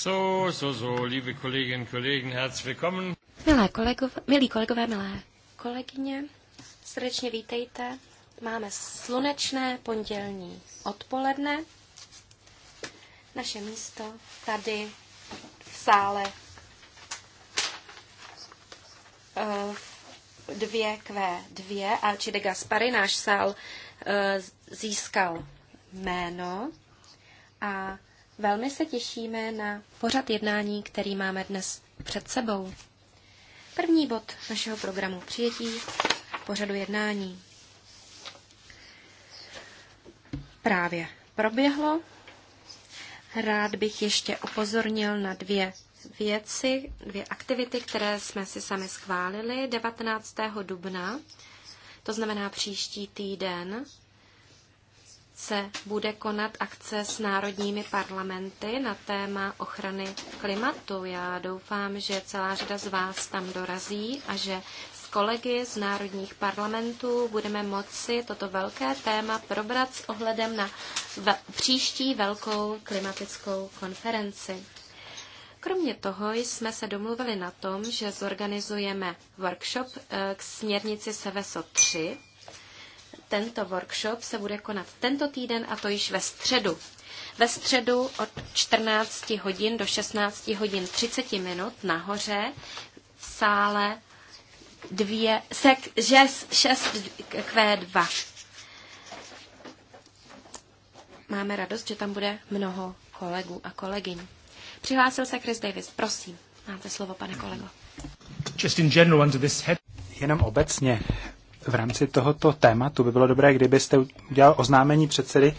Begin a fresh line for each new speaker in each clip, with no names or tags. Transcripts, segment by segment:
So, so, so, liebe Kolleginnen, Kollegen, herzlich willkommen.
Milé kolegov, milí kolegové, milé kolegyně, srdečně vítejte. Máme slunečné pondělní odpoledne. Naše místo tady v sále eh, dvě q dvě a Čide Gaspary, náš sál, eh, získal jméno a Velmi se těšíme na pořad jednání, který máme dnes před sebou. První bod našeho programu přijetí pořadu jednání. Právě proběhlo. Rád bych ještě upozornil na dvě věci, dvě aktivity, které jsme si sami schválili 19. dubna, to znamená příští týden, se bude konat akce s národními parlamenty na téma ochrany klimatu. Já doufám, že celá řada z vás tam dorazí a že s kolegy z národních parlamentů budeme moci toto velké téma probrat s ohledem na ve- příští velkou klimatickou konferenci. Kromě toho jsme se domluvili na tom, že zorganizujeme workshop eh, k směrnici Seveso 3 tento workshop se bude konat tento týden a to již ve středu. Ve středu od 14 hodin do 16 hodin 30 minut nahoře v sále dvě, sek, 6, 6 Q2. Máme radost, že tam bude mnoho kolegů a kolegyň. Přihlásil se Chris Davis, prosím. Máte slovo, pane kolego.
Just in general under this head... Jenom obecně v rámci tohoto tématu by bylo dobré, kdybyste udělal oznámení předsedy,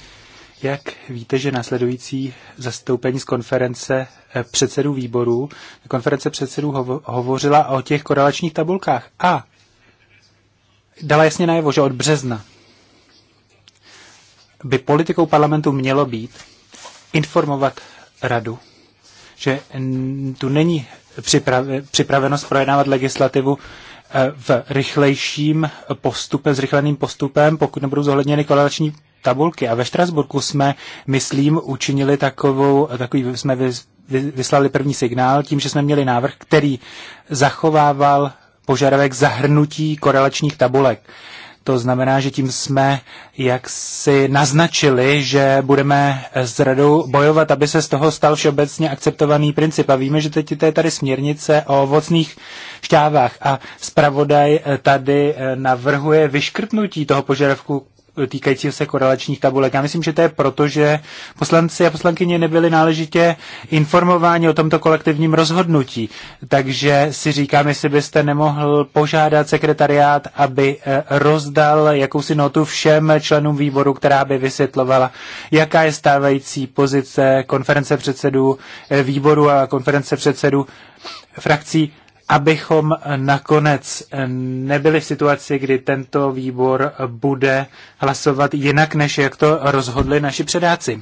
jak víte, že následující zastoupení z konference eh, předsedů výborů, konference předsedů hovo- hovořila o těch korelačních tabulkách a dala jasně najevo, že od března by politikou parlamentu mělo být informovat radu, že tu není připravenost projednávat legislativu v rychlejším postupem, zrychleným postupem, pokud nebudou zohledněny korelační tabulky. A ve Štrasburku jsme, myslím, učinili takovou, takový, jsme vyslali první signál tím, že jsme měli návrh, který zachovával požadavek zahrnutí korelačních tabulek. To znamená, že tím jsme jak si naznačili, že budeme s radou bojovat, aby se z toho stal všeobecně akceptovaný princip. A víme, že teď je tady směrnice o ovocných šťávách a zpravodaj tady eh, navrhuje vyškrtnutí toho požadavku týkajícího se korelačních tabulek. Já myslím, že to je proto, že poslanci a poslankyně nebyli náležitě informováni o tomto kolektivním rozhodnutí. Takže si říkám, jestli byste nemohl požádat sekretariát, aby eh, rozdal jakousi notu všem členům výboru, která by vysvětlovala, jaká je stávající pozice konference předsedů eh, výboru a konference předsedů frakcí abychom nakonec nebyli v situaci, kdy tento výbor bude hlasovat jinak, než jak to rozhodli naši předáci.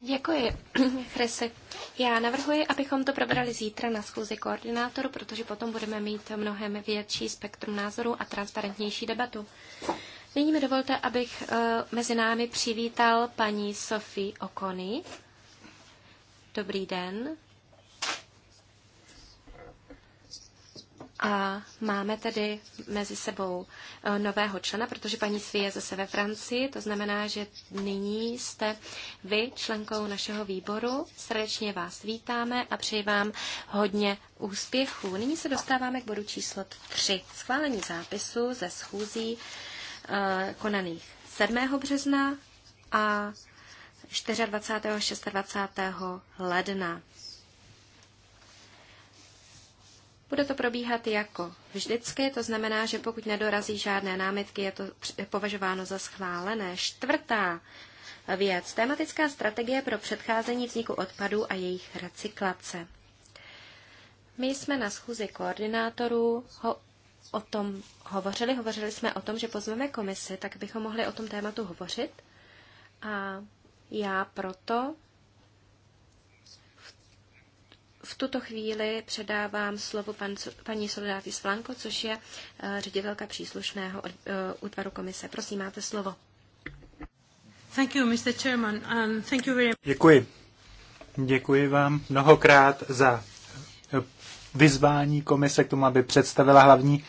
Děkuji, Chrisi. Já navrhuji, abychom to probrali zítra na schůzi koordinátoru, protože potom budeme mít mnohem větší spektrum názorů a transparentnější debatu. Nyní mi dovolte, abych eh, mezi námi přivítal paní Sophie Okony. Dobrý den. A máme tedy mezi sebou eh, nového člena, protože paní Svi je zase ve Francii, to znamená, že nyní jste vy členkou našeho výboru. Srdečně vás vítáme a přeji vám hodně úspěchů. Nyní se dostáváme k bodu číslo 3. Schválení zápisu ze schůzí eh, konaných 7. března a 24. a 26. ledna. Bude to probíhat jako vždycky, to znamená, že pokud nedorazí žádné námitky, je to považováno za schválené. Čtvrtá věc. Tematická strategie pro předcházení vzniku odpadů a jejich recyklace. My jsme na schůzi koordinátorů ho o tom hovořili. Hovořili jsme o tom, že pozveme komisi, tak bychom mohli o tom tématu hovořit. A já proto v tuto chvíli předávám slovo pan, paní Soledadis Flanko, což je eh, ředitelka příslušného eh, útvaru komise. Prosím, máte slovo. Thank you, Mr. Chairman, and thank you very...
Děkuji. Děkuji vám mnohokrát za eh, vyzvání komise k tomu, aby představila hlavní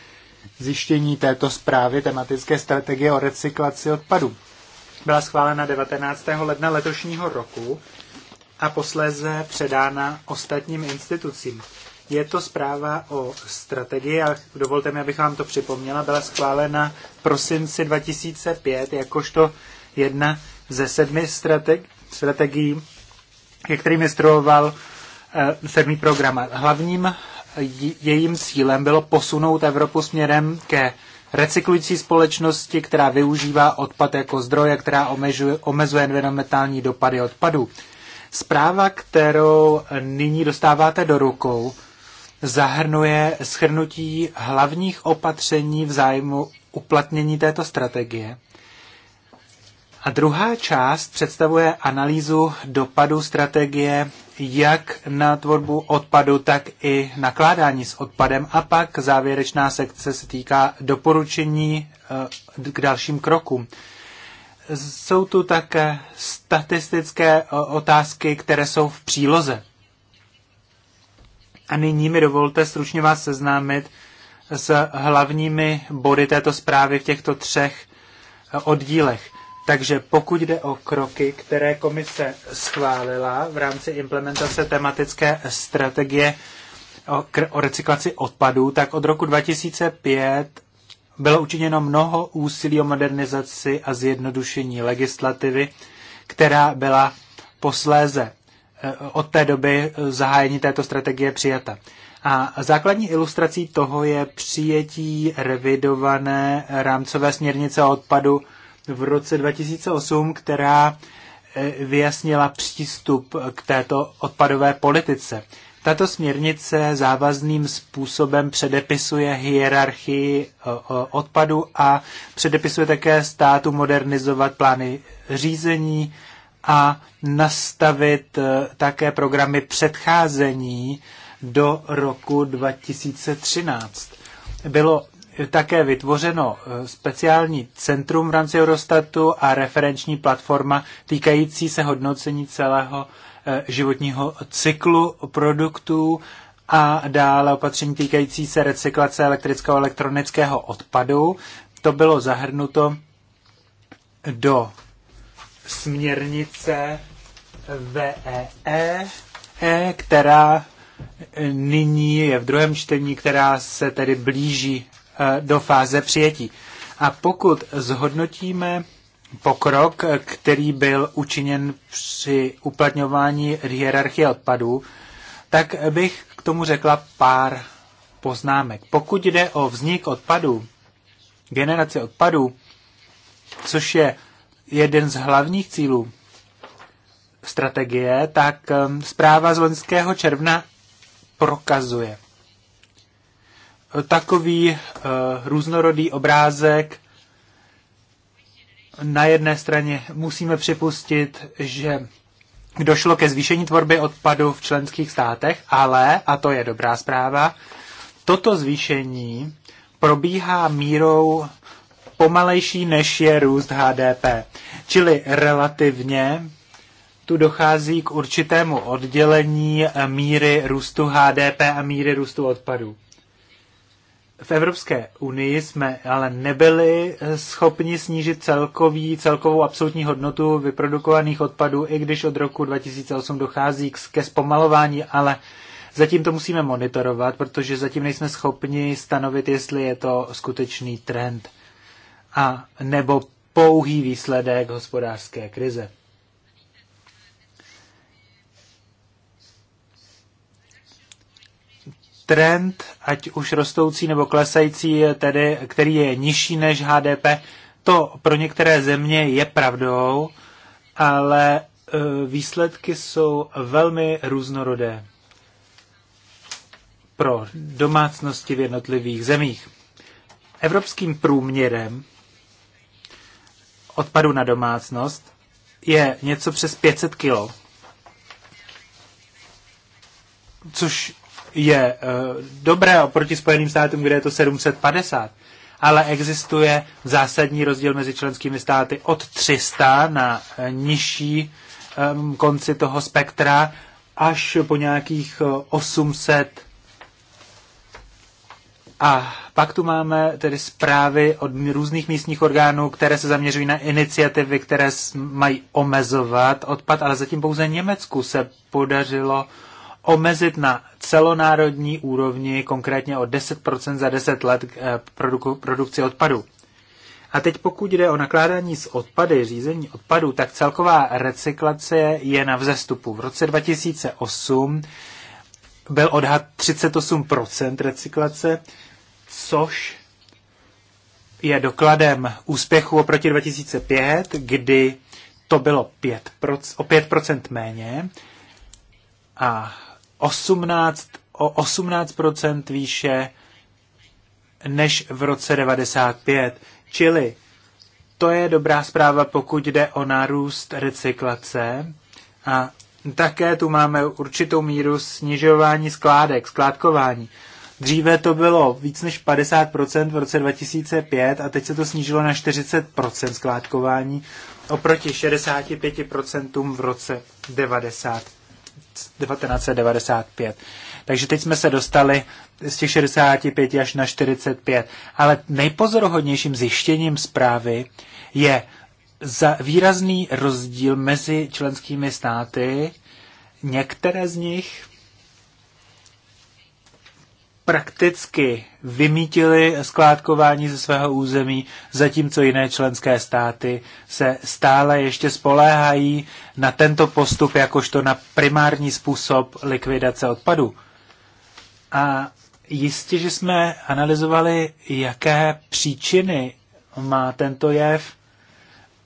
zjištění této zprávy tematické strategie o recyklaci odpadů. Byla schválena 19. ledna letošního roku a posléze předána ostatním institucím. Je to zpráva o strategii a dovolte mi, abych vám to připomněla. Byla schválena v prosinci 2005 jakožto jedna ze sedmi strateg- strategií, ke kterým strojoval eh, sedmý program. Hlavním jejím cílem bylo posunout Evropu směrem ke recyklující společnosti, která využívá odpad jako zdroje, která omezuje, omezuje environmentální dopady odpadů. Zpráva, kterou nyní dostáváte do rukou, zahrnuje shrnutí hlavních opatření v zájmu uplatnění této strategie. A druhá část představuje analýzu dopadu strategie jak na tvorbu odpadu, tak i nakládání s odpadem. A pak závěrečná sekce se týká doporučení eh, k dalším krokům jsou tu také statistické otázky, které jsou v příloze. A nyní mi dovolte stručně vás seznámit s hlavními body této zprávy v těchto třech eh, oddílech. Takže pokud jde o kroky, které komise schválila v rámci implementace tematické strategie o, o recyklaci odpadů, tak od roku 2005 bylo učiněno mnoho úsilí o modernizaci a zjednodušení legislativy, která byla posléze eh, od té doby eh, zahájení této strategie přijata. A základní ilustrací toho je přijetí revidované rámcové směrnice o odpadu v roce 2008, která eh, vyjasnila přístup k této odpadové politice. Tato směrnice závazným způsobem předepisuje hierarchii odpadu a předepisuje také státu modernizovat plány řízení a nastavit e, také programy předcházení do roku 2013. Bylo také vytvořeno e, speciální centrum v rámci Eurostatu a referenční platforma týkající se hodnocení celého Eh, životního cyklu produktů a dále opatření týkající se recyklace elektrického a elektronického odpadu. To bylo zahrnuto do směrnice VEE, e, e, která nyní je v druhém čtení, která se tedy blíží eh, do fáze přijetí. A pokud zhodnotíme pokrok, který byl učiněn při uplatňování hierarchie odpadů, tak bych k tomu řekla pár poznámek. Pokud jde o vznik odpadů, generace odpadů, což je jeden z hlavních cílů strategie, tak um, zpráva z loňského června prokazuje takový uh, různorodý obrázek na jedné straně musíme připustit, že došlo ke zvýšení tvorby odpadu v členských státech, ale, a to je dobrá zpráva, toto zvýšení probíhá mírou pomalejší, než je růst HDP. Čili relativně tu dochází k určitému oddělení míry růstu HDP a míry růstu odpadů v Evropské unii jsme ale nebyli schopni snížit celkový, celkovou absolutní hodnotu vyprodukovaných odpadů, i když od roku 2008 dochází ke zpomalování, ale zatím to musíme monitorovat, protože zatím nejsme schopni stanovit, jestli je to skutečný trend a nebo pouhý výsledek hospodářské krize. trend, ať už rostoucí nebo klesající, tedy, který je nižší než HDP, to pro některé země je pravdou, ale e, výsledky jsou velmi různorodé pro domácnosti v jednotlivých zemích. Evropským průměrem odpadu na domácnost je něco přes 500 kg, což je eh, dobré oproti Spojeným státům, kde je to 750, ale existuje zásadní rozdíl mezi členskými státy od 300 na eh, nižší ehm, konci toho spektra až po nějakých 800 eh, a pak tu máme tedy zprávy od různých místních orgánů, které se zaměřují na iniciativy, které mají omezovat odpad, ale zatím pouze Německu se podařilo omezit na celonárodní úrovni, konkrétně o 10% za 10 let eh, produku, produkci odpadu. A teď pokud jde o nakládání s odpady, řízení odpadů, tak celková recyklace je na vzestupu. V roce 2008 byl odhad 38% recyklace, což je dokladem úspěchu oproti 2005, kdy to bylo 5%, o 5% méně. A 18, o 18 výše než v roce 95. Čili to je dobrá zpráva, pokud jde o nárůst recyklace. A také tu máme určitou míru snižování skládek, skládkování. Dříve to bylo víc než 50% v roce 2005 a teď se to snížilo na 40% skládkování oproti 65% v roce 95. 1995. Takže teď jsme se dostali z těch 65 až na 45. Ale nejpozoruhodnějším zjištěním zprávy je za výrazný rozdíl mezi členskými státy. Některé z nich prakticky vymítili skládkování ze svého území, zatímco jiné členské státy se stále ještě spoléhají na tento postup jakožto na primární způsob likvidace odpadu. A jistě, že jsme analyzovali, jaké příčiny má tento jev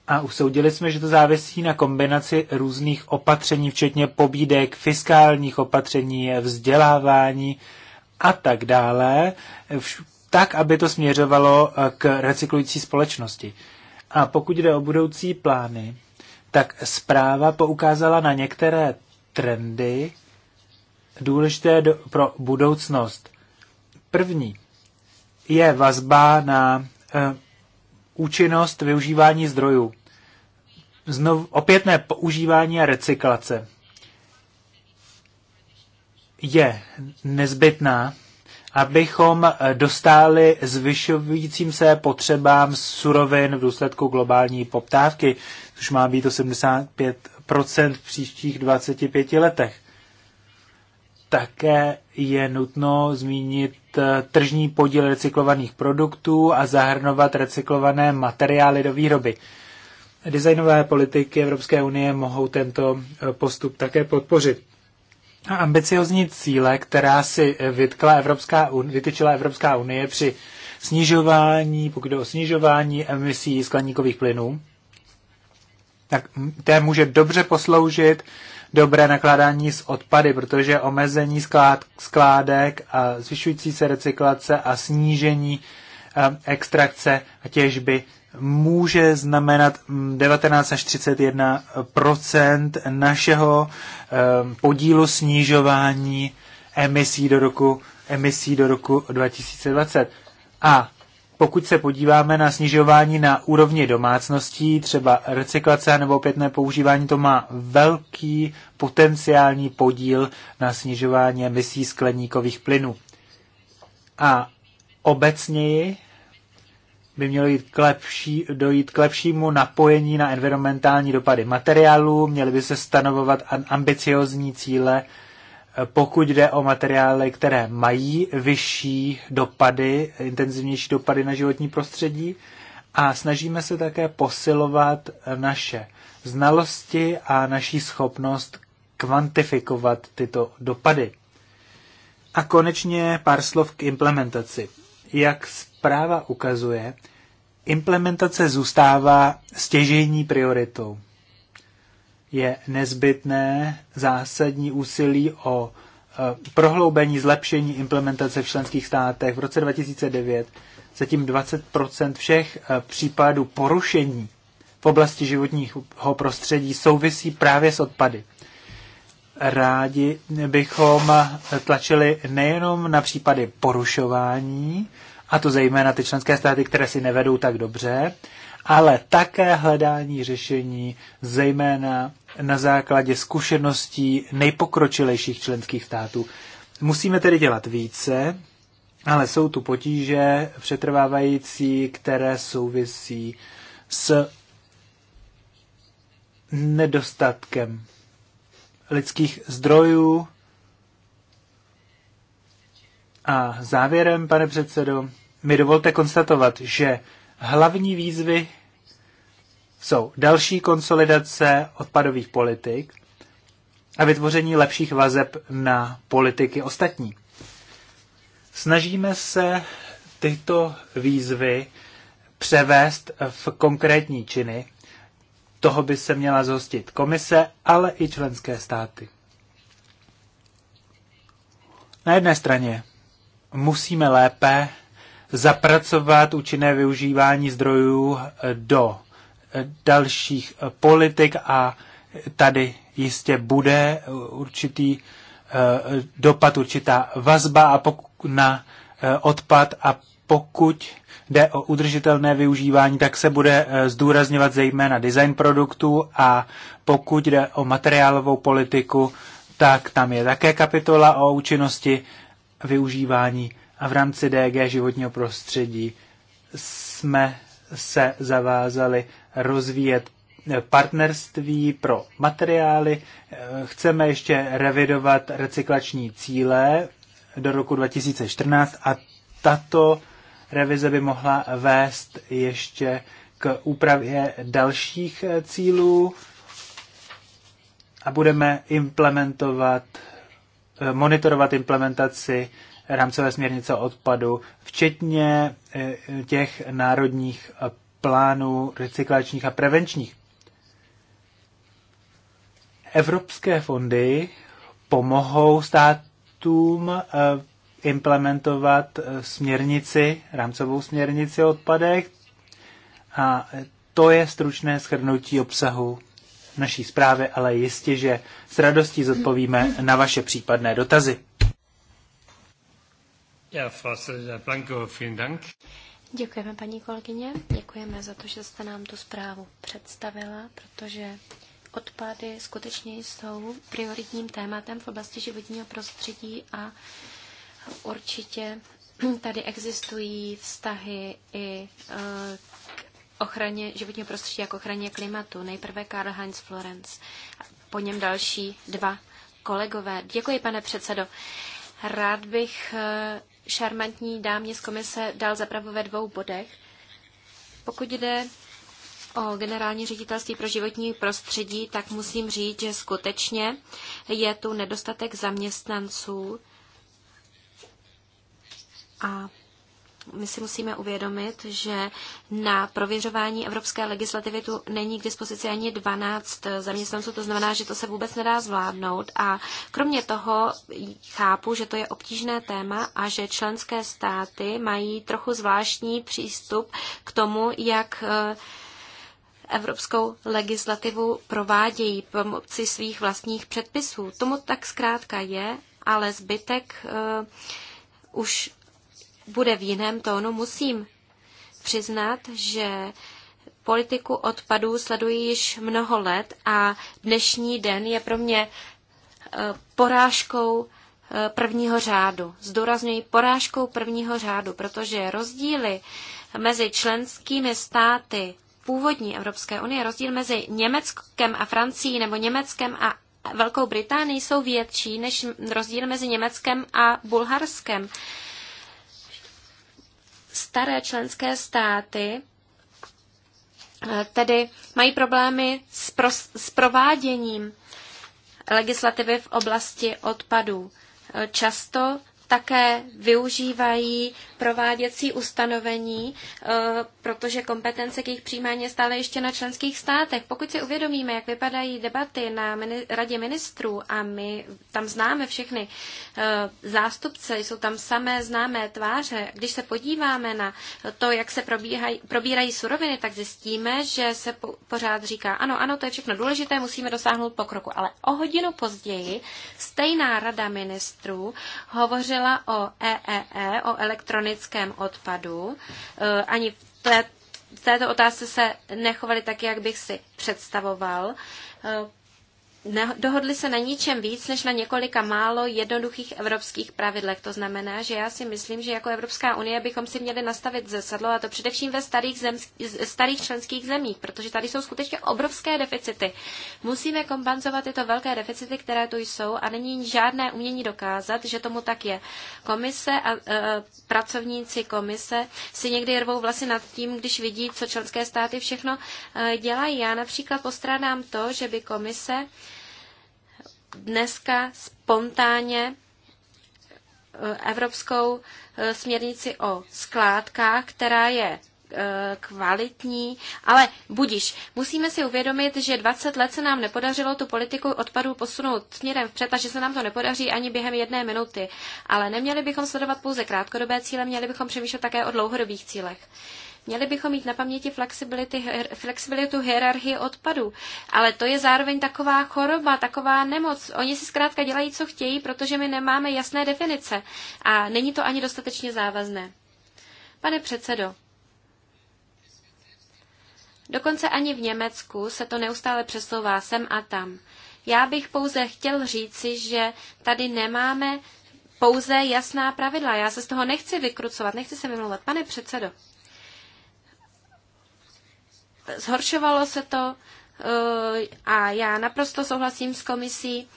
a usoudili jsme, že to závisí na kombinaci různých opatření, včetně pobídek, fiskálních opatření, vzdělávání, a tak dále, tak, aby to směřovalo eh, k recyklující společnosti. A pokud jde o budoucí plány, tak zpráva poukázala na některé trendy důležité do, pro budoucnost. První je vazba na e, účinnost využívání zdrojů. Znovu, opětné používání a recyklace je nezbytná, abychom eh, dostali zvyšujícím se potřebám surovin v důsledku globální poptávky, což má být 85 v příštích 25 letech. Také je nutno zmínit eh, tržní podíl recyklovaných produktů a zahrnovat recyklované materiály do výroby. Designové politiky Evropské unie mohou tento eh, postup také podpořit a ambiciozní cíle, která si vytkla Evropská, vytyčila Evropská unie při snižování, pokud jde o snižování emisí skleníkových plynů, tak té může dobře posloužit dobré nakládání s odpady, protože omezení sklád, skládek a zvyšující se recyklace a snížení eh, extrakce a těžby může znamenat 19 mm, až 31 našeho eh, podílu snižování emisí do roku, emisí do roku 2020. A pokud se podíváme na snižování na úrovni domácností, třeba recyklace nebo opětné používání, to má velký potenciální podíl na snižování emisí skleníkových plynů. A obecněji by mělo jít k lepší, dojít k lepšímu napojení na environmentální dopady materiálů, měly by se stanovovat ambiciozní cíle, eh, pokud jde o materiály, které mají vyšší dopady, intenzivnější dopady na životní prostředí a snažíme se také posilovat naše znalosti a naší schopnost kvantifikovat tyto dopady. A konečně pár slov k implementaci. Jak zpráva ukazuje, implementace zůstává stěžejní prioritou. Je nezbytné zásadní úsilí o e, prohloubení, zlepšení implementace v členských státech. V roce 2009 zatím 20 všech e, případů porušení v oblasti životního prostředí souvisí právě s odpady. Rádi bychom tlačili nejenom na případy porušování, a to zejména ty členské státy, které si nevedou tak dobře, ale také hledání řešení zejména na základě zkušeností nejpokročilejších členských států. Musíme tedy dělat více, ale jsou tu potíže přetrvávající, které souvisí s nedostatkem lidských zdrojů. A závěrem, pane předsedo, mi dovolte konstatovat, že hlavní výzvy jsou další konsolidace odpadových politik a vytvoření lepších vazeb na politiky ostatní. Snažíme se tyto výzvy převést v konkrétní činy. Toho by se měla zhostit komise, ale i členské státy. Na jedné straně musíme lépe zapracovat účinné využívání zdrojů do dalších politik a tady jistě bude určitý eh, dopad, určitá vazba a na eh, odpad a pokud jde o udržitelné využívání, tak se bude eh, zdůrazňovat zejména design produktů a pokud jde o materiálovou politiku, tak tam je také kapitola o účinnosti využívání a v rámci DG životního prostředí jsme se zavázali rozvíjet partnerství pro materiály. Chceme ještě revidovat recyklační cíle do roku 2014 a tato revize by mohla vést ještě k úpravě dalších cílů a budeme implementovat, monitorovat implementaci rámcové směrnice odpadu, včetně e, těch národních e, plánů recyklačních a prevenčních. Evropské fondy pomohou státům e, implementovat směrnici, rámcovou směrnici o odpadech a to je stručné shrnutí obsahu naší zprávy, ale jistě, že s radostí zodpovíme na vaše případné dotazy. Frau Blanco, vielen Dank.
Děkujeme, paní kolegyně. Děkujeme za to, že jste nám tu zprávu představila, protože odpady skutečně jsou prioritním tématem v oblasti životního prostředí a určitě tady existují vztahy i eh, k ochraně životního prostředí jako ochraně klimatu. Nejprve Karl Heinz Florenz, po něm další dva kolegové. Děkuji, pane předsedo. Rád bych eh, šarmantní dámě z komise dal zapravo ve dvou bodech. Pokud jde o generální ředitelství pro životní prostředí, tak musím říct, že skutečně je tu nedostatek zaměstnanců a my si musíme uvědomit, že na prověřování evropské legislativy tu není k dispozici ani 12 zaměstnanců, to znamená, že to se vůbec nedá zvládnout. A kromě toho chápu, že to je obtížné téma a že členské státy mají trochu zvláštní přístup k tomu, jak eh, evropskou legislativu provádějí pomocí svých vlastních předpisů. Tomu tak zkrátka je, ale zbytek uh, už bude v jiném tónu, musím přiznat, že politiku odpadů sleduji již mnoho let a dnešní den je pro mě eh, porážkou eh, prvního řádu. Zdůrazňuji porážkou prvního řádu, protože rozdíly mezi členskými státy původní Evropské unie, rozdíl mezi Německem a Francií nebo Německem a Velkou Británií jsou větší než rozdíl mezi Německem a Bulharskem staré členské státy eh, tedy mají problémy s, pro, s prováděním legislativy v oblasti odpadů. Eh, často také využívají prováděcí ustanovení, eh, protože kompetence k jejich přijímání je stále ještě na členských státech. Pokud si uvědomíme, jak vypadají debaty na Radě ministrů a my tam známe všechny eh, zástupce, jsou tam samé známé tváře, když se podíváme na to, jak se probíhají, probírají suroviny, tak zjistíme, že se pořád říká, ano, ano, to je všechno důležité, musíme dosáhnout pokroku. Ale o hodinu později stejná Rada ministrů hovořila hovořila o EEE, e e, o elektronickém odpadu. E, ani v této otázce se nechovali tak, jak bych si představoval dohodli se na ničem víc, než na několika málo jednoduchých evropských pravidlech. To znamená, že já si myslím, že jako Evropská unie bychom si měli nastavit zesadlo, a to především ve starých, zem, starých členských zemích, protože tady jsou skutečně obrovské deficity. Musíme kompenzovat tyto velké deficity, které tu jsou a není žádné umění dokázat, že tomu tak je. Komise a e, pracovníci komise si někdy rvou vlasy nad tím, když vidí, co členské státy všechno e, dělají. Já například postrádám to, že by komise dneska spontánně eh, evropskou eh, směrnici o skládkách, která je eh, kvalitní, ale budiš. Musíme si uvědomit, že 20 let se nám nepodařilo tu politiku odpadů posunout směrem vpřed a že se nám to nepodaří ani během jedné minuty. Ale neměli bychom sledovat pouze krátkodobé cíle, měli bychom přemýšlet také o dlouhodobých cílech. Měli bychom mít na paměti flexibilitu hierarchie odpadů, ale to je zároveň taková choroba, taková nemoc. Oni si zkrátka dělají, co chtějí, protože my nemáme jasné definice a není to ani dostatečně závazné. Pane předsedo, dokonce ani v Německu se to neustále přesouvá sem a tam. Já bych pouze chtěl říci, že tady nemáme pouze jasná pravidla. Já se z toho nechci vykrucovat, nechci se vymlouvat. Pane předsedo zhoršovalo se to eh, a já naprosto souhlasím s komisí,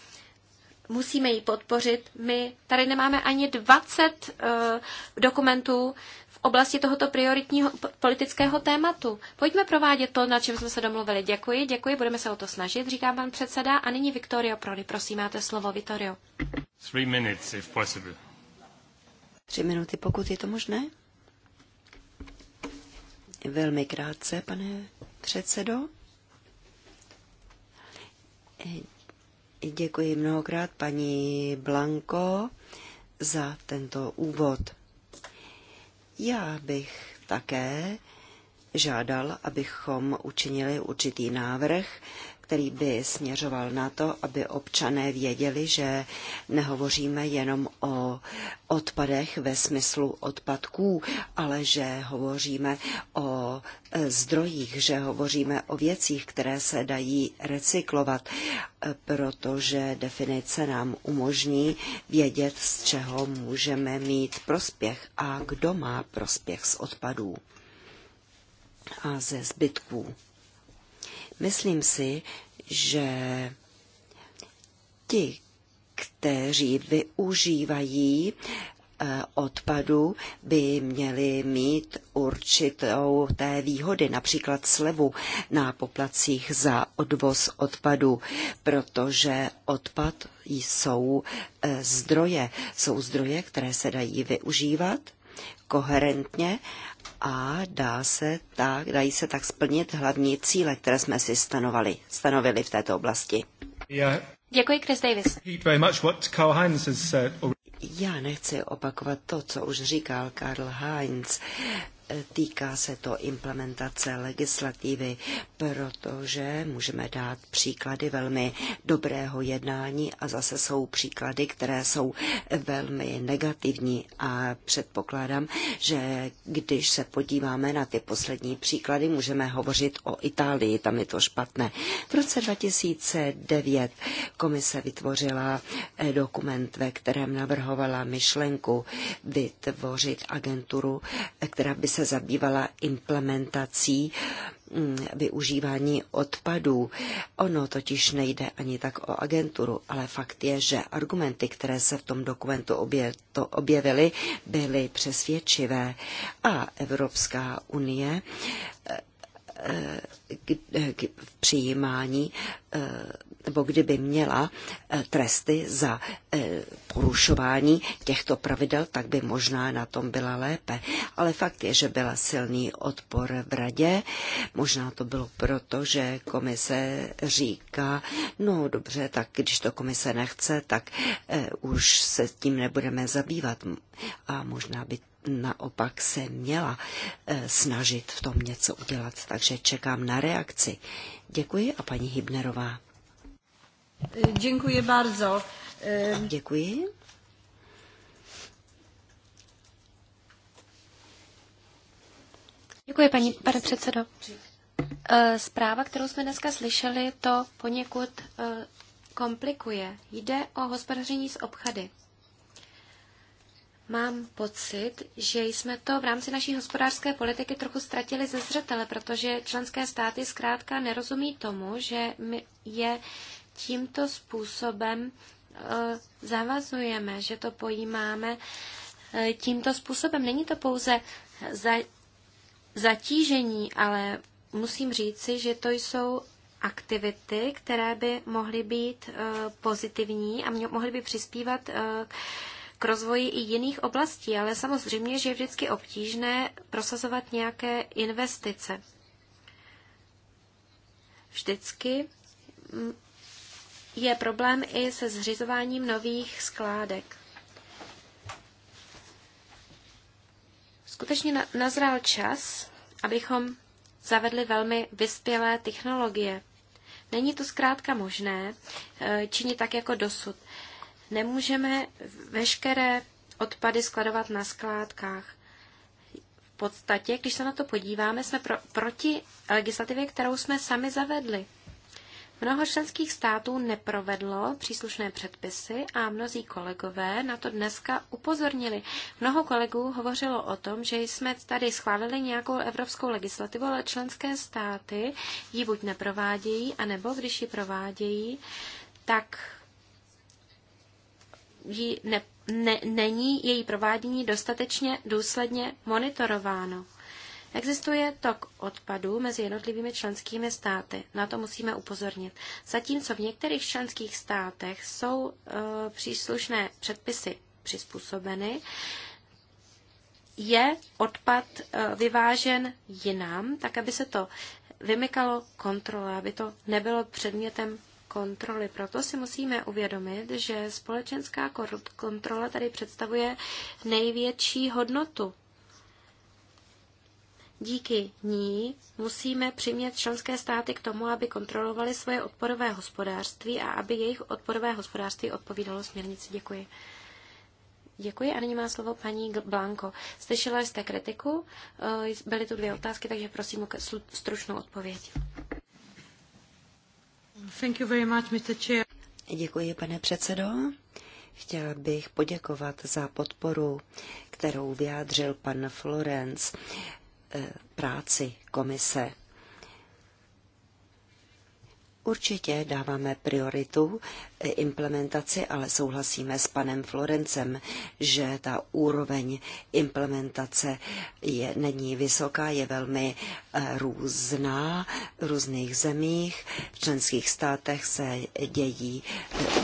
musíme ji podpořit. My tady nemáme ani 20 eh, dokumentů v oblasti tohoto prioritního politického tématu. Pojďme provádět to, na čem jsme se domluvili. Děkuji, děkuji, budeme se o to snažit, říká pan předseda. A nyní Viktorio Prodi. prosím, máte
slovo. Viktorio.
Three minutes, if possible.
Tři minuty, pokud je to možné. Velmi krátce, pane předsedo. Děkuji mnohokrát paní Blanko za tento úvod. Já bych také žádal, abychom učinili určitý návrh který by směřoval na to, aby občané věděli, že nehovoříme jenom o odpadech ve smyslu odpadků, ale že hovoříme o e, zdrojích, že hovoříme o věcích, které se dají recyklovat, e, protože definice nám umožní vědět, z čeho můžeme mít prospěch a kdo má prospěch z odpadů a ze zbytků. Myslím si, že ti, kteří využívají eh, odpadu by měli mít určitou té výhody, například slevu na poplacích za odvoz odpadu, protože odpad jsou eh, zdroje. Jsou zdroje, které se dají využívat koherentně a dá se tak, dají se tak splnit hlavní cíle, které jsme si stanovali, stanovili v této oblasti.
Yeah.
Děkuji, Chris
Davis. Já nechci opakovat to, co už říkal Karl Heinz. Týká se to implementace legislativy, protože můžeme dát příklady velmi dobrého jednání a zase jsou příklady, které jsou velmi negativní a předpokládám, že když se podíváme na ty poslední příklady, můžeme hovořit o Itálii, tam je to špatné. V roce 2009 komise vytvořila eh, dokument, ve kterém navrhovala myšlenku vytvořit agenturu, eh, která by se se zabývala implementací mm, využívání odpadů. Ono totiž nejde ani tak o agenturu, ale fakt je, že argumenty, které se v tom dokumentu obje, to objevily, byly přesvědčivé. A Evropská unie k, eh, eh, k, k, přijímání eh, nebo kdyby měla eh, tresty za eh, porušování těchto pravidel, tak by možná na tom byla lépe. Ale fakt je, že byla silný odpor v radě. Možná to bylo proto, že komise říká, no dobře, tak když to komise nechce, tak eh, už se tím nebudeme zabývat. A možná by naopak se měla snažit v tom něco udělat, takže čekám na reakci. Děkuji a paní Hybnerová. Děkuji bardzo. Děkuji.
Děkuji, paní, pane předsedo. Eh, zpráva, kterou jsme dneska slyšeli, to poněkud eh, komplikuje. Jde o hospodaření s obchady. Mám pocit, že jsme to v rámci naší hospodářské politiky trochu ztratili ze zřetele, protože členské státy zkrátka nerozumí tomu, že je tímto způsobem eh, zavazujeme, že to pojímáme eh, tímto způsobem. Není to pouze za, zatížení, ale musím říci, že to jsou aktivity, které by mohly být eh, pozitivní a mohly by přispívat k rozvoji i jiných oblastí, ale samozřejmě, že je vždycky obtížné prosazovat nějaké investice. Vždycky mm, je problém i se zřizováním nových skládek. Skutečně nazrál čas, abychom zavedli velmi vyspělé technologie. Není to zkrátka možné e, činit tak jako dosud. Nemůžeme veškeré odpady skladovat na skládkách. V podstatě, když se na to podíváme, jsme pro, proti legislativě, kterou jsme sami zavedli. Mnoho členských států neprovedlo příslušné předpisy a mnozí kolegové na to dneska upozornili. Mnoho kolegů hovořilo o tom, že jsme tady schválili nějakou evropskou legislativu, ale členské státy ji buď neprovádějí, anebo když ji provádějí, tak ji ne, ne, není její provádění dostatečně důsledně monitorováno. Existuje tok odpadů mezi jednotlivými členskými státy. Na to musíme upozornit. Zatímco v některých členských státech jsou e, příslušné předpisy přizpůsobeny, je odpad e, vyvážen jinam, tak aby se to vymykalo kontrole, aby to nebylo předmětem kontroly. Proto si musíme uvědomit, že společenská kontrola tady představuje největší hodnotu Díky ní musíme přimět členské státy k tomu, aby kontrolovali svoje odporové hospodářství a aby jejich odporové hospodářství odpovídalo směrnici. Děkuji. Děkuji a nyní má slovo paní Blanko. Slyšela jste kritiku, eh, byly tu dvě otázky, takže prosím o stručnou odpověď.
Thank you very much, Mr. Chair. Děkuji, pane předsedo. Chtěla bych poděkovat za podporu, kterou vyjádřil pan Florence práci komise. Určitě dáváme prioritu eh, implementaci, ale souhlasíme s panem Florencem, že ta úroveň implementace je, není vysoká, je velmi eh, různá. V různých zemích, v členských státech se dějí,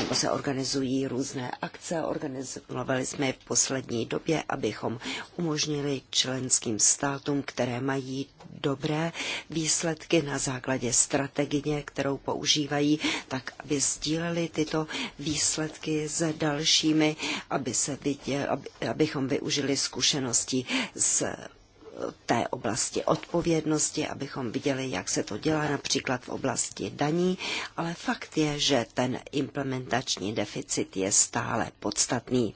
eh, se organizují různé akce. Organizovali jsme v poslední době, abychom umožnili členským státům, které mají dobré výsledky na základě strategie, kterou používají, tak aby sdíleli tyto výsledky s dalšími, aby se viděl, aby, abychom využili zkušenosti z té oblasti odpovědnosti, abychom viděli, jak se to dělá například v oblasti daní, ale fakt je, že ten implementační deficit je stále podstatný.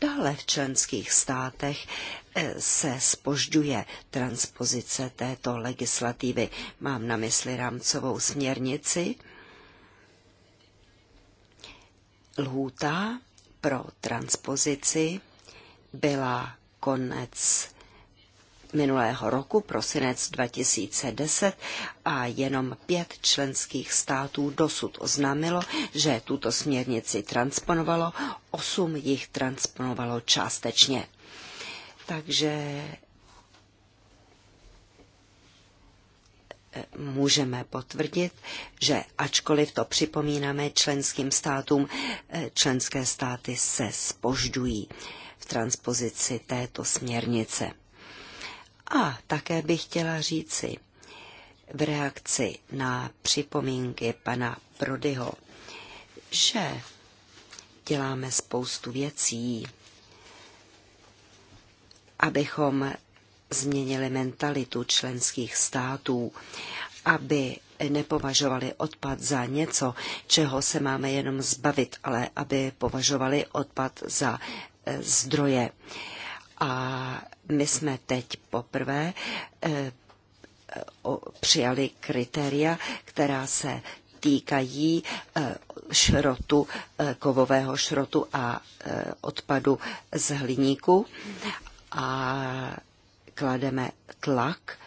Dále v členských státech eh, se spožďuje transpozice této legislativy. Mám na mysli rámcovou směrnici. Lhůta pro transpozici byla konec minulého roku, prosinec 2010, a jenom pět členských států dosud oznámilo, že tuto směrnici transponovalo, osm jich transponovalo částečně. Takže eh, můžeme potvrdit, že ačkoliv to připomínáme členským státům, eh, členské státy se spožďují v transpozici této směrnice. A také bych chtěla říci v reakci na připomínky pana Prodyho, že děláme spoustu věcí, abychom změnili mentalitu členských států, aby nepovažovali odpad za něco, čeho se máme jenom zbavit, ale aby považovali odpad za eh, zdroje. A my jsme teď poprvé eh, přijali kritéria, která se týkají eh, šrotu, eh, kovového šrotu a odpadu z hliníku a klademe tlak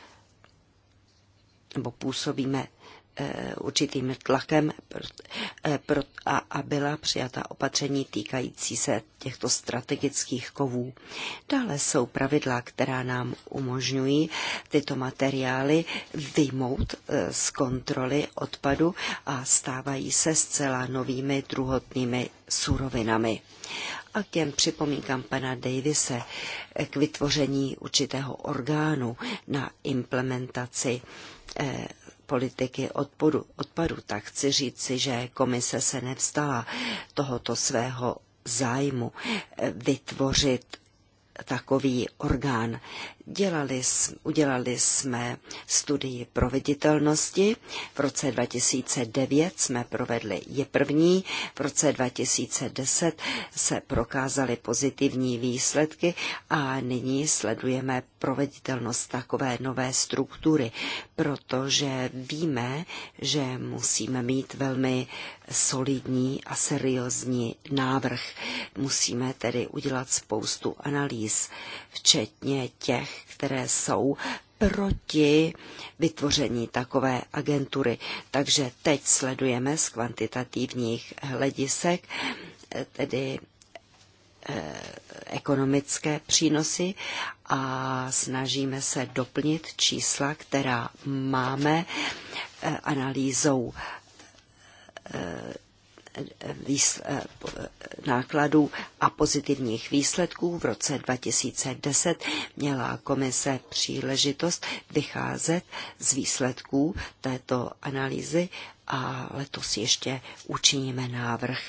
nebo působíme Eh, určitým tlakem eh, a byla přijata opatření týkající se těchto strategických kovů. Dále jsou pravidla, která nám umožňují tyto materiály vyjmout eh, z kontroly odpadu a stávají se zcela novými druhotnými surovinami. A k těm připomínkám pana Davise k vytvoření určitého orgánu na implementaci politiky odporu, odpadu, tak chci si, že komise se nevstala tohoto svého zájmu eh, vytvořit takový orgán, Dělali, udělali jsme studii proveditelnosti. V roce 2009 jsme provedli je první, v roce 2010 se prokázaly pozitivní výsledky a nyní sledujeme proveditelnost takové nové struktury, protože víme, že musíme mít velmi solidní a seriózní návrh. Musíme tedy udělat spoustu analýz, včetně těch, které jsou proti vytvoření takové agentury. Takže teď sledujeme z kvantitativních hledisek, eh, tedy eh, ekonomické přínosy a snažíme se doplnit čísla, která máme eh, analýzou Eh, eh, nákladů a pozitivních výsledků v roce 2010 měla komise příležitost vycházet z výsledků této analýzy a letos ještě učiníme návrh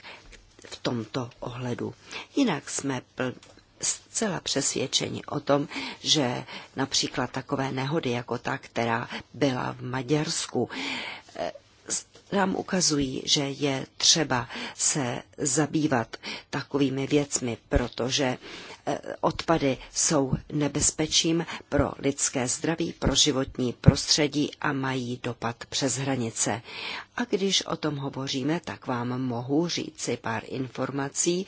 v tomto ohledu. Jinak jsme zcela přesvědčeni o tom, že například takové nehody jako ta, která byla v Maďarsku, eh, nám ukazují, že je třeba se zabývat takovými věcmi, protože e, odpady jsou nebezpečím pro lidské zdraví, pro životní prostředí a mají dopad přes hranice. A když o tom hovoříme, tak vám mohu říci pár informací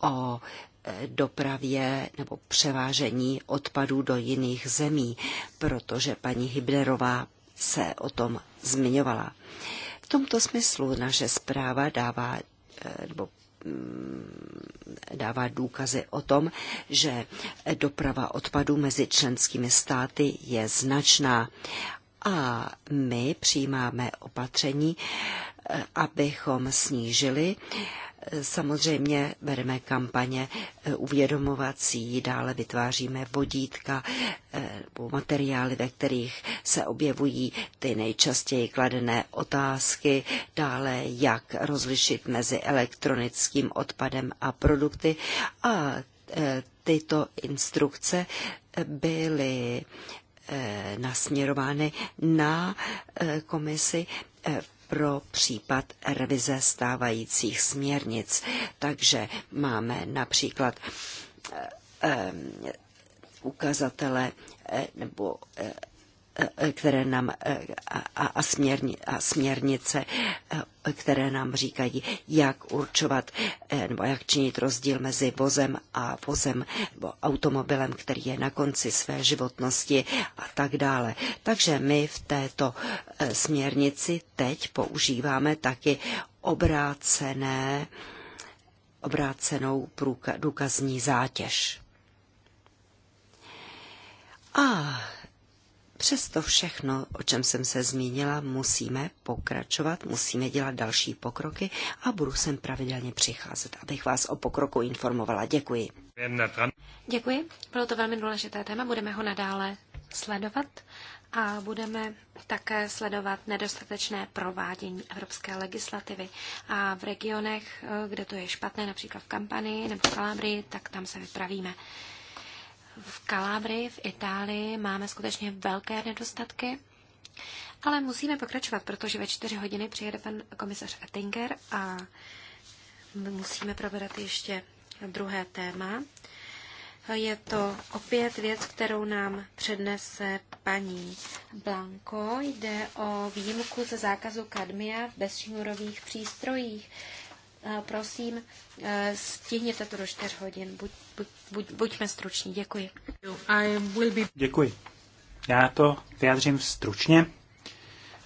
o e, dopravě nebo převážení odpadů do jiných zemí, protože paní Hibnerová se o tom zmiňovala tomto smyslu naše zpráva dává eh, nebo mm, dává důkazy o tom, že doprava odpadů mezi členskými státy je značná a my přijímáme opatření, eh, abychom snížili Samozřejmě bereme kampaně eh, uvědomovací, dále vytváříme vodítka eh, nebo materiály, ve kterých se objevují ty nejčastěji kladené otázky, dále jak rozlišit mezi elektronickým odpadem a produkty a eh, tyto instrukce byly nasměrovány na komisi v pro případ revize stávajících směrnic. Takže máme například eh, eh, ukazatele eh, nebo které nám a, a, směrni, a směrnice, eh, které nám říkají, jak určovat eh, nebo jak činit rozdíl mezi vozem a vozem nebo automobilem, který je na konci své životnosti a tak dále. Takže my v této eh, směrnici teď používáme taky obrácené, obrácenou průka, důkazní zátěž. A Přesto všechno, o čem jsem se zmínila, musíme pokračovat, musíme dělat další pokroky a budu sem pravidelně přicházet, abych vás o pokroku informovala. Děkuji.
Děkuji, bylo to velmi důležité téma, budeme ho nadále sledovat a budeme také sledovat nedostatečné provádění evropské legislativy. A v regionech, eh, kde to je špatné, například v Kampanii nebo v Kalabrii, tak tam se vypravíme v Kalábry, v Itálii máme skutečně velké nedostatky, ale musíme pokračovat, protože ve čtyři hodiny přijede pan komisař Ettinger a musíme probrat ještě druhé téma. Je to opět věc, kterou nám přednese paní Blanko. Jde o výjimku ze zákazu kadmia v bezšňůrových přístrojích prosím, eh, stihněte to do 4 hodin. Buď, buď, buď, buďme struční. Děkuji.
Děkuji. Já to vyjádřím stručně.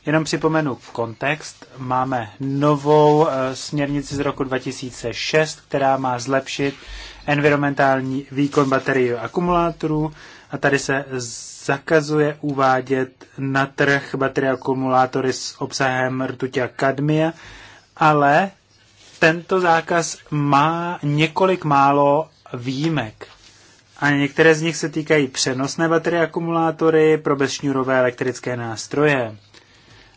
Jenom připomenu kontext. Máme novou eh, směrnici z roku 2006, která má zlepšit environmentální výkon baterií a akumulátorů. A tady se zakazuje uvádět na trh baterie akumulátory s obsahem rtuťa a kadmia, ale tento zákaz má několik málo výjimek. A některé z nich se týkají přenosné baterie akumulátory pro bezšňurové elektrické nástroje.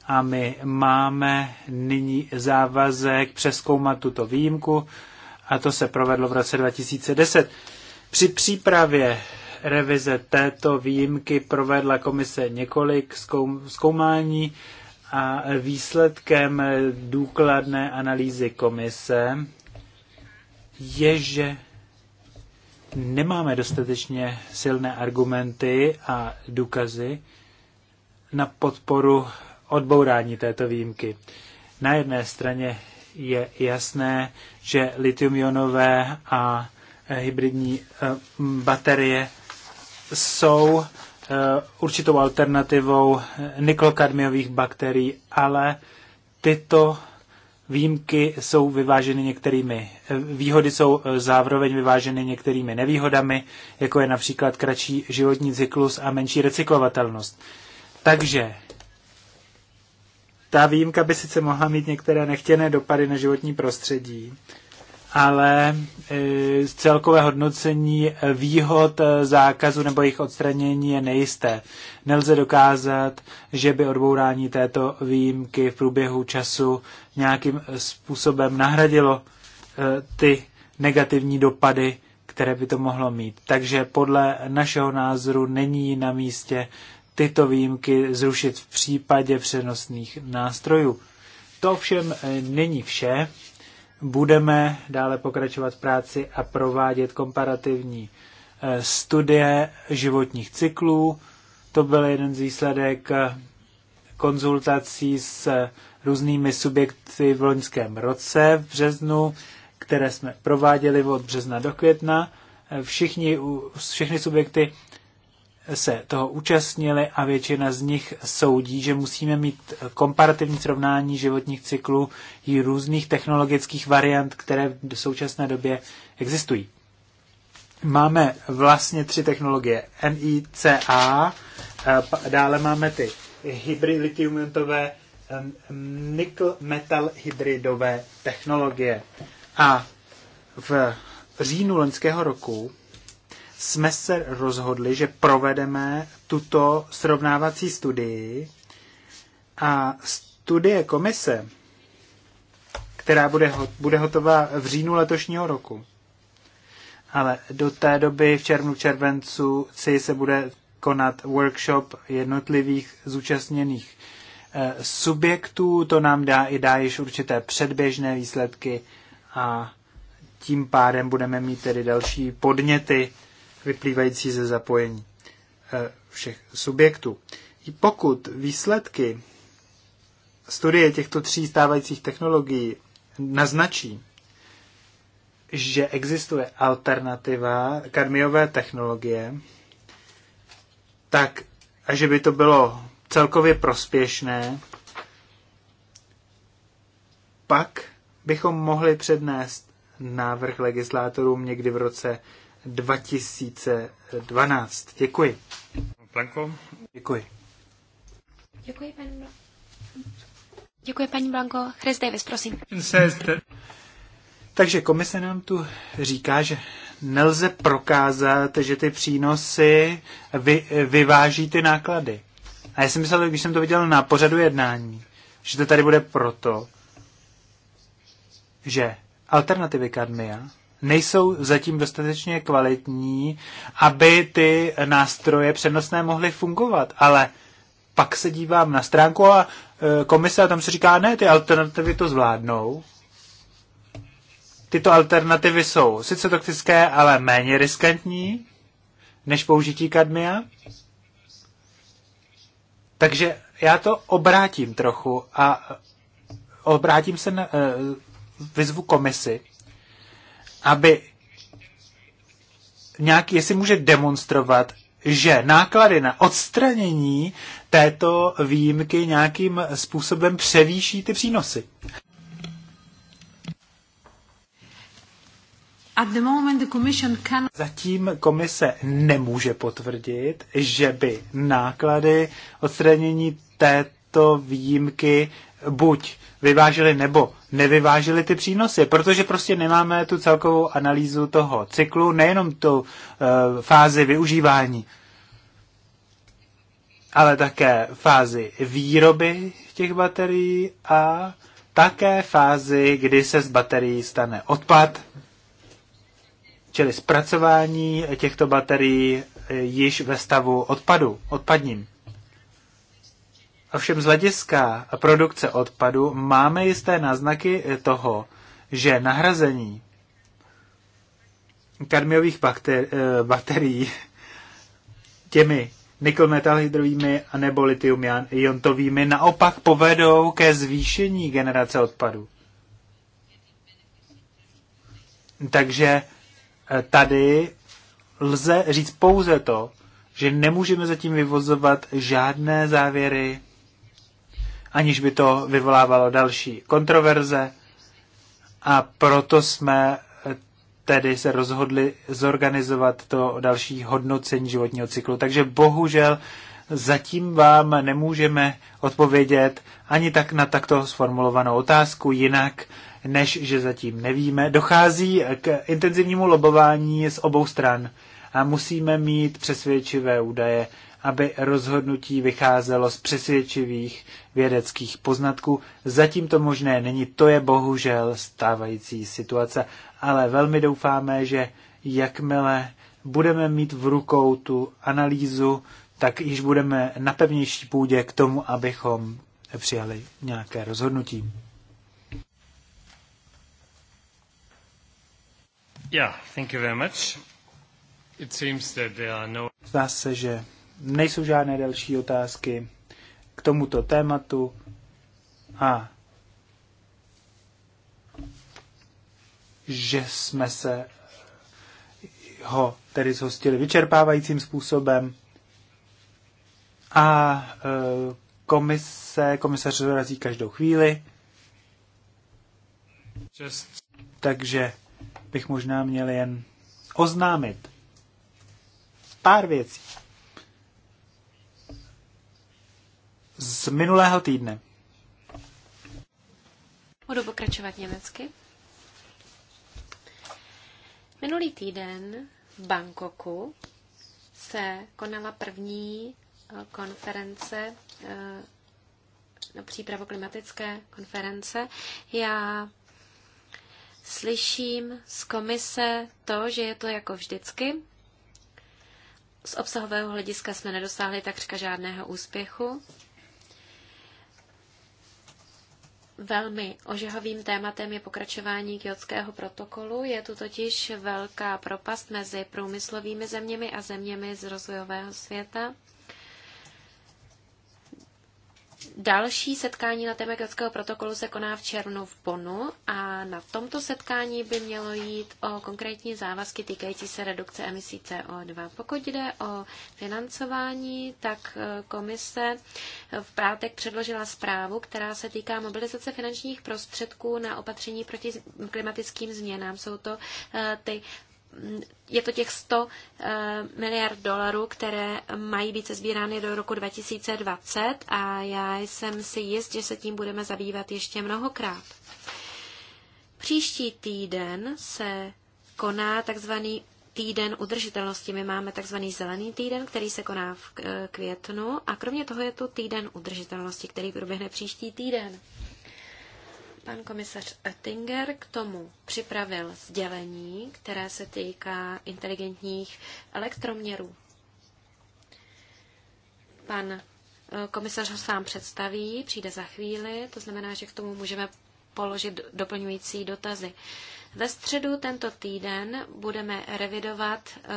A my máme nyní závazek přeskoumat tuto výjimku a to se provedlo v roce 2010. Při přípravě revize této výjimky provedla komise několik zkoumání a výsledkem důkladné analýzy komise je, že nemáme dostatečně silné argumenty a důkazy na podporu odbourání této výjimky. Na jedné straně je jasné, že litiumionové a hybridní eh, baterie jsou Eh, určitou alternativou niklokadmiových bakterií, ale tyto výjimky jsou vyváženy některými, eh, výhody jsou eh, zároveň vyváženy některými nevýhodami, jako je například kratší životní cyklus a menší recyklovatelnost. Takže ta výjimka by sice mohla mít některé nechtěné dopady na životní prostředí, ale e, z celkové hodnocení výhod e, zákazu nebo jejich odstranění je nejisté. Nelze dokázat, že by odbourání této výjimky v průběhu času nějakým způsobem nahradilo e, ty negativní dopady, které by to mohlo mít. Takže podle našeho názoru není na místě tyto výjimky zrušit v případě přenosných nástrojů. To všem není vše budeme dále pokračovat v práci a provádět komparativní eh, studie životních cyklů. To byl jeden z výsledek eh, konzultací s eh, různými subjekty v loňském roce v březnu, které jsme prováděli od března do května. Všichni, všechny subjekty se toho účastnili a většina z nich soudí, že musíme mít komparativní srovnání životních cyklů i různých technologických variant, které v současné době existují. Máme vlastně tři technologie. NICA, eh, dále máme ty hybridlitiumentové eh, nickel metal hydridové technologie. A v říjnu loňského roku jsme se rozhodli, že provedeme tuto srovnávací studii a studie komise, která bude, bude hotová v říjnu letošního roku. Ale do té doby v červnu červencu si se bude konat workshop jednotlivých zúčastněných eh, subjektů. To nám dá i dá již určité předběžné výsledky a tím pádem budeme mít tedy další podněty vyplývající ze zapojení eh, všech subjektů. I pokud výsledky studie těchto tří stávajících technologií naznačí, že existuje alternativa kadmiové technologie, tak a že by to bylo celkově prospěšné, pak bychom mohli přednést návrh legislátorům někdy v roce 2012. Děkuji. Blanko. Děkuji.
Děkuji, paní Blanko. Děkuji, paní Blanko. Chris Davis, prosím.
Takže komise nám tu říká, že nelze prokázat, že ty přínosy vy, vyváží ty náklady. A já jsem myslel, když jsem to viděl na pořadu jednání, že to tady bude proto, že alternativy kadmia nejsou zatím dostatečně kvalitní, aby ty nástroje přenosné mohly fungovat. Ale pak se dívám na stránku a e, komise a tam se říká, ne, ty alternativy to zvládnou. Tyto alternativy jsou sice toxické, ale méně riskantní než použití kadmia. Takže já to obrátím trochu a obrátím se na, e, vyzvu komisi, aby nějak, jestli může demonstrovat, že náklady na odstranění této výjimky nějakým způsobem převýší ty přínosy.
At the moment the commission can...
Zatím komise nemůže potvrdit, že by náklady odstranění této výjimky buď vyvážili nebo nevyvážili ty přínosy, protože prostě nemáme tu celkovou analýzu toho cyklu, nejenom tu e, fázi využívání, ale také fázi výroby těch baterií a také fázi, kdy se z baterií stane odpad, čili zpracování těchto baterií eh, již ve stavu odpadu, odpadním. Ovšem z hlediska produkce odpadu máme jisté náznaky toho, že nahrazení kadmiových baterií eh, těmi nikometalhydrovými a nebo litium-iontovými naopak povedou ke zvýšení generace odpadu. Takže eh, tady lze říct pouze to, že nemůžeme zatím vyvozovat žádné závěry aniž by to vyvolávalo další kontroverze. A proto jsme eh, tedy se rozhodli zorganizovat to další hodnocení životního cyklu. Takže bohužel zatím vám nemůžeme odpovědět ani tak na takto sformulovanou otázku jinak, než že zatím nevíme. Dochází k intenzivnímu lobování z obou stran a musíme mít přesvědčivé údaje aby rozhodnutí vycházelo z přesvědčivých vědeckých poznatků. Zatím to možné není, to je bohužel stávající situace, ale velmi doufáme, že jakmile budeme mít v rukou tu analýzu, tak již budeme na pevnější půdě k tomu, abychom přijali nějaké rozhodnutí. Yeah, thank you very much. It seems that there are no... Zdá se, že nejsou žádné další otázky k tomuto tématu a že jsme se ho tedy zhostili vyčerpávajícím způsobem a e, komise, komisař dorazí každou chvíli. Just. Takže bych možná měl jen oznámit pár věcí. z minulého týdne.
Budu pokračovat německy. Minulý týden v Bangkoku se konala první eh, konference eh, na no, přípravu klimatické konference. Já slyším z komise to, že je to jako vždycky. Z obsahového hlediska jsme nedosáhli takřka žádného úspěchu. Velmi ožehavým tématem je pokračování kyotského protokolu. Je tu totiž velká propast mezi průmyslovými zeměmi a zeměmi z rozvojového světa. Další setkání na téma Kyotského protokolu se koná v červnu v Bonu a na tomto setkání by mělo jít o konkrétní závazky týkající se redukce emisí CO2. Pokud jde o financování, tak e, komise v pátek předložila zprávu, která se týká mobilizace finančních prostředků na opatření proti klimatickým změnám. Jsou to e, ty je to těch 100 eh, miliard dolarů, které mají být sezbírány do roku 2020 a já jsem si jist, že se tím budeme zabývat ještě mnohokrát. Příští týden se koná takzvaný týden udržitelnosti. My máme takzvaný zelený týden, který se koná v eh, květnu a kromě toho je tu týden udržitelnosti, který proběhne příští týden. Pan komisař Oettinger k tomu připravil sdělení, které se týká inteligentních elektroměrů. Pan eh, komisař ho sám představí, přijde za chvíli, to znamená, že k tomu můžeme položit doplňující dotazy. Ve středu tento týden budeme revidovat eh,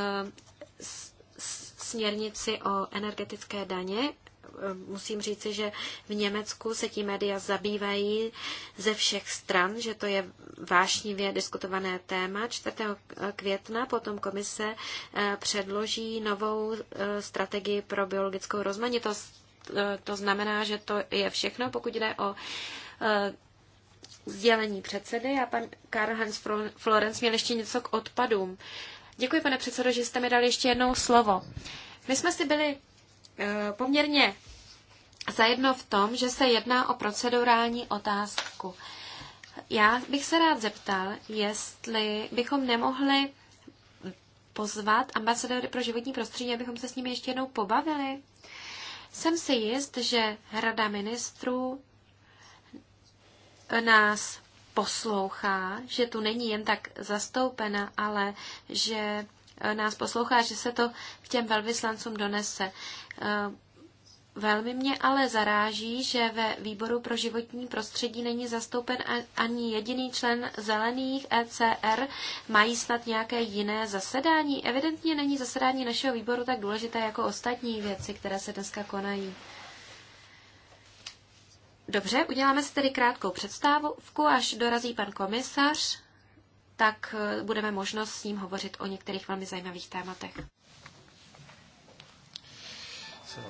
směrnici o energetické daně Eh, musím říci, že v Německu se ti média zabývají ze všech stran, že to je vášnivě diskutované téma. 4. května potom komise eh, předloží novou eh, strategii pro biologickou rozmanitost. To znamená, že to je všechno, pokud jde o sdělení předsedy a pan Karl Hans Florence měl ještě něco k odpadům. Děkuji, pane předsedo, že jste mi dali ještě jednou slovo. My jsme si byli Eh, poměrně zajedno v tom, že se jedná o procedurální otázku. Já bych se rád zeptal, jestli bychom nemohli pozvat ambasadory pro životní prostředí, abychom se s nimi ještě jednou pobavili. Jsem si jist, že Rada ministrů nás poslouchá, že tu není jen tak zastoupena, ale že Eh, nás poslouchá, že se to k těm velvyslancům donese. Eh, velmi mě ale zaráží, že ve výboru pro životní prostředí není zastoupen ani jediný člen zelených ECR. Mají snad nějaké jiné zasedání? Evidentně není zasedání našeho výboru tak důležité jako ostatní věci, které se dneska konají. Dobře, uděláme si tedy krátkou představku, až dorazí pan komisař tak eh, budeme možnost s ním hovořit o některých velmi zajímavých tématech.
So.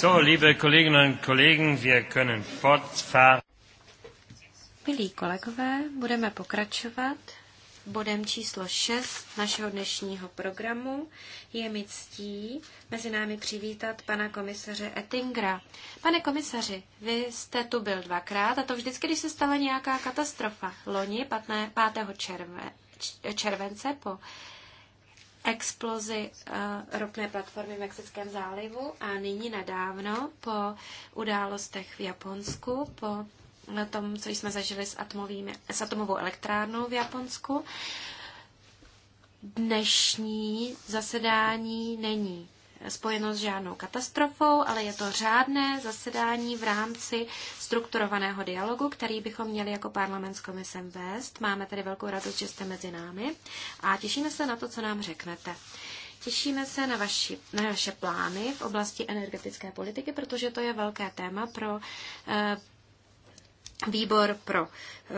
So, liebe Kolleginnen und Kollegen, wir können fortfahren.
Milí kolegové, budeme pokračovat bodem číslo 6 našeho dnešního programu. Je mi ctí mezi námi přivítat pana komisaře Ettingera. Pane komisaři, vy jste tu byl dvakrát a to vždycky, když se stala nějaká katastrofa. Loni 5. července po explozi eh, ropné platformy v Mexickém zálivu a nyní nadávno po událostech v Japonsku, po tom, co jsme zažili s, atomovými, s atomovou elektrárnou v Japonsku. Dnešní zasedání není spojeno s žádnou katastrofou, ale je to řádné zasedání v rámci strukturovaného dialogu, který bychom měli jako parlament s komisem vést. Máme tady velkou radost, že jste mezi námi a těšíme se na to, co nám řeknete. Těšíme se na, vaši, na vaše plány v oblasti energetické politiky, protože to je velké téma pro eh, výbor pro eh,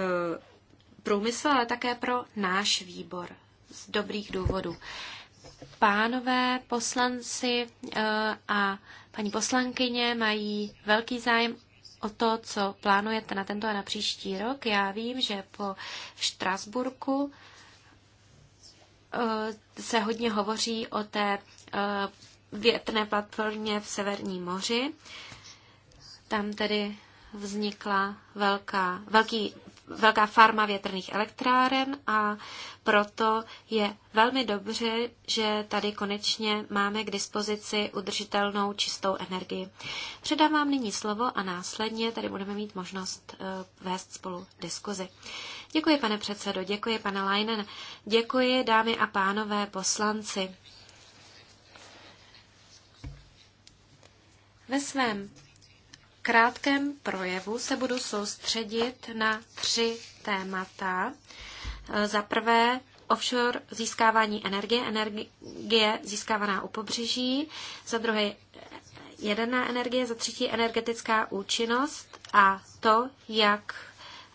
průmysl, ale také pro náš výbor z dobrých důvodů. Eh, Pánové poslanci eh, a paní poslankyně mají velký zájem o to, co plánujete na tento a na příští rok. Já vím, že po Štrasburku eh, se hodně hovoří o té eh, větné platformě v Severním moři. Tam tedy vznikla velká, velký velká farma větrných elektráren a proto je velmi dobře, že tady konečně máme k dispozici udržitelnou čistou energii. Předám vám nyní slovo a následně tady budeme mít možnost eh, vést spolu diskuzi. Děkuji, pane předsedo, děkuji, pane Leinen, děkuji, dámy a pánové poslanci. Ve svém krátkém projevu se budu soustředit na tři témata. Za prvé offshore získávání energie, energie získávaná u pobřeží, za druhé jaderná energie, za třetí energetická účinnost a to, jak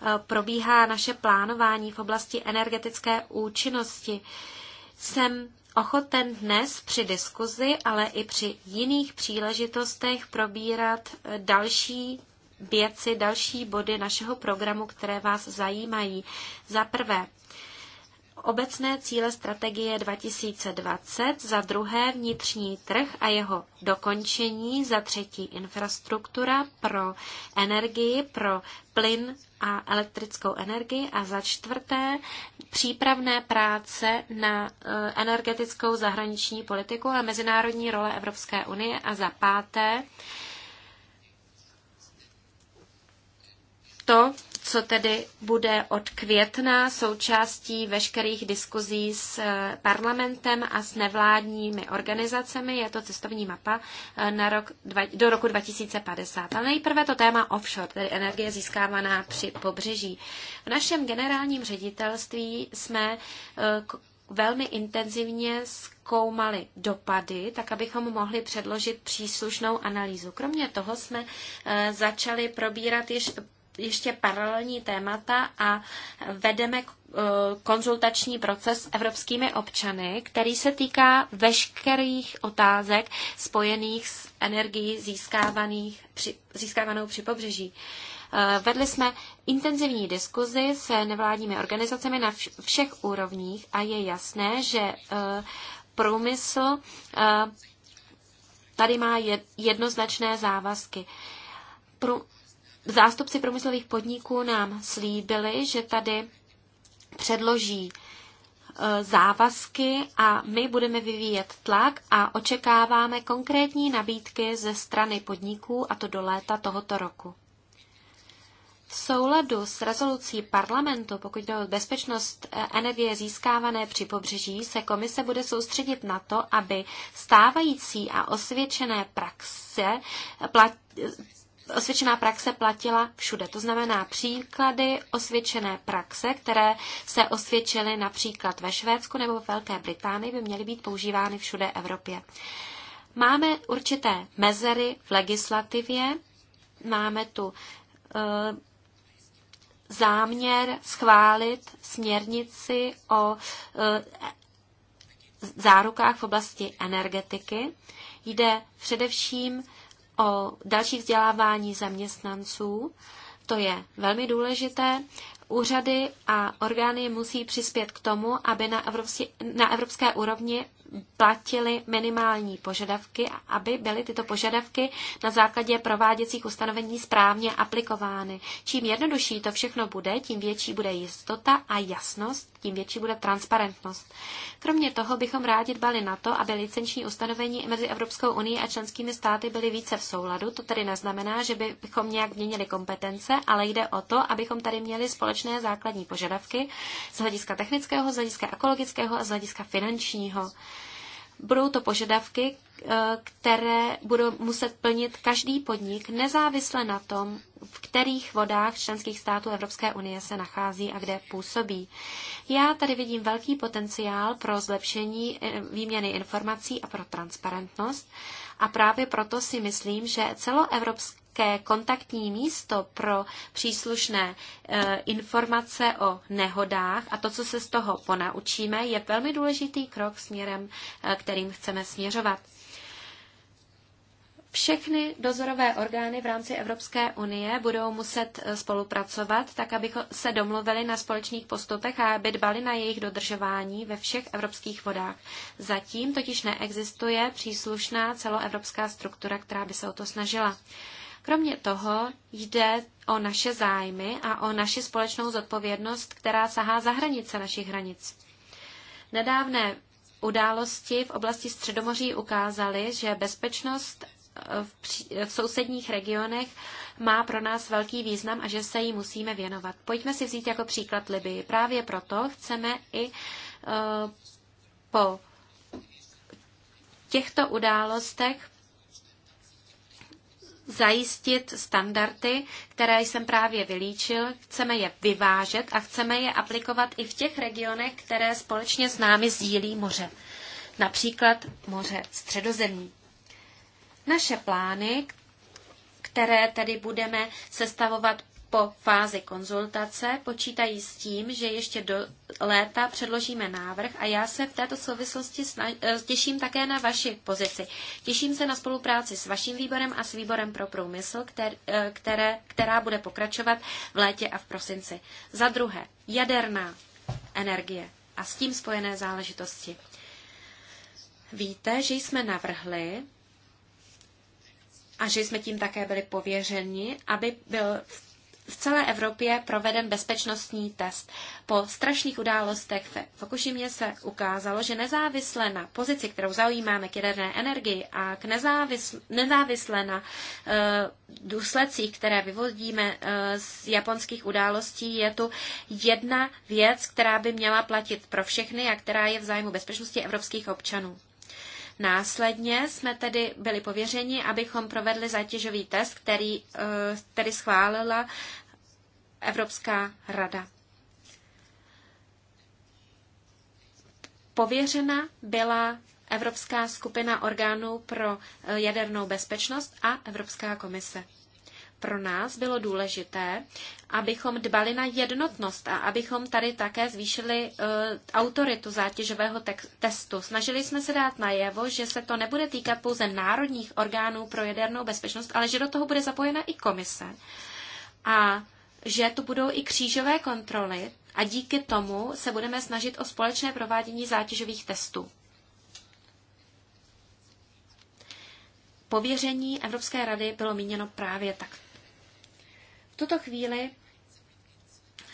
eh, probíhá naše plánování v oblasti energetické účinnosti. Jsem ochoten dnes při diskuzi, ale i při jiných příležitostech probírat eh, další věci, další body našeho programu, které vás zajímají. Za prvé, obecné cíle strategie 2020, za druhé vnitřní trh a jeho dokončení, za třetí infrastruktura pro energii, pro plyn a elektrickou energii a za čtvrté přípravné práce na eh, energetickou zahraniční politiku a mezinárodní role Evropské unie a za páté to, co tedy bude od května součástí veškerých diskuzí s eh, parlamentem a s nevládními organizacemi. Je to cestovní mapa eh, na rok, do roku 2050. Ale nejprve to téma offshore, tedy energie získávaná při pobřeží. V našem generálním ředitelství jsme eh, velmi intenzivně zkoumali dopady, tak abychom mohli předložit příslušnou analýzu. Kromě toho jsme začali probírat již ještě paralelní témata a vedeme eh, konzultační proces s evropskými občany, který se týká veškerých otázek spojených s energií získávaných, při, získávanou při pobřeží. Eh, vedli jsme intenzivní diskuzi s nevládními organizacemi na všech úrovních a je jasné, že eh, průmysl tady má jednoznačné závazky zástupci průmyslových podniků nám slíbili, že tady předloží e, závazky a my budeme vyvíjet tlak a očekáváme konkrétní nabídky ze strany podniků a to do léta tohoto roku. V souladu s rezolucí parlamentu, pokud jde o bezpečnost e, energie získávané při pobřeží, se komise bude soustředit na to, aby stávající a osvědčené praxe osvědčená praxe platila všude. To znamená příklady osvědčené praxe, které se osvědčily například ve Švédsku nebo v Velké Británii, by měly být používány všude Evropě. Máme určité mezery v legislativě, máme tu eh, záměr schválit směrnici o eh, zárukách v oblasti energetiky. Jde především o další vzdělávání zaměstnanců. To je velmi důležité. Úřady a orgány musí přispět k tomu, aby na, evropské, na evropské úrovni platily minimální požadavky, a aby byly tyto požadavky na základě prováděcích ustanovení správně aplikovány. Čím jednodušší to všechno bude, tím větší bude jistota a jasnost, tím větší bude transparentnost. Kromě toho bychom rádi dbali na to, aby licenční ustanovení mezi Evropskou unii a členskými státy byly více v souladu. To tedy neznamená, že bychom nějak měnili kompetence, ale jde o to, abychom tady měli společnou společné základní požadavky z hlediska technického, z hlediska ekologického a z hlediska finančního. Budou to požadavky, eh, které budou muset plnit každý podnik, nezávisle na tom, v kterých vodách členských států Evropské unie se nachází a kde působí. Já tady vidím velký potenciál pro zlepšení eh, výměny informací a pro transparentnost a právě proto si myslím, že celoevropský také kontaktní místo pro příslušné e, informace o nehodách a to, co se z toho ponaučíme, je velmi důležitý krok směrem, e, kterým chceme směřovat. Všechny dozorové orgány v rámci Evropské unie budou muset eh, spolupracovat, tak aby se domluvili na společných postupech a aby dbali na jejich dodržování ve všech evropských vodách. Zatím totiž neexistuje příslušná celoevropská struktura, která by se o to snažila. Kromě toho jde o naše zájmy a o naši společnou zodpovědnost, která sahá za hranice našich hranic. Nedávné události v oblasti Středomoří ukázaly, že bezpečnost eh, v, při, eh, v sousedních regionech má pro nás velký význam a že se jí musíme věnovat. Pojďme si vzít jako příklad Libii. Právě proto chceme i uh, po těchto událostech zajistit standardy, které jsem právě vylíčil, chceme je vyvážet a chceme je aplikovat i v těch regionech, které společně s námi sdílí moře, například moře středozemní. Naše plány, které tedy budeme sestavovat po fázi konzultace počítají s tím, že ještě do léta předložíme návrh a já se v této souvislosti snaž- eh, těším také na vaši pozici. Těším se na spolupráci s vaším výborem a s výborem pro průmysl, kter- eh, které, která bude pokračovat v létě a v prosinci. Za druhé, jaderná energie a s tím spojené záležitosti. Víte, že jsme navrhli a že jsme tím také byli pověřeni, aby byl v v celé Evropě proveden bezpečnostní test. Po strašných událostech ve Fukushimě se ukázalo, že nezávisle na pozici, kterou zaujímáme k jaderné energii a k nezávisle, nezávisle na e, důsledcích, které vyvodíme e, z japonských událostí, je tu jedna věc, která by měla platit pro všechny a která je v zájmu bezpečnosti evropských občanů. Následně jsme tedy byli pověřeni, abychom provedli zátěžový test, který eh, tedy schválila Evropská rada. Pověřena byla Evropská skupina orgánů pro eh, jadernou bezpečnost a Evropská komise pro nás bylo důležité, abychom dbali na jednotnost a abychom tady také zvýšili uh, autoritu zátěžového testu. Snažili jsme se dát najevo, že se to nebude týkat pouze národních orgánů pro jadernou bezpečnost, ale že do toho bude zapojena i komise. A že tu budou i křížové kontroly a díky tomu se budeme snažit o společné provádění zátěžových testů. Pověření Evropské rady bylo míněno právě takto. V tuto chvíli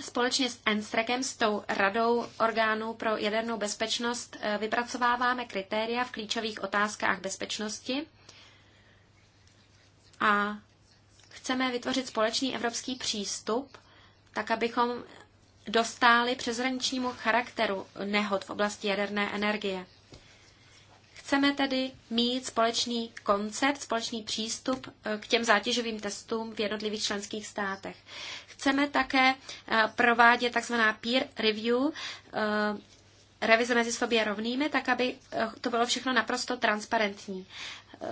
společně s ENSTREKem, s tou radou orgánů pro jadernou bezpečnost, eh, vypracováváme kritéria v klíčových otázkách bezpečnosti a chceme vytvořit společný evropský přístup, tak abychom dostáli přezraničnímu charakteru nehod v oblasti jaderné energie. Chceme tedy mít společný koncept, společný přístup eh, k těm zátěžovým testům v jednotlivých členských státech. Chceme také eh, provádět tzv. peer review, eh, revize mezi sobě rovnými, tak aby to bylo všechno naprosto transparentní.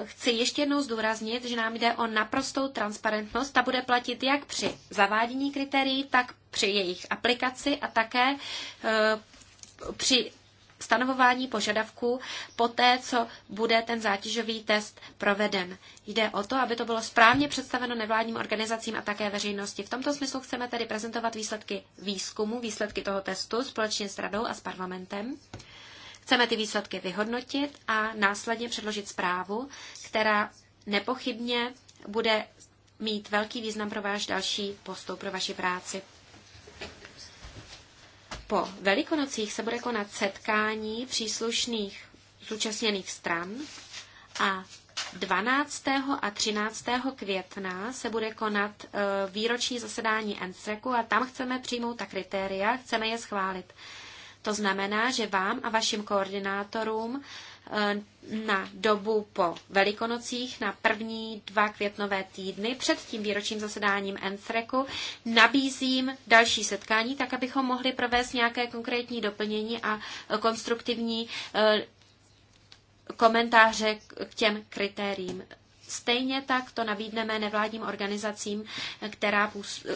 Chci ještě jednou zdůraznit, že nám jde o naprostou transparentnost. Ta bude platit jak při zavádění kritérií, tak při jejich aplikaci a také při stanovování požadavků po té, co bude ten zátěžový test proveden. Jde o to, aby to bylo správně představeno nevládním organizacím a také veřejnosti. V tomto smyslu chceme tedy prezentovat výsledky výzkumu, výsledky toho testu společně s radou a s parlamentem. Chceme ty výsledky vyhodnotit a následně předložit zprávu, která nepochybně bude mít velký význam pro váš další postup, pro vaši práci. Po Velikonocích se bude konat setkání příslušných zúčastněných stran a 12. a 13. května se bude konat e, výroční zasedání NSECu a tam chceme přijmout ta kritéria, chceme je schválit. To znamená, že vám a vašim koordinátorům Eh, na dobu po Velikonocích, na první dva květnové týdny před tím výročním zasedáním NSREKu. Nabízím další setkání, tak abychom mohli provést nějaké konkrétní doplnění a konstruktivní eh, komentáře k těm kritériím. Stejně tak to nabídneme nevládním organizacím, která,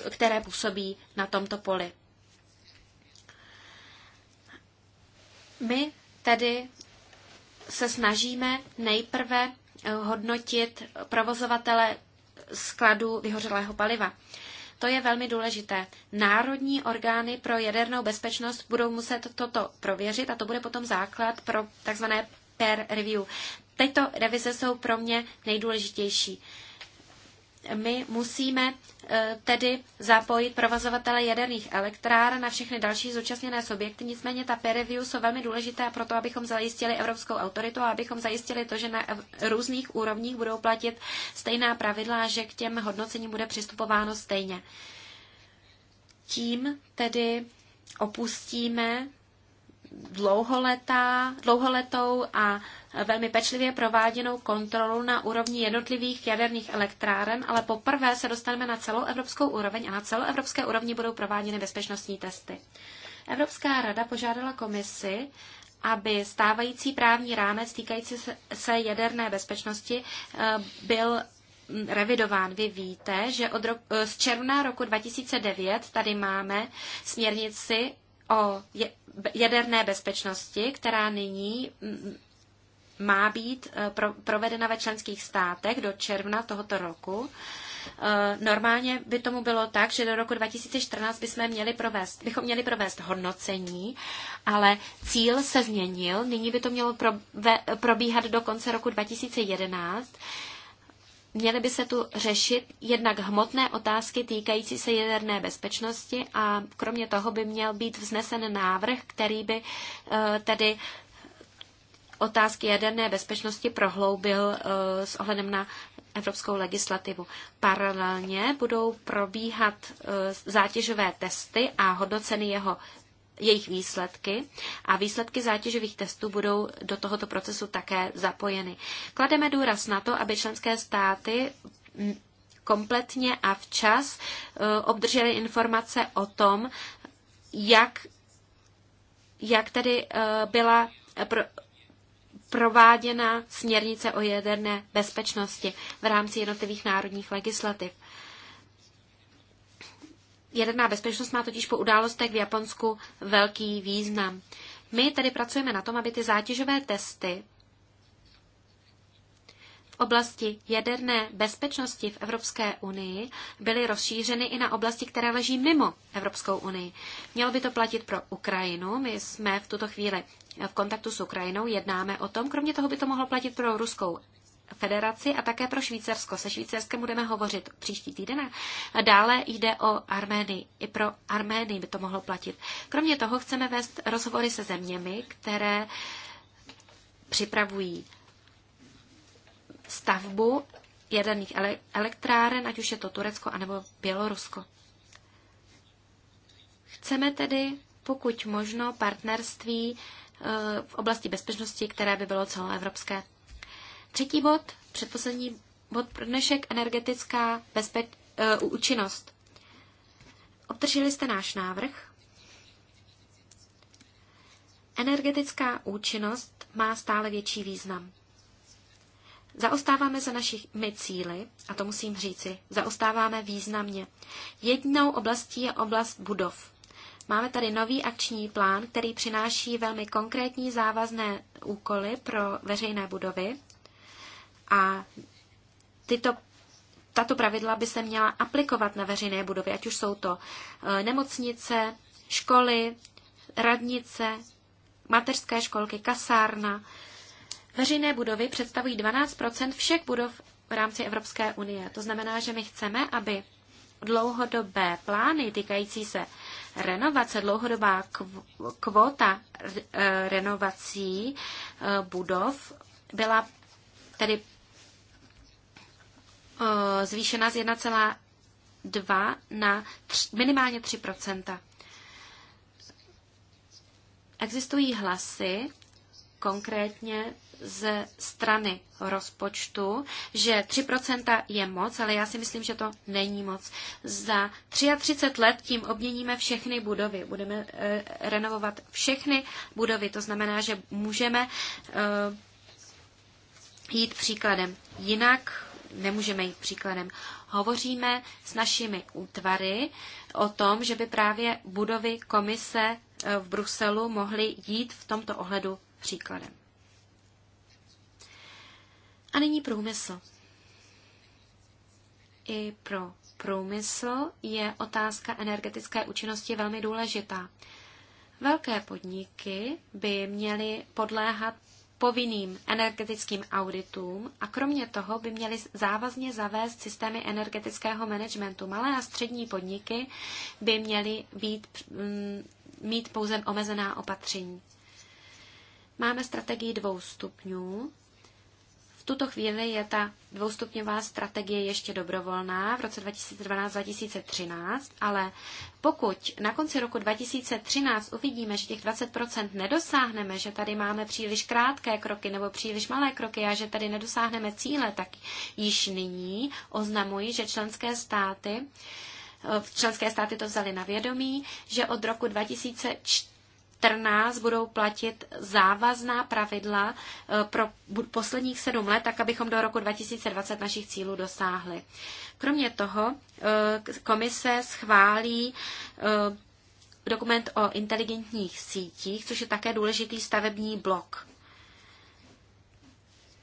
které působí na tomto poli. My tedy se snažíme nejprve eh, hodnotit provozovatele skladu vyhořelého paliva. To je velmi důležité. Národní orgány pro jadernou bezpečnost budou muset toto prověřit a to bude potom základ pro takzvané peer review. Tyto revize jsou pro mě nejdůležitější my musíme e, tedy zapojit provozovatele jaderných elektráren na všechny další zúčastněné subjekty. Nicméně ta peer review jsou velmi důležité pro to, abychom zajistili evropskou autoritu a abychom zajistili to, že na různých úrovních budou platit stejná pravidla a že k těm hodnocením bude přistupováno stejně. Tím tedy opustíme dlouholetá, dlouholetou a velmi pečlivě prováděnou kontrolu na úrovni jednotlivých jaderných elektráren, ale poprvé se dostaneme na celou evropskou úroveň a na celoevropské úrovni budou prováděny bezpečnostní testy. Evropská rada požádala komisi, aby stávající právní rámec týkající se jaderné bezpečnosti eh, byl mm, revidován. Vy víte, že od roku, eh, z června roku 2009 tady máme směrnici o jaderné bezpečnosti, která nyní má být e, provedena ve členských státech do června tohoto roku. E, normálně by tomu bylo tak, že do roku 2014 bychom měli provést, bychom měli provést hodnocení, ale cíl se změnil. Nyní by to mělo probíhat do konce roku 2011. Měly by se tu řešit jednak hmotné otázky týkající se jaderné bezpečnosti a kromě toho by měl být vznesen návrh, který by eh, tedy otázky jaderné bezpečnosti prohloubil eh, s ohledem na evropskou legislativu. Paralelně budou probíhat eh, zátěžové testy a hodnoceny jeho jejich výsledky a výsledky zátěžových testů budou do tohoto procesu také zapojeny. Klademe důraz na to, aby členské státy kompletně a včas e, obdrželi informace o tom, jak, jak tedy e, byla pro, prováděna směrnice o jaderné bezpečnosti v rámci jednotlivých národních legislativ jaderná bezpečnost má totiž po událostech v Japonsku velký význam. My tedy pracujeme na tom, aby ty zátěžové testy v oblasti jaderné bezpečnosti v Evropské unii byly rozšířeny i na oblasti, které leží mimo Evropskou unii. Mělo by to platit pro Ukrajinu. My jsme v tuto chvíli v kontaktu s Ukrajinou, jednáme o tom. Kromě toho by to mohlo platit pro Ruskou federaci a také pro Švýcarsko. Se Švýcarskem budeme hovořit příští týden. dále jde o Arménii. I pro Arménii by to mohlo platit. Kromě toho chceme vést rozhovory se zeměmi, které připravují stavbu jaderných elektráren, ať už je to Turecko anebo Bělorusko. Chceme tedy, pokud možno, partnerství eh, v oblasti bezpečnosti, které by bylo celoevropské. Třetí bod, předposlední bod pro dnešek, energetická bezpeč, uh, účinnost. Obdrželi jste náš návrh. Energetická účinnost má stále větší význam. Zaostáváme za našimi cíly, a to musím říci, zaostáváme významně. Jednou oblastí je oblast budov. Máme tady nový akční plán, který přináší velmi konkrétní závazné úkoly pro veřejné budovy a tyto tato pravidla by se měla aplikovat na veřejné budovy, ať už jsou to eh, nemocnice, školy, radnice, mateřské školky, kasárna. Veřejné budovy představují 12 všech budov v rámci Evropské unie. To znamená, že my chceme, aby dlouhodobé plány týkající se renovace, dlouhodobá kvota eh, renovací eh, budov byla tedy zvýšena z 1,2 na tři, minimálně 3 Existují hlasy, konkrétně ze strany rozpočtu, že 3% je moc, ale já si myslím, že to není moc. Za 33 let tím obměníme všechny budovy. Budeme e, renovovat všechny budovy. To znamená, že můžeme e, jít příkladem. Jinak nemůžeme jít příkladem. Hovoříme s našimi útvary o tom, že by právě budovy komise e, v Bruselu mohly jít v tomto ohledu příkladem. A nyní průmysl. I pro průmysl je otázka energetické účinnosti velmi důležitá. Velké podniky by měly podléhat povinným energetickým auditům a kromě toho by měly závazně zavést systémy energetického managementu. Malé a střední podniky by měly být, mm, mít pouze omezená opatření. Máme strategii dvou stupňů. V tuto chvíli je ta dvoustupňová strategie ještě dobrovolná v roce 2012-2013, ale pokud na konci roku 2013 uvidíme, že těch 20% nedosáhneme, že tady máme příliš krátké kroky nebo příliš malé kroky a že tady nedosáhneme cíle, tak již nyní oznamuji, že členské státy eh, členské státy to vzali na vědomí, že od roku 2014 14 budou platit závazná pravidla eh, pro posledních sedm let, tak abychom do roku 2020 našich cílů dosáhli. Kromě toho eh, komise schválí eh, dokument o inteligentních sítích, což je také důležitý stavební blok.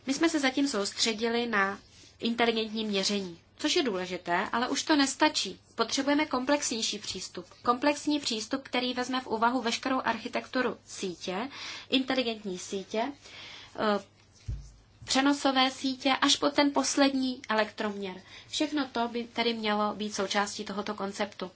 My jsme se zatím soustředili na inteligentní měření což je důležité, ale už to nestačí. Potřebujeme komplexnější přístup. Komplexní přístup, který vezme v úvahu veškerou architekturu sítě, inteligentní sítě, eh, přenosové sítě až po ten poslední elektroměr. Všechno to by tedy mělo být součástí tohoto konceptu.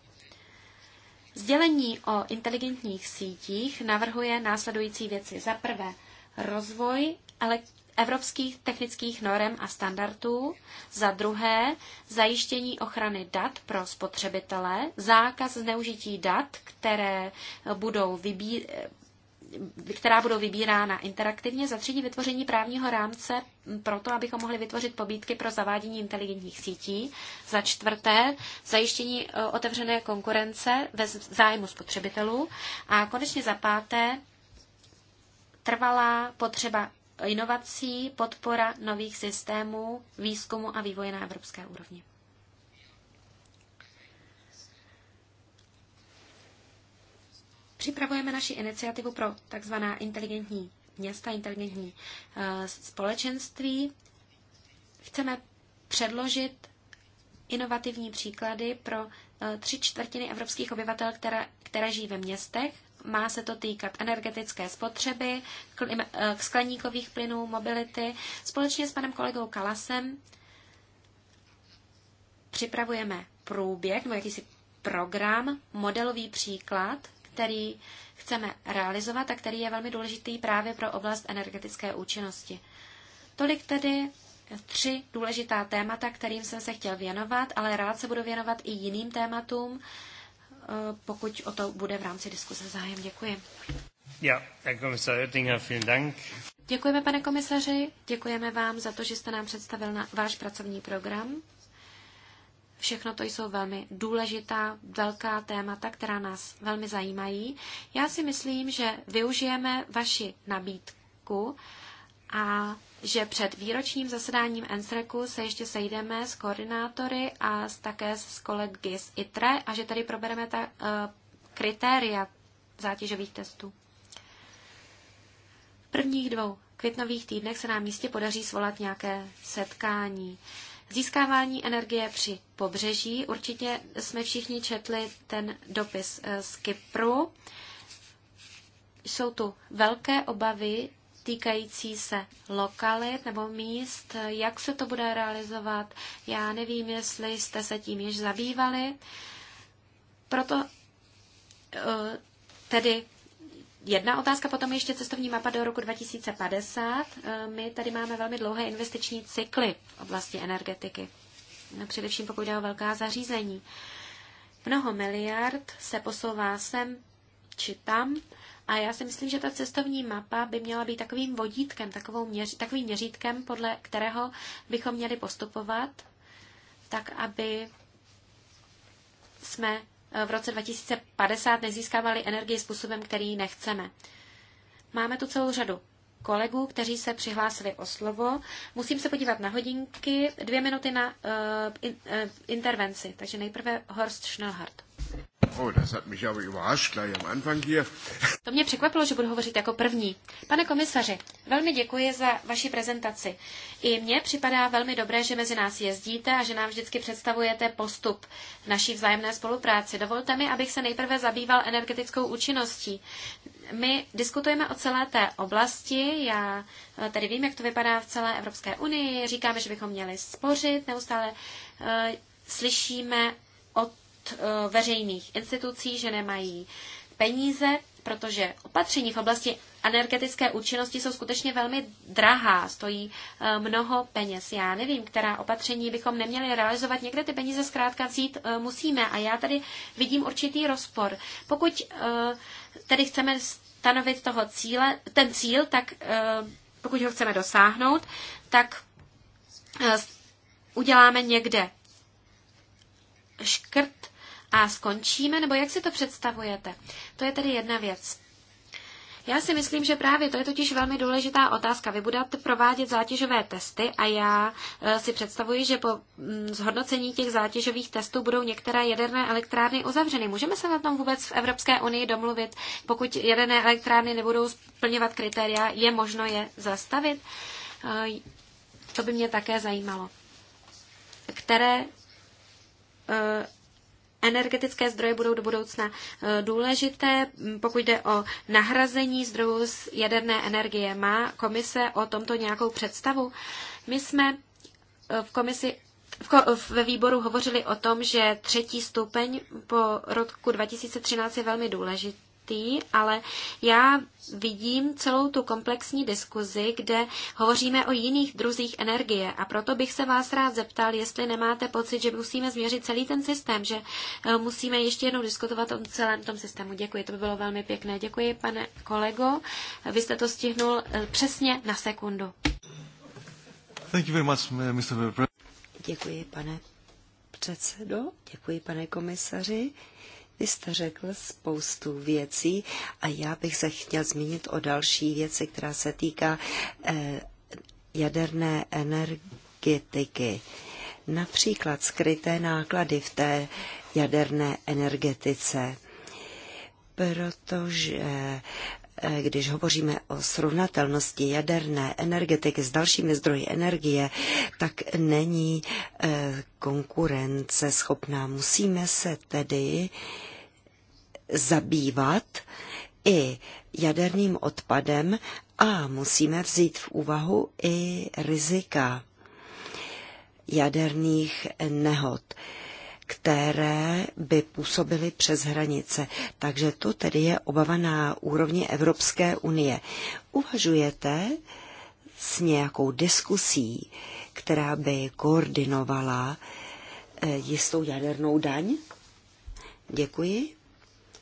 Sdělení o inteligentních sítích navrhuje následující věci. Za prvé, rozvoj ele- evropských technických norem a standardů, za druhé zajištění ochrany dat pro spotřebitele, zákaz zneužití dat, které budou vybí, která budou vybírána interaktivně, za třetí vytvoření právního rámce pro to, abychom mohli vytvořit pobídky pro zavádění inteligentních sítí, za čtvrté zajištění e, otevřené konkurence ve zájmu spotřebitelů a konečně za páté trvalá potřeba inovací, podpora nových systémů, výzkumu a vývoje na evropské úrovni. Připravujeme naši iniciativu pro takzvaná inteligentní města, inteligentní eh, společenství. Chceme předložit inovativní příklady pro eh, tři čtvrtiny evropských obyvatel, které, které žijí ve městech má se to týkat energetické spotřeby, eh, skleníkových plynů, mobility. Společně s panem kolegou Kalasem připravujeme průběh nebo jakýsi program, modelový příklad, který chceme realizovat a který je velmi důležitý právě pro oblast energetické účinnosti. Tolik tedy tři důležitá témata, kterým jsem se chtěl věnovat, ale rád se budu věnovat i jiným tématům, Eh, pokud o to bude v rámci diskuse zájem. Děkuji.
Ja, Herr Kommissar Oettinger, vielen Dank.
Děkujeme, pane komisaři. Děkujeme vám za to, že jste nám představil na váš pracovní program. Všechno to jsou velmi důležitá, velká témata, která nás velmi zajímají. Já si myslím, že využijeme vaši nabídku a že před výročním zasedáním NSREKu se ještě sejdeme s koordinátory a také s kolegy z ITRE a že tady probereme ta uh, kritéria zátěžových testů. V prvních dvou květnových týdnech se nám místě podaří svolat nějaké setkání. Získávání energie při pobřeží. Určitě jsme všichni četli ten dopis eh, z Kypru. Jsou tu velké obavy týkající se lokalit nebo míst, jak se to bude realizovat. Já nevím, jestli jste se tím již zabývali. Proto eh, tedy jedna otázka, potom ještě cestovní mapa do roku 2050. Eh, my tady máme velmi dlouhé investiční cykly v oblasti energetiky, no, především pokud jde o velká zařízení. Mnoho miliard se posouvá sem či tam a já si myslím, že ta cestovní mapa by měla být takovým vodítkem, takovou měř, takovým měřítkem, podle kterého bychom měli postupovat, tak aby jsme eh, v roce 2050 nezískávali energii způsobem, který nechceme. Máme tu celou řadu kolegů, kteří se přihlásili o slovo. Musím se podívat na hodinky. Dvě minuty na uh, in, uh, intervenci. Takže nejprve Horst Schnellhardt. Oh, to mě překvapilo, že budu hovořit jako první. Pane komisaři, velmi děkuji za vaši prezentaci. I mně připadá velmi dobré, že mezi nás jezdíte a že nám vždycky představujete postup naší vzájemné spolupráci. Dovolte mi, abych se nejprve zabýval energetickou účinností. My diskutujeme o celé té oblasti, já eh, tady vím, jak to vypadá v celé Evropské unii, říkáme, že bychom měli spořit, neustále eh, slyšíme Eh, veřejných institucí, že nemají peníze, protože opatření v oblasti energetické účinnosti jsou skutečně velmi drahá, stojí eh, mnoho peněz. Já nevím, která opatření bychom neměli realizovat. Někde ty peníze zkrátka vzít eh, musíme a já tady vidím určitý rozpor. Pokud tedy chceme stanovit toho cíle, ten cíl, tak pokud ho chceme dosáhnout, tak uděláme někde škrt a skončíme, nebo jak si to představujete? To je tedy jedna věc. Já si myslím, že právě to je totiž velmi důležitá otázka. Vy budete provádět zátěžové testy a já e, si představuji, že po mm, zhodnocení těch zátěžových testů budou některé jaderné elektrárny uzavřeny. Můžeme se na tom vůbec v Evropské unii domluvit, pokud jaderné elektrárny nebudou splňovat kritéria, je možno je zastavit? E, to by mě také zajímalo. Které e, energetické zdroje budou do budoucna eh, důležité. Mm, pokud jde o nahrazení zdrojů z jaderné energie, má komise o tomto nějakou představu? My jsme eh, v komisi ve výboru hovořili o tom, že třetí stupeň po roku 2013 je velmi důležitý složitý, ale já vidím celou tu komplexní diskuzi, kde hovoříme o jiných druzích energie. A proto bych se vás rád zeptal, jestli nemáte pocit, že musíme změřit celý ten systém, že eh, musíme ještě jednou diskutovat o celém tom systému. Děkuji, to by bylo velmi pěkné. Děkuji, pane kolego. Vy jste to stihnul eh,
přesně na sekundu.
Thank you very much, Mr.
Děkuji, pane předsedo, děkuji, pane komisaři. Vy jste řekl spoustu věcí a já bych se chtěl zmínit o další věci, která se týká eh, jaderné energetiky. Například skryté náklady v té jaderné energetice, protože Eh, když hovoříme o srovnatelnosti jaderné energetiky s dalšími zdroji energie, tak není eh, konkurence schopná. Musíme se tedy zabývat i jaderným odpadem a musíme vzít v úvahu i rizika jaderných nehod které by působily přes hranice. Takže to tedy je obava na úrovni Evropské unie. Uvažujete s nějakou diskusí, která by koordinovala eh, jistou jadernou daň? Děkuji.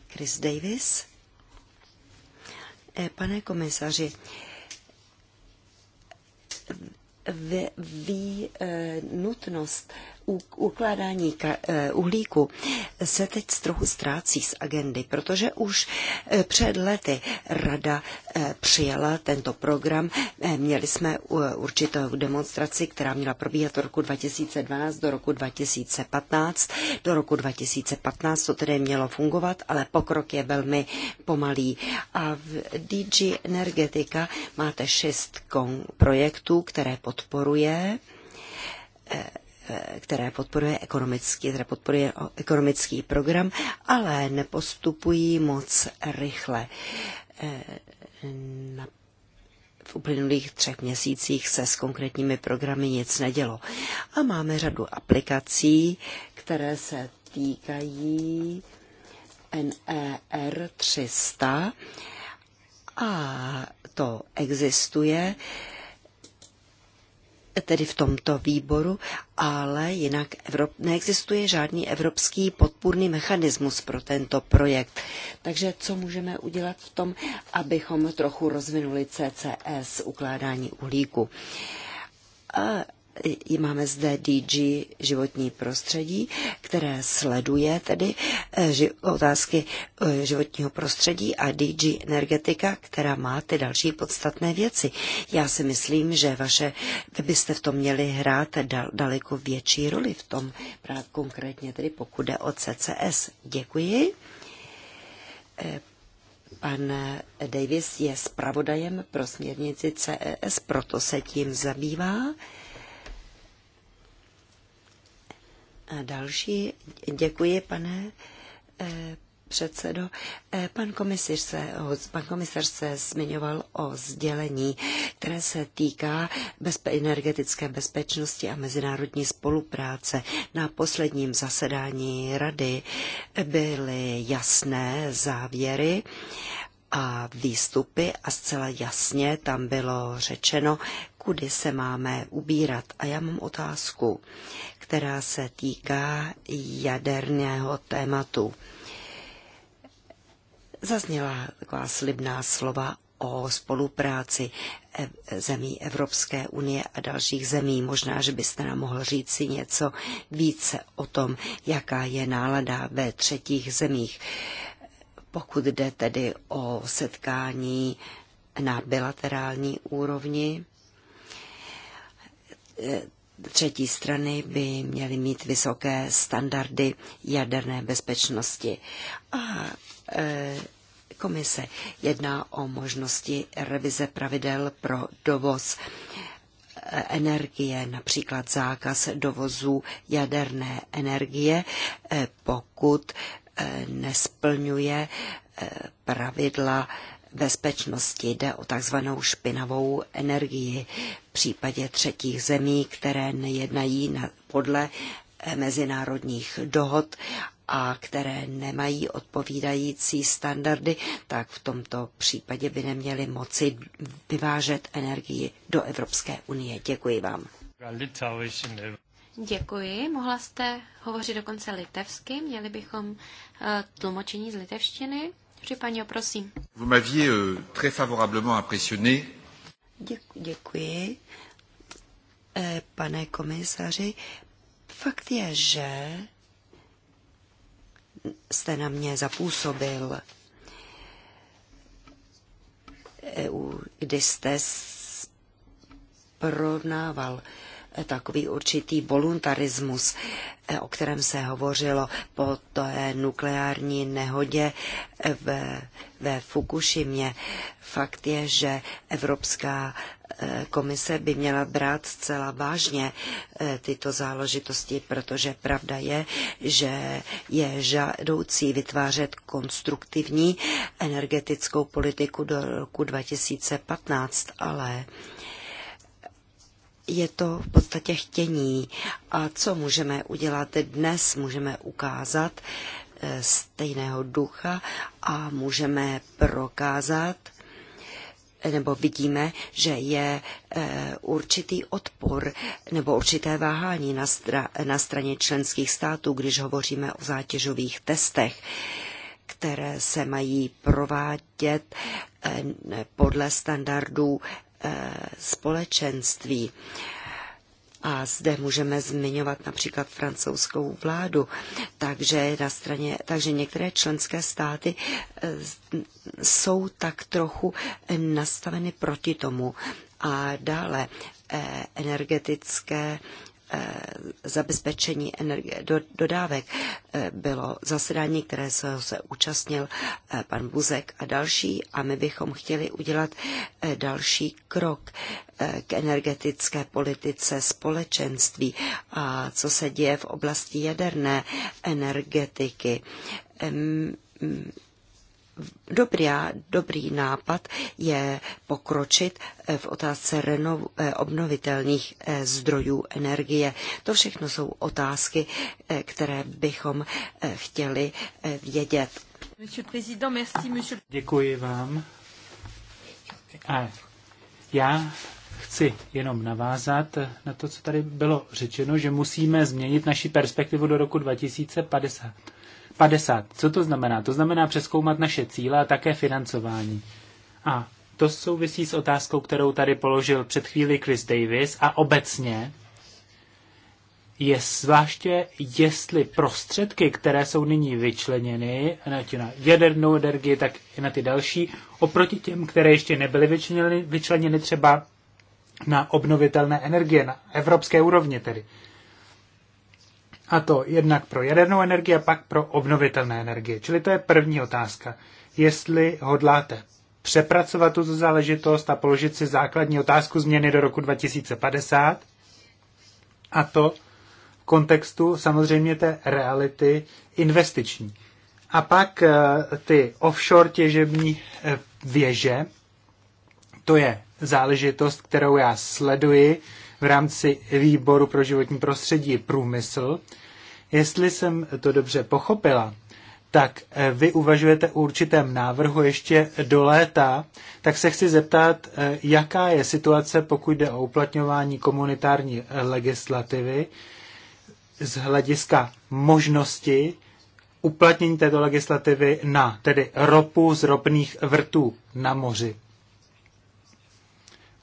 Chris Davis. Eh, pane komisaři, vy, vy eh, nutnost ukládání eh, uhlíku se teď trochu ztrácí z agendy, protože už eh, před lety rada eh, přijala tento program. Měli jsme určitou demonstraci, která měla probíhat od roku 2012 do roku 2015. Do roku 2015 to tedy mělo fungovat, ale pokrok je velmi pomalý. A v DG Energetika máte šest projektů, které podporuje Eh, které podporuje ekonomický, které podporuje ekonomický program, ale nepostupují moc rychle. Eh, na v uplynulých třech měsících se s konkrétními programy nic nedělo. A máme řadu aplikací, které se týkají NER 300 a to existuje tedy v tomto výboru, ale jinak Evrop, neexistuje žádný evropský podpůrný mechanismus pro tento projekt. Takže co můžeme udělat v tom, abychom trochu rozvinuli CCS, ukládání uhlíku? máme zde DG životní prostředí, které sleduje tedy eh, otázky eh, životního prostředí a DG energetika, která má ty další podstatné věci. Já si myslím, že vaše, vy byste v tom měli hrát dal, daleko větší roli v tom, právě konkrétně tedy pokud jde o CCS. Děkuji. Eh, pan Davis je zpravodajem pro směrnici CES, proto se tím zabývá. A další, děkuji pane eh, předsedo. Eh, pan komisař, se, pan komisař se zmiňoval o sdělení, které se týká bezpe- energetické bezpečnosti a mezinárodní spolupráce. Na posledním zasedání rady byly jasné závěry a výstupy a zcela jasně tam bylo řečeno, kudy se máme ubírat. A já mám otázku která se týká jaderného tématu. Zazněla taková slibná slova o spolupráci zemí Evropské unie a dalších zemí. Možná, že byste nám mohl říct si něco více o tom, jaká je nálada ve třetích zemích. Pokud jde tedy o setkání na bilaterální úrovni, třetí strany by měly mít vysoké standardy jaderné bezpečnosti. A e, komise jedná o možnosti revize pravidel pro dovoz e, energie, například zákaz dovozu jaderné energie, e, pokud e, nesplňuje pravidla bezpečnosti. Jde o takzvanou špinavou energii v případě třetích zemí, které nejednají podle eh, mezinárodních dohod a které nemají odpovídající standardy, tak v tomto případě by neměly moci vyvážet energii do Evropské unie. Děkuji vám.
Děkuji. Mohla jste hovořit dokonce litevsky. Měli bychom eh, tlumočení z litevštiny.
Případně, prosím.
Vous m'aviez euh, très favorablement impressionné.
Děkuji, eh, pane komisaři. Fakt je, že jste na mě zapůsobil, eh, kdy jste porovnával takový určitý voluntarismus, eh, o kterém se hovořilo po té nukleární nehodě eh, ve, ve Fukushimě. Fakt je, že Evropská eh, komise by měla brát zcela vážně tyto záležitosti, protože pravda je, že je žádoucí vytvářet konstruktivní energetickou politiku do roku 2015, ale je to v podstatě chtění. A co můžeme udělat dnes? Můžeme ukázat eh, stejného ducha a můžeme prokázat, eh, nebo vidíme, že je eh, určitý odpor nebo určité váhání na, stra, na straně členských států, když hovoříme o zátěžových testech, které se mají provádět podle standardů společenství. A zde můžeme zmiňovat například francouzskou vládu. Takže, na straně, takže některé členské státy eh, jsou tak trochu nastaveny proti tomu. A dále eh, energetické Eh, zabezpečení energie, do, dodávek eh, bylo zasedání, které se, se účastnil eh, pan Buzek a další a my bychom chtěli udělat další krok k energetické politice společenství a co se děje v oblasti jaderné energetiky dobrá, dobrý nápad je pokročit eh, v otázce renov, eh, obnovitelných eh, zdrojů energie. To všechno jsou otázky, které bychom chtěli vědět.
Děkuji vám. A já chci jenom navázat na to, co tady bylo řečeno, že musíme změnit naši perspektivu do roku 2050 50. Co to znamená? To znamená přeskoumat naše cíle a také financování. A to souvisí s otázkou, kterou tady položil před chvíli Chris Davis a obecně je zvláště, jestli prostředky, které jsou nyní vyčleněny na, na jadernou energii, tak i na ty další, oproti těm, které ještě nebyly vyčleněny, vyčleněny třeba na obnovitelné energie, na evropské úrovni tedy. A to jednak pro jadernou energii a pak pro obnovitelné energie. Čili to je první otázka. Jestli hodláte přepracovat tuto záležitost a položit si základní otázku změny do roku 2050, a to v kontextu samozřejmě té reality investiční. A pak eh, ty offshore těžební eh, věže, to je záležitost, kterou já sleduji v rámci výboru pro životní prostředí průmysl. Jestli jsem to dobře pochopila, tak eh, vy uvažujete o určitém návrhu ještě do léta, tak se chci zeptat, eh, jaká je situace, pokud jde o uplatňování komunitární eh, legislativy z hlediska možnosti uplatnění této legislativy na tedy ropu z ropných vrtů na moři.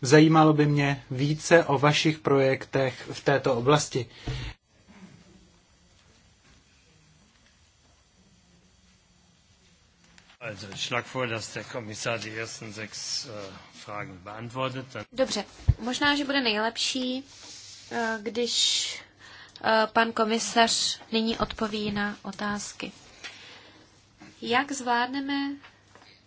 Zajímalo by mě více o vašich projektech v této oblasti. Äh,
Dobře, možná, že bude nejlepší, äh, když äh, pan komisař nyní odpoví na otázky. Jak zvládneme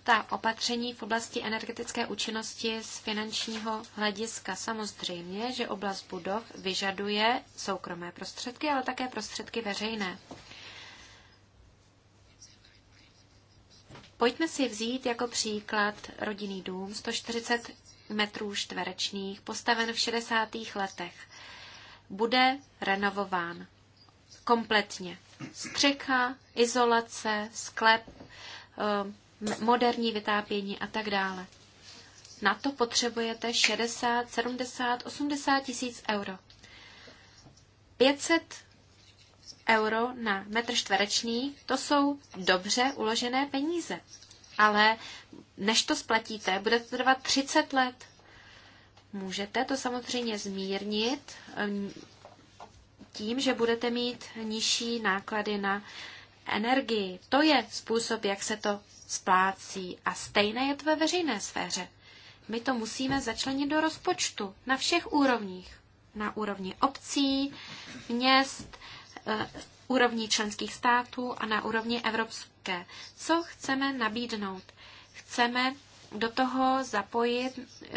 ta opatření v oblasti energetické účinnosti z finančního hlediska. Samozřejmě, že oblast budov vyžaduje soukromé prostředky, ale také prostředky veřejné. Pojďme si vzít jako příklad rodinný dům 140 metrů čtverečných, postaven v 60. letech. Bude renovován kompletně. Střecha, izolace, sklep, eh, moderní vytápění a tak dále. Na to potřebujete 60, 70, 80 tisíc euro. 500 euro na metr čtvereční, to jsou dobře uložené peníze. Ale než to splatíte, bude to trvat 30 let. Můžete to samozřejmě zmírnit tím, že budete mít nižší náklady na energii. To je způsob, jak se to splácí. A stejné je to ve veřejné sféře. My to musíme začlenit do rozpočtu na všech úrovních. Na úrovni obcí, měst, eh, úrovni členských států a na úrovni evropské. Co chceme nabídnout? Chceme do toho zapojit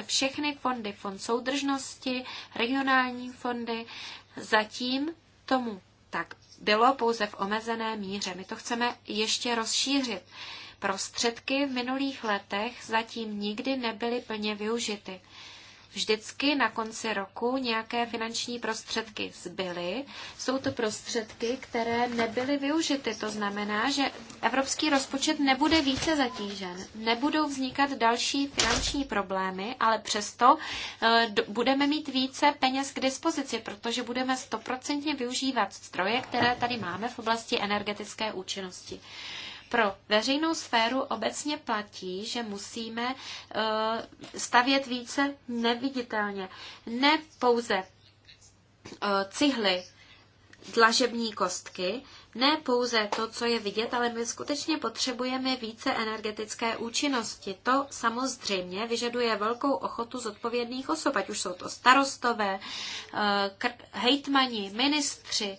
všechny fondy, fond soudržnosti, regionální fondy. Zatím tomu tak bylo pouze v omezené míře. My to chceme ještě rozšířit prostředky v minulých letech zatím nikdy nebyly plně využity. Vždycky na konci roku nějaké finanční prostředky zbyly. Jsou to prostředky, které nebyly využity. To znamená, že evropský rozpočet nebude více zatížen. Nebudou vznikat další finanční problémy, ale přesto eh, budeme mít více peněz k dispozici, protože budeme stoprocentně využívat stroje, které tady máme v oblasti energetické účinnosti pro veřejnou sféru obecně platí, že musíme eh, stavět více neviditelně. Ne pouze eh, cihly, dlažební kostky, ne pouze to, co je vidět, ale my skutečně potřebujeme více energetické účinnosti. To samozřejmě vyžaduje velkou ochotu zodpovědných osob, ať už jsou to starostové, eh, hejtmani, ministři.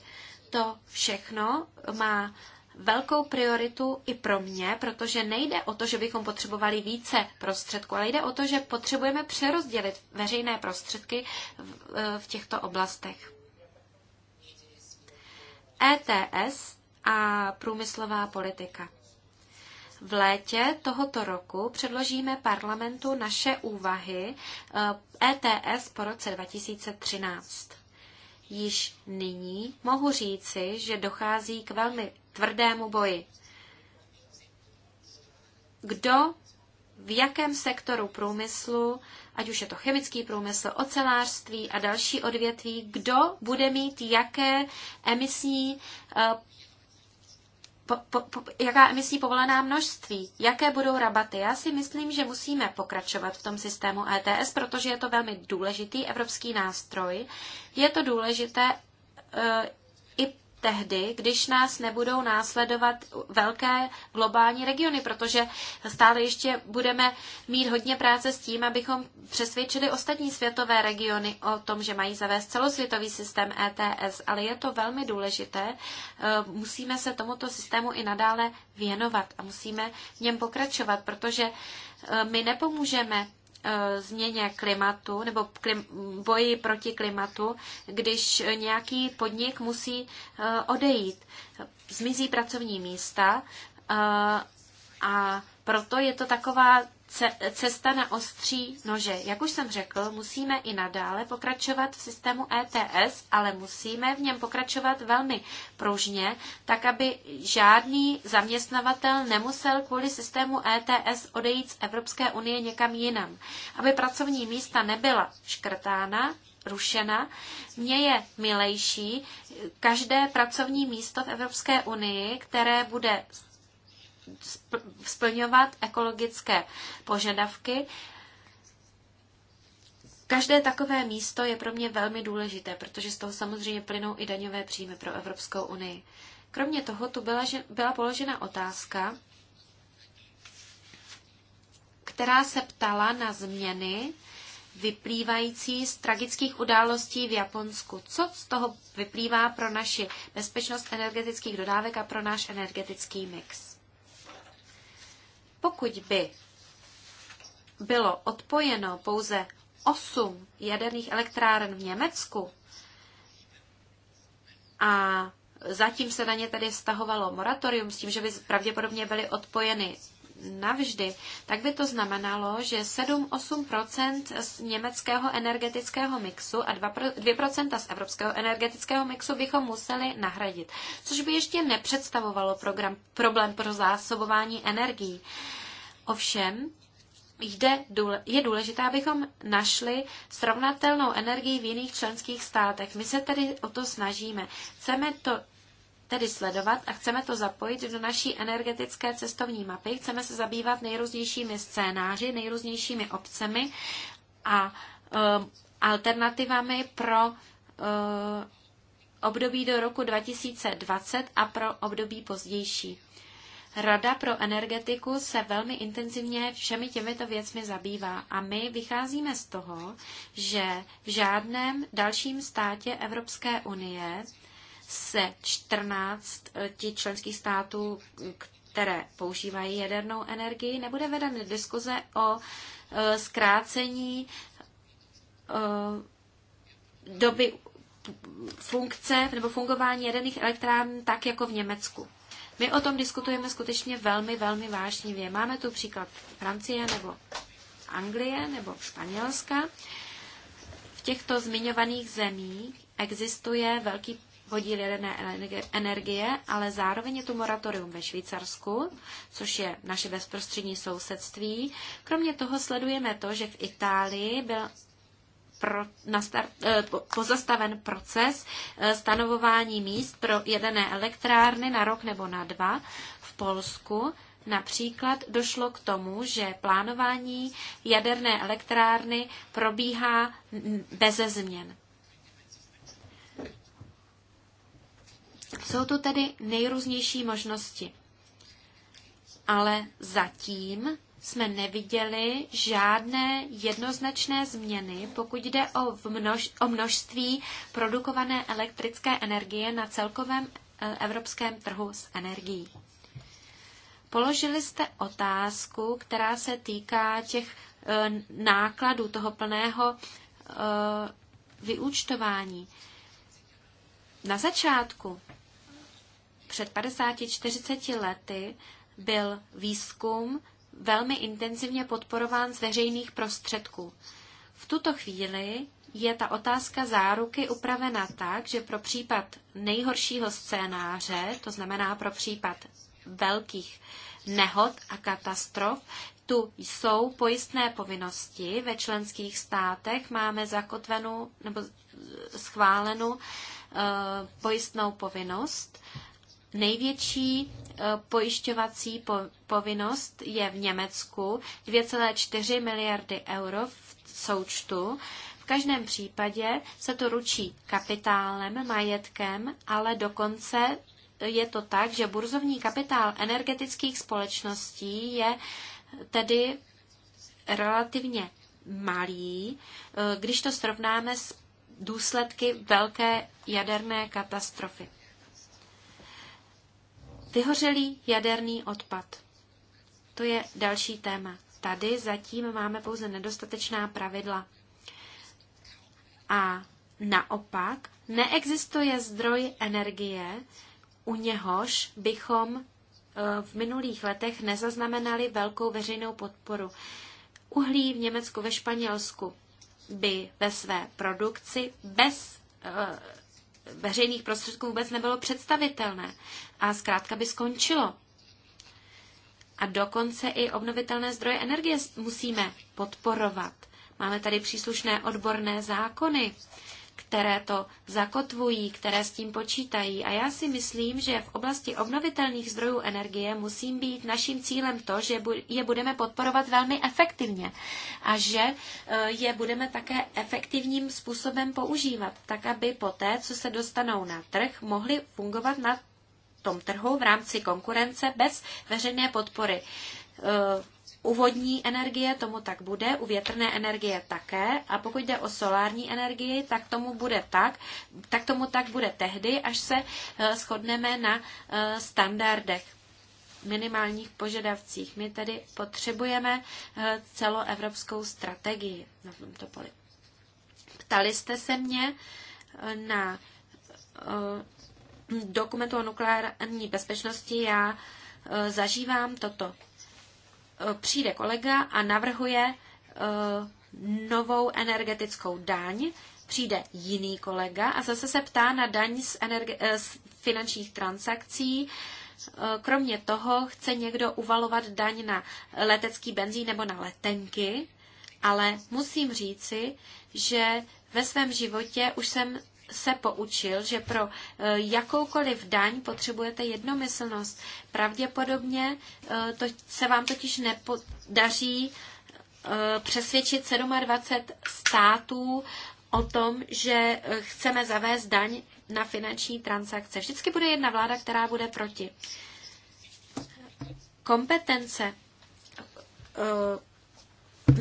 To všechno má velkou prioritu i pro mě, protože nejde o to, že bychom potřebovali více prostředků, ale jde o to, že potřebujeme přerozdělit veřejné prostředky v, e, v těchto oblastech. ETS a průmyslová politika. V létě tohoto roku předložíme parlamentu naše úvahy ETS e po roce 2013 již nyní mohu říci, že dochází k velmi tvrdému boji. Kdo v jakém sektoru průmyslu, ať už je to chemický průmysl, ocelářství a další odvětví, kdo bude mít jaké emisní eh, po, po, po, jaká emisní povolená množství, jaké budou rabaty. Já si myslím, že musíme pokračovat v tom systému ETS, protože je to velmi důležitý evropský nástroj. Je to důležité eh, tehdy, když nás nebudou následovat velké globální regiony, protože stále ještě budeme mít hodně práce s tím, abychom přesvědčili ostatní světové regiony o tom, že mají zavést celosvětový systém ETS, ale je to velmi důležité. E, musíme se tomuto systému i nadále věnovat a musíme v něm pokračovat, protože e, my nepomůžeme Eh, změně klimatu nebo klim, boji proti klimatu, když nějaký podnik musí eh, odejít. Zmizí pracovní místa eh, a proto je to taková cesta na ostří nože. Jak už jsem řekl, musíme i nadále pokračovat v systému ETS, ale musíme v něm pokračovat velmi pružně, tak aby žádný zaměstnavatel nemusel kvůli systému ETS odejít z Evropské unie někam jinam. Aby pracovní místa nebyla škrtána, rušena. Mně je milejší každé pracovní místo v Evropské unii, které bude splňovat ekologické požadavky. Každé takové místo je pro mě velmi důležité, protože z toho samozřejmě plynou i daňové příjmy pro Evropskou unii. Kromě toho tu byla, že, byla položena otázka, která se ptala na změny vyplývající z tragických událostí v Japonsku. Co z toho vyplývá pro naši bezpečnost energetických dodávek a pro náš energetický mix? Pokud by bylo odpojeno pouze 8 jaderných elektráren v Německu a zatím se na ně tedy stahovalo moratorium s tím, že by pravděpodobně byly odpojeny navždy, tak by to znamenalo, že 7-8 z německého energetického mixu a 2, 2 z evropského energetického mixu bychom museli nahradit, což by ještě nepředstavovalo program, problém pro zásobování energií. Ovšem, jde, je důležité, abychom našli srovnatelnou energii v jiných členských státech. My se tedy o to snažíme. Chceme to tedy sledovat a chceme to zapojit do naší energetické cestovní mapy. Chceme se zabývat nejrůznějšími scénáři, nejrůznějšími obcemi a um, alternativami pro uh, období do roku 2020 a pro období pozdější. Rada pro energetiku se velmi intenzivně všemi těmito věcmi zabývá a my vycházíme z toho, že v žádném dalším státě Evropské unie se 14 eh, ti členských států, které používají jadernou energii, nebude veden diskuze o eh, zkrácení eh, doby funkce nebo fungování jaderných elektrán tak jako v Německu. My o tom diskutujeme skutečně velmi, velmi vážně. Máme tu příklad Francie nebo Anglie nebo Španělska. V těchto zmiňovaných zemích existuje velký hodí jaderné energie, ale zároveň je tu moratorium ve Švýcarsku, což je naše bezprostřední sousedství. Kromě toho sledujeme to, že v Itálii byl pro, nastart, eh, pozastaven proces eh, stanovování míst pro jedené elektrárny na rok nebo na dva v Polsku. Například došlo k tomu, že plánování jaderné elektrárny probíhá beze změn. Jsou to tedy nejrůznější možnosti. Ale zatím jsme neviděli žádné jednoznačné změny, pokud jde o, množ, o množství produkované elektrické energie na celkovém eh, evropském trhu s energií. Položili jste otázku, která se týká těch eh, nákladů toho plného eh, vyúčtování. Na začátku před 50-40 lety byl výzkum velmi intenzivně podporován z veřejných prostředků. V tuto chvíli je ta otázka záruky upravena tak, že pro případ nejhoršího scénáře, to znamená pro případ velkých nehod a katastrof, tu jsou pojistné povinnosti ve členských státech. Máme zakotvenou nebo schválenou e, eh, pojistnou povinnost Největší eh, pojišťovací povinnost je v Německu 2,4 miliardy euro v součtu. V každém případě se to ručí kapitálem, majetkem, ale dokonce je to tak, že burzovní kapitál energetických společností je tedy relativně malý, eh, když to srovnáme s důsledky velké jaderné katastrofy. Vyhořelý jaderný odpad. To je další téma. Tady zatím máme pouze nedostatečná pravidla. A naopak neexistuje zdroj energie, u něhož bychom eh, v minulých letech nezaznamenali velkou veřejnou podporu. Uhlí v Německu, ve Španělsku by ve své produkci bez eh, veřejných prostředků vůbec nebylo představitelné a zkrátka by skončilo. A dokonce i obnovitelné zdroje energie musíme podporovat. Máme tady příslušné odborné zákony, které to zakotvují, které s tím počítají. A já si myslím, že v oblasti obnovitelných zdrojů energie musí být naším cílem to, že je budeme podporovat velmi efektivně a že e, je budeme také efektivním způsobem používat, tak aby poté, co se dostanou na trh, mohly fungovat na tom trhu v rámci konkurence bez veřejné podpory e, u vodní energie tomu tak bude, u větrné energie také a pokud jde o solární energii, tak tomu bude tak, tak tomu tak bude tehdy, až se eh, shodneme na eh, standardech minimálních požadavcích. My tedy potřebujeme eh, celoevropskou strategii na tomto poli. Ptali jste se mě na dokumentu o nukleární bezpečnosti. Já zažívám toto Eh, přijde kolega a navrhuje eh, novou energetickou daň, přijde jiný kolega a zase se ptá na daň z, energe- eh, z finančních transakcí. Kromě toho chce někdo uvalovat daň na letecký benzín nebo na letenky, ale musím říci, že ve svém životě už jsem se poučil, že pro e, jakoukoliv daň potřebujete jednomyslnost. Pravděpodobně e, to se vám totiž nepodaří e, přesvědčit 27 států o tom, že chceme zavést daň na finanční transakce. Vždycky bude jedna vláda, která bude proti. Kompetence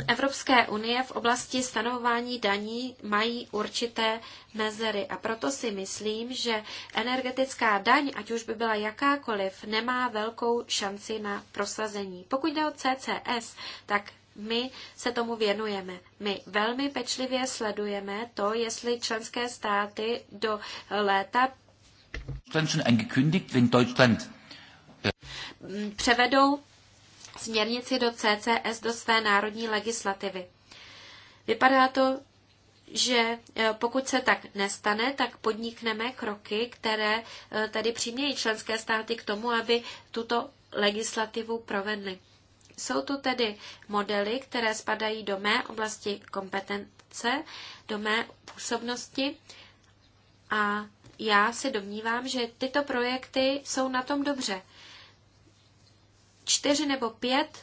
Evropské unie v oblasti stanovování daní mají určité mezery a proto si myslím, že energetická daň, ať už by byla jakákoliv, nemá velkou šanci na prosazení. Pokud jde o CCS, tak my se tomu věnujeme. My velmi pečlivě sledujeme to, jestli členské státy do léta převedou směrnici do CCS do své národní legislativy. Vypadá to, že e, pokud se tak nestane, tak podnikneme kroky, které e, tady přimějí členské státy k tomu, aby tuto legislativu provedly. Jsou tu tedy modely, které spadají do mé oblasti kompetence, do mé působnosti a já se domnívám, že tyto projekty jsou na tom dobře čtyři nebo pět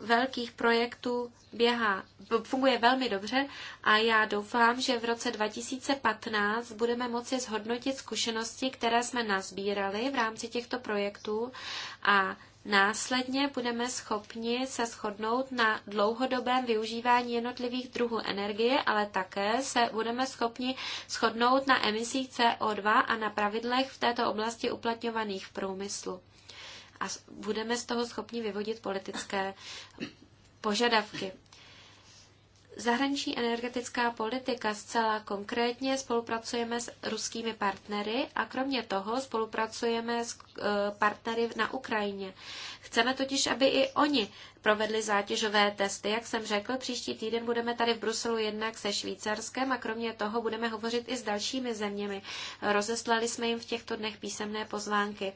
velkých projektů běhá, funguje velmi dobře a já doufám, že v roce 2015 budeme moci zhodnotit zkušenosti, které jsme nazbírali v rámci těchto projektů a Následně budeme schopni se shodnout na dlouhodobém využívání jednotlivých druhů energie, ale také se budeme schopni shodnout na emisích CO2 a na pravidlech v této oblasti uplatňovaných v průmyslu a budeme z toho schopni vyvodit politické požadavky. Zahraniční energetická politika zcela konkrétně spolupracujeme s ruskými partnery a kromě toho spolupracujeme s e, partnery na Ukrajině. Chceme totiž, aby i oni provedli zátěžové testy. Jak jsem řekl, příští týden budeme tady v Bruselu jednak se Švýcarskem a kromě toho budeme hovořit i s dalšími zeměmi. Rozeslali jsme jim v těchto dnech písemné pozvánky.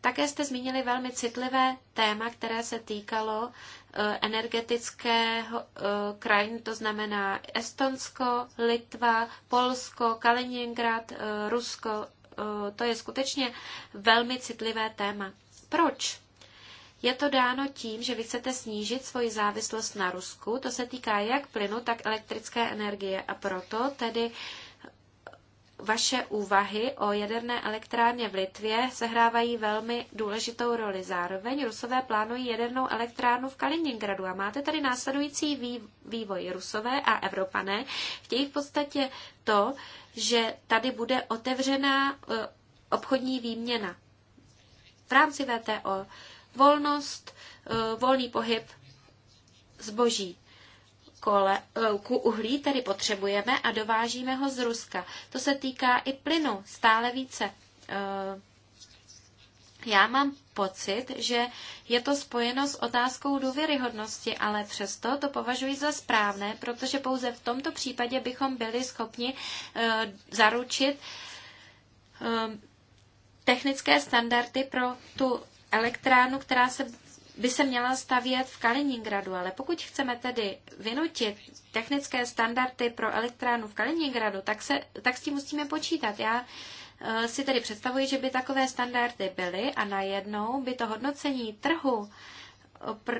Také jste zmínili velmi citlivé téma, které se týkalo eh, energetického eh, krajiny, to znamená Estonsko, Litva, Polsko, Kaliningrad, eh, Rusko. To je skutečně velmi citlivé téma. Proč? Je to dáno tím, že vy chcete snížit svoji závislost na Rusku. To se týká jak plynu, tak elektrické energie. A proto tedy uh, vaše úvahy o jaderné elektrárně v Litvě sehrávají velmi důležitou roli. Zároveň Rusové plánují jadernou elektrárnu v Kaliningradu a máte tady následující vývoj. Rusové a Evropané chtějí v podstatě to, že tady bude otevřená eh, obchodní výměna. V rámci VTO volnost, eh, volný pohyb zboží kole, eh, ku uhlí tedy potřebujeme a dovážíme ho z Ruska. To se týká i plynu stále více. Eh, já mám pocit, že je to spojeno s otázkou důvěryhodnosti, ale přesto to považuji za správné, protože pouze v tomto případě bychom byli schopni eh, zaručit technické standardy pro tu elektrárnu, která se by se měla stavět v Kaliningradu, ale pokud chceme tedy vynutit technické standardy pro elektrárnu v Kaliningradu, tak, se, tak s tím musíme počítat. Já eh, si tedy představuji, že by takové standardy byly a najednou by to hodnocení trhu eh, pr,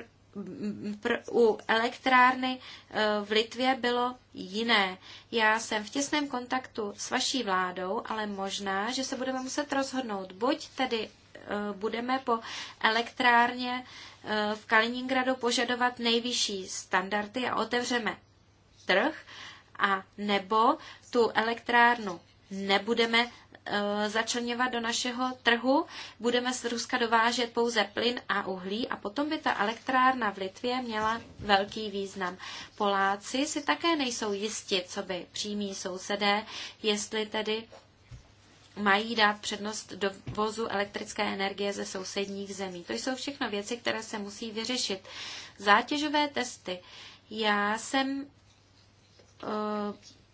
pr, u elektrárny eh, v Litvě bylo jiné. Já jsem v těsném kontaktu s vaší vládou, ale možná, že se budeme muset rozhodnout buď tedy Eh, budeme po elektrárně eh, v Kaliningradu požadovat nejvyšší standardy a otevřeme trh, a nebo tu elektrárnu nebudeme eh, začlňovat do našeho trhu, budeme z Ruska dovážet pouze plyn a uhlí a potom by ta elektrárna v Litvě měla velký význam. Poláci si také nejsou jisti, co by přímí sousedé, jestli tedy mají dát přednost dovozu elektrické energie ze sousedních zemí. To jsou všechno věci, které se musí vyřešit. Zátěžové testy. Já jsem eh,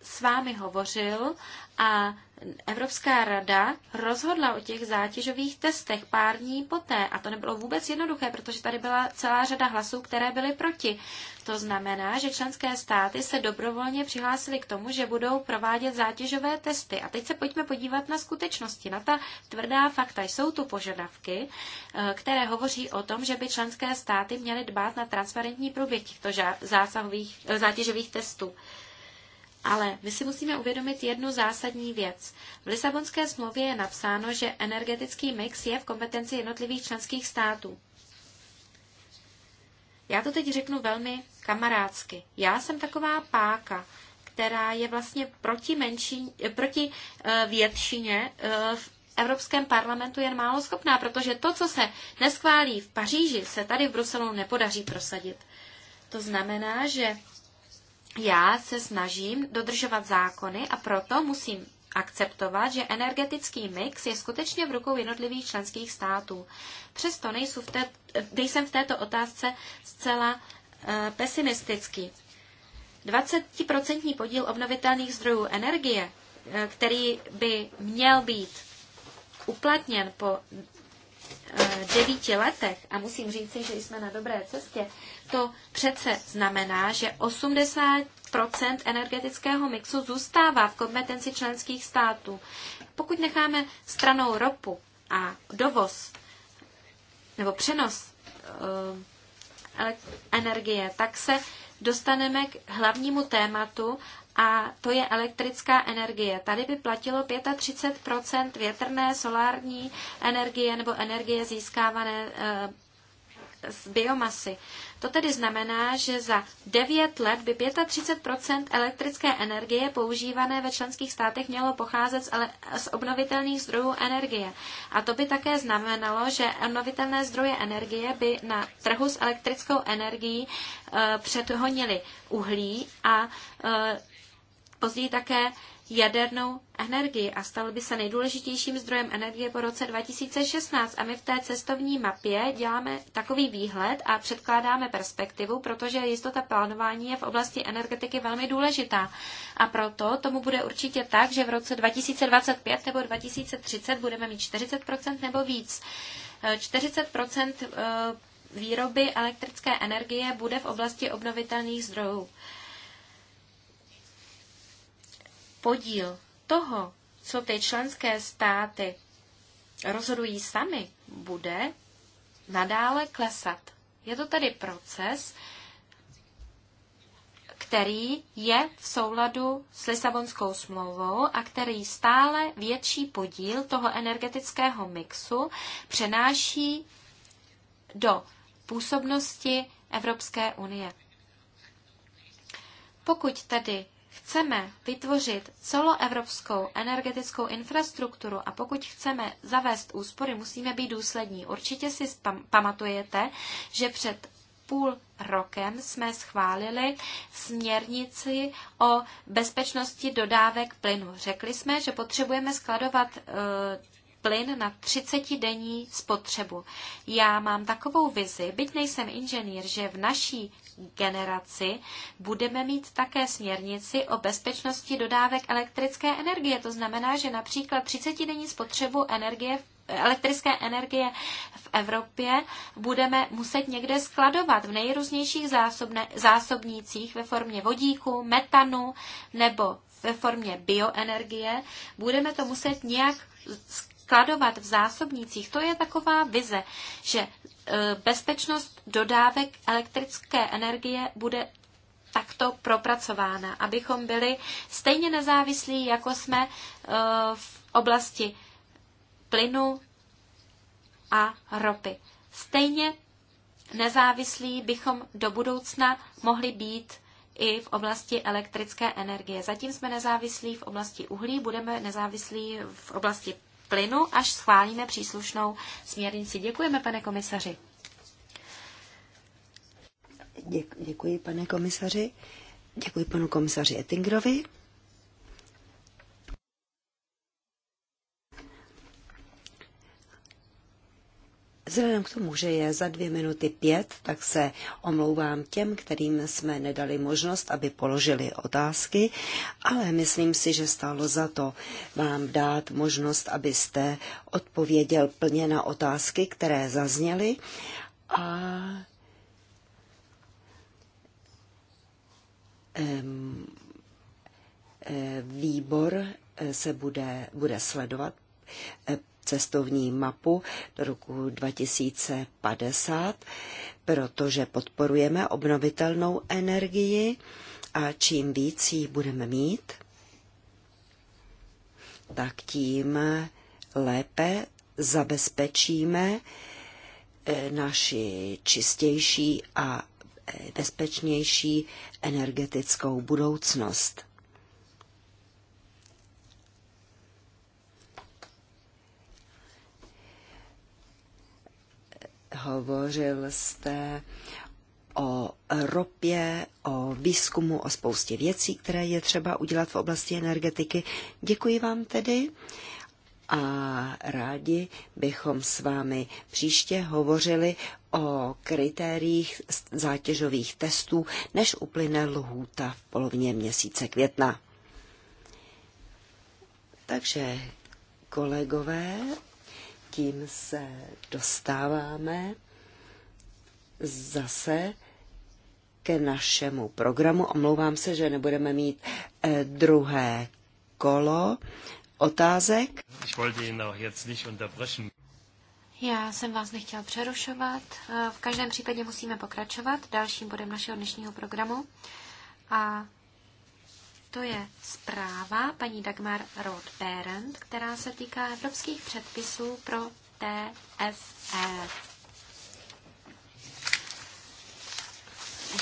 s vámi hovořil a Evropská rada rozhodla o těch zátěžových testech pár dní poté a to nebylo vůbec jednoduché, protože tady byla celá řada hlasů, které byly proti. To znamená, že členské státy se dobrovolně přihlásily k tomu, že budou provádět zátěžové testy. A teď se pojďme podívat na skutečnosti, na ta tvrdá fakta. Jsou tu požadavky, eh, které hovoří o tom, že by členské státy měly dbát na transparentní průběh těchto zásahových, eh, zátěžových testů. Ale my si musíme uvědomit jednu zásadní věc. V Lisabonské smlouvě je napsáno, že energetický mix je v kompetenci jednotlivých členských států. Já to teď řeknu velmi kamarádsky. Já jsem taková páka, která je vlastně proti, menší, eh, proti eh, většině eh, v Evropském parlamentu jen málo schopná, protože to, co se neschválí v Paříži, se tady v Bruselu nepodaří prosadit. To znamená, že já se snažím dodržovat zákony a proto musím akceptovat, že energetický mix je skutečně v rukou jednotlivých členských států. Přesto nejsou v té, nejsem v této otázce zcela eh, pesimistický. 20% podíl obnovitelných zdrojů energie, eh, který by měl být uplatněn po Eh, devíti letech, a musím říci, že jsme na dobré cestě, to přece znamená, že 80 energetického mixu zůstává v kompetenci členských států. Pokud necháme stranou ropu a dovoz nebo přenos eh, energie, tak se dostaneme k hlavnímu tématu a to je elektrická energie. Tady by platilo 35 větrné, solární energie nebo energie získávané eh, z biomasy. To tedy znamená, že za 9 let by 35 elektrické energie používané ve členských státech mělo pocházet z obnovitelných zdrojů energie. A to by také znamenalo, že obnovitelné zdroje energie by na trhu s elektrickou energií e, předhonily uhlí a e, později také jadernou energii a stal by se nejdůležitějším zdrojem energie po roce 2016. A my v té cestovní mapě děláme takový výhled a předkládáme perspektivu, protože jistota plánování je v oblasti energetiky velmi důležitá. A proto tomu bude určitě tak, že v roce 2025 nebo 2030 budeme mít 40 nebo víc. 40 e, výroby elektrické energie bude v oblasti obnovitelných zdrojů podíl toho, co ty členské státy rozhodují sami, bude nadále klesat. Je to tedy proces, který je v souladu s Lisabonskou smlouvou a který stále větší podíl toho energetického mixu přenáší do působnosti Evropské unie. Pokud tedy chceme vytvořit celoevropskou energetickou infrastrukturu a pokud chceme zavést úspory, musíme být důslední. Určitě si pamatujete, že před půl rokem jsme schválili směrnici o bezpečnosti dodávek plynu. Řekli jsme, že potřebujeme skladovat e, plyn na 30-denní spotřebu. Já mám takovou vizi, byť nejsem inženýr, že v naší generaci budeme mít také směrnici o bezpečnosti dodávek elektrické energie. To znamená, že například 30 denní spotřebu energie v elektrické energie v Evropě budeme muset někde skladovat v nejrůznějších zásobne, zásobnících ve formě vodíku, metanu nebo ve formě bioenergie. Budeme to muset nějak skladovat v zásobnících, to je taková vize, že e, bezpečnost dodávek elektrické energie bude takto propracována, abychom byli stejně nezávislí, jako jsme e, v oblasti plynu a ropy. Stejně nezávislí bychom do budoucna mohli být i v oblasti elektrické energie. Zatím jsme nezávislí v oblasti uhlí, budeme nezávislí v oblasti plynu, až schválíme příslušnou směrnici. Děkujeme, pane komisaři.
Děkuji, pane komisaři. Děkuji panu komisaři Ettingerovi. Vzhledem k tomu, že je za dvě minuty pět, tak se omlouvám těm, kterým jsme nedali možnost, aby položili otázky, ale myslím si, že stálo za to vám dát možnost, abyste odpověděl plně na otázky, které zazněly a výbor se bude, bude sledovat cestovní mapu do roku 2050, protože podporujeme obnovitelnou energii a čím víc ji budeme mít, tak tím lépe zabezpečíme eh, naši čistější a eh, bezpečnější energetickou budoucnost. Hovořil jste o ropě, o výzkumu, o spoustě věcí, které je třeba udělat v oblasti energetiky. Děkuji vám tedy a rádi bychom s vámi příště hovořili o kritériích zátěžových testů, než uplyne lhůta v polovině měsíce května. Takže kolegové, tím se dostáváme zase ke našemu programu. Omlouvám se, že nebudeme mít eh, druhé kolo otázek.
Já jsem vás nechtěl přerušovat. Eh, v každém případě musíme pokračovat dalším bodem našeho dnešního programu. A to je zpráva paní Dagmar roth berend která se týká evropských předpisů pro TSE.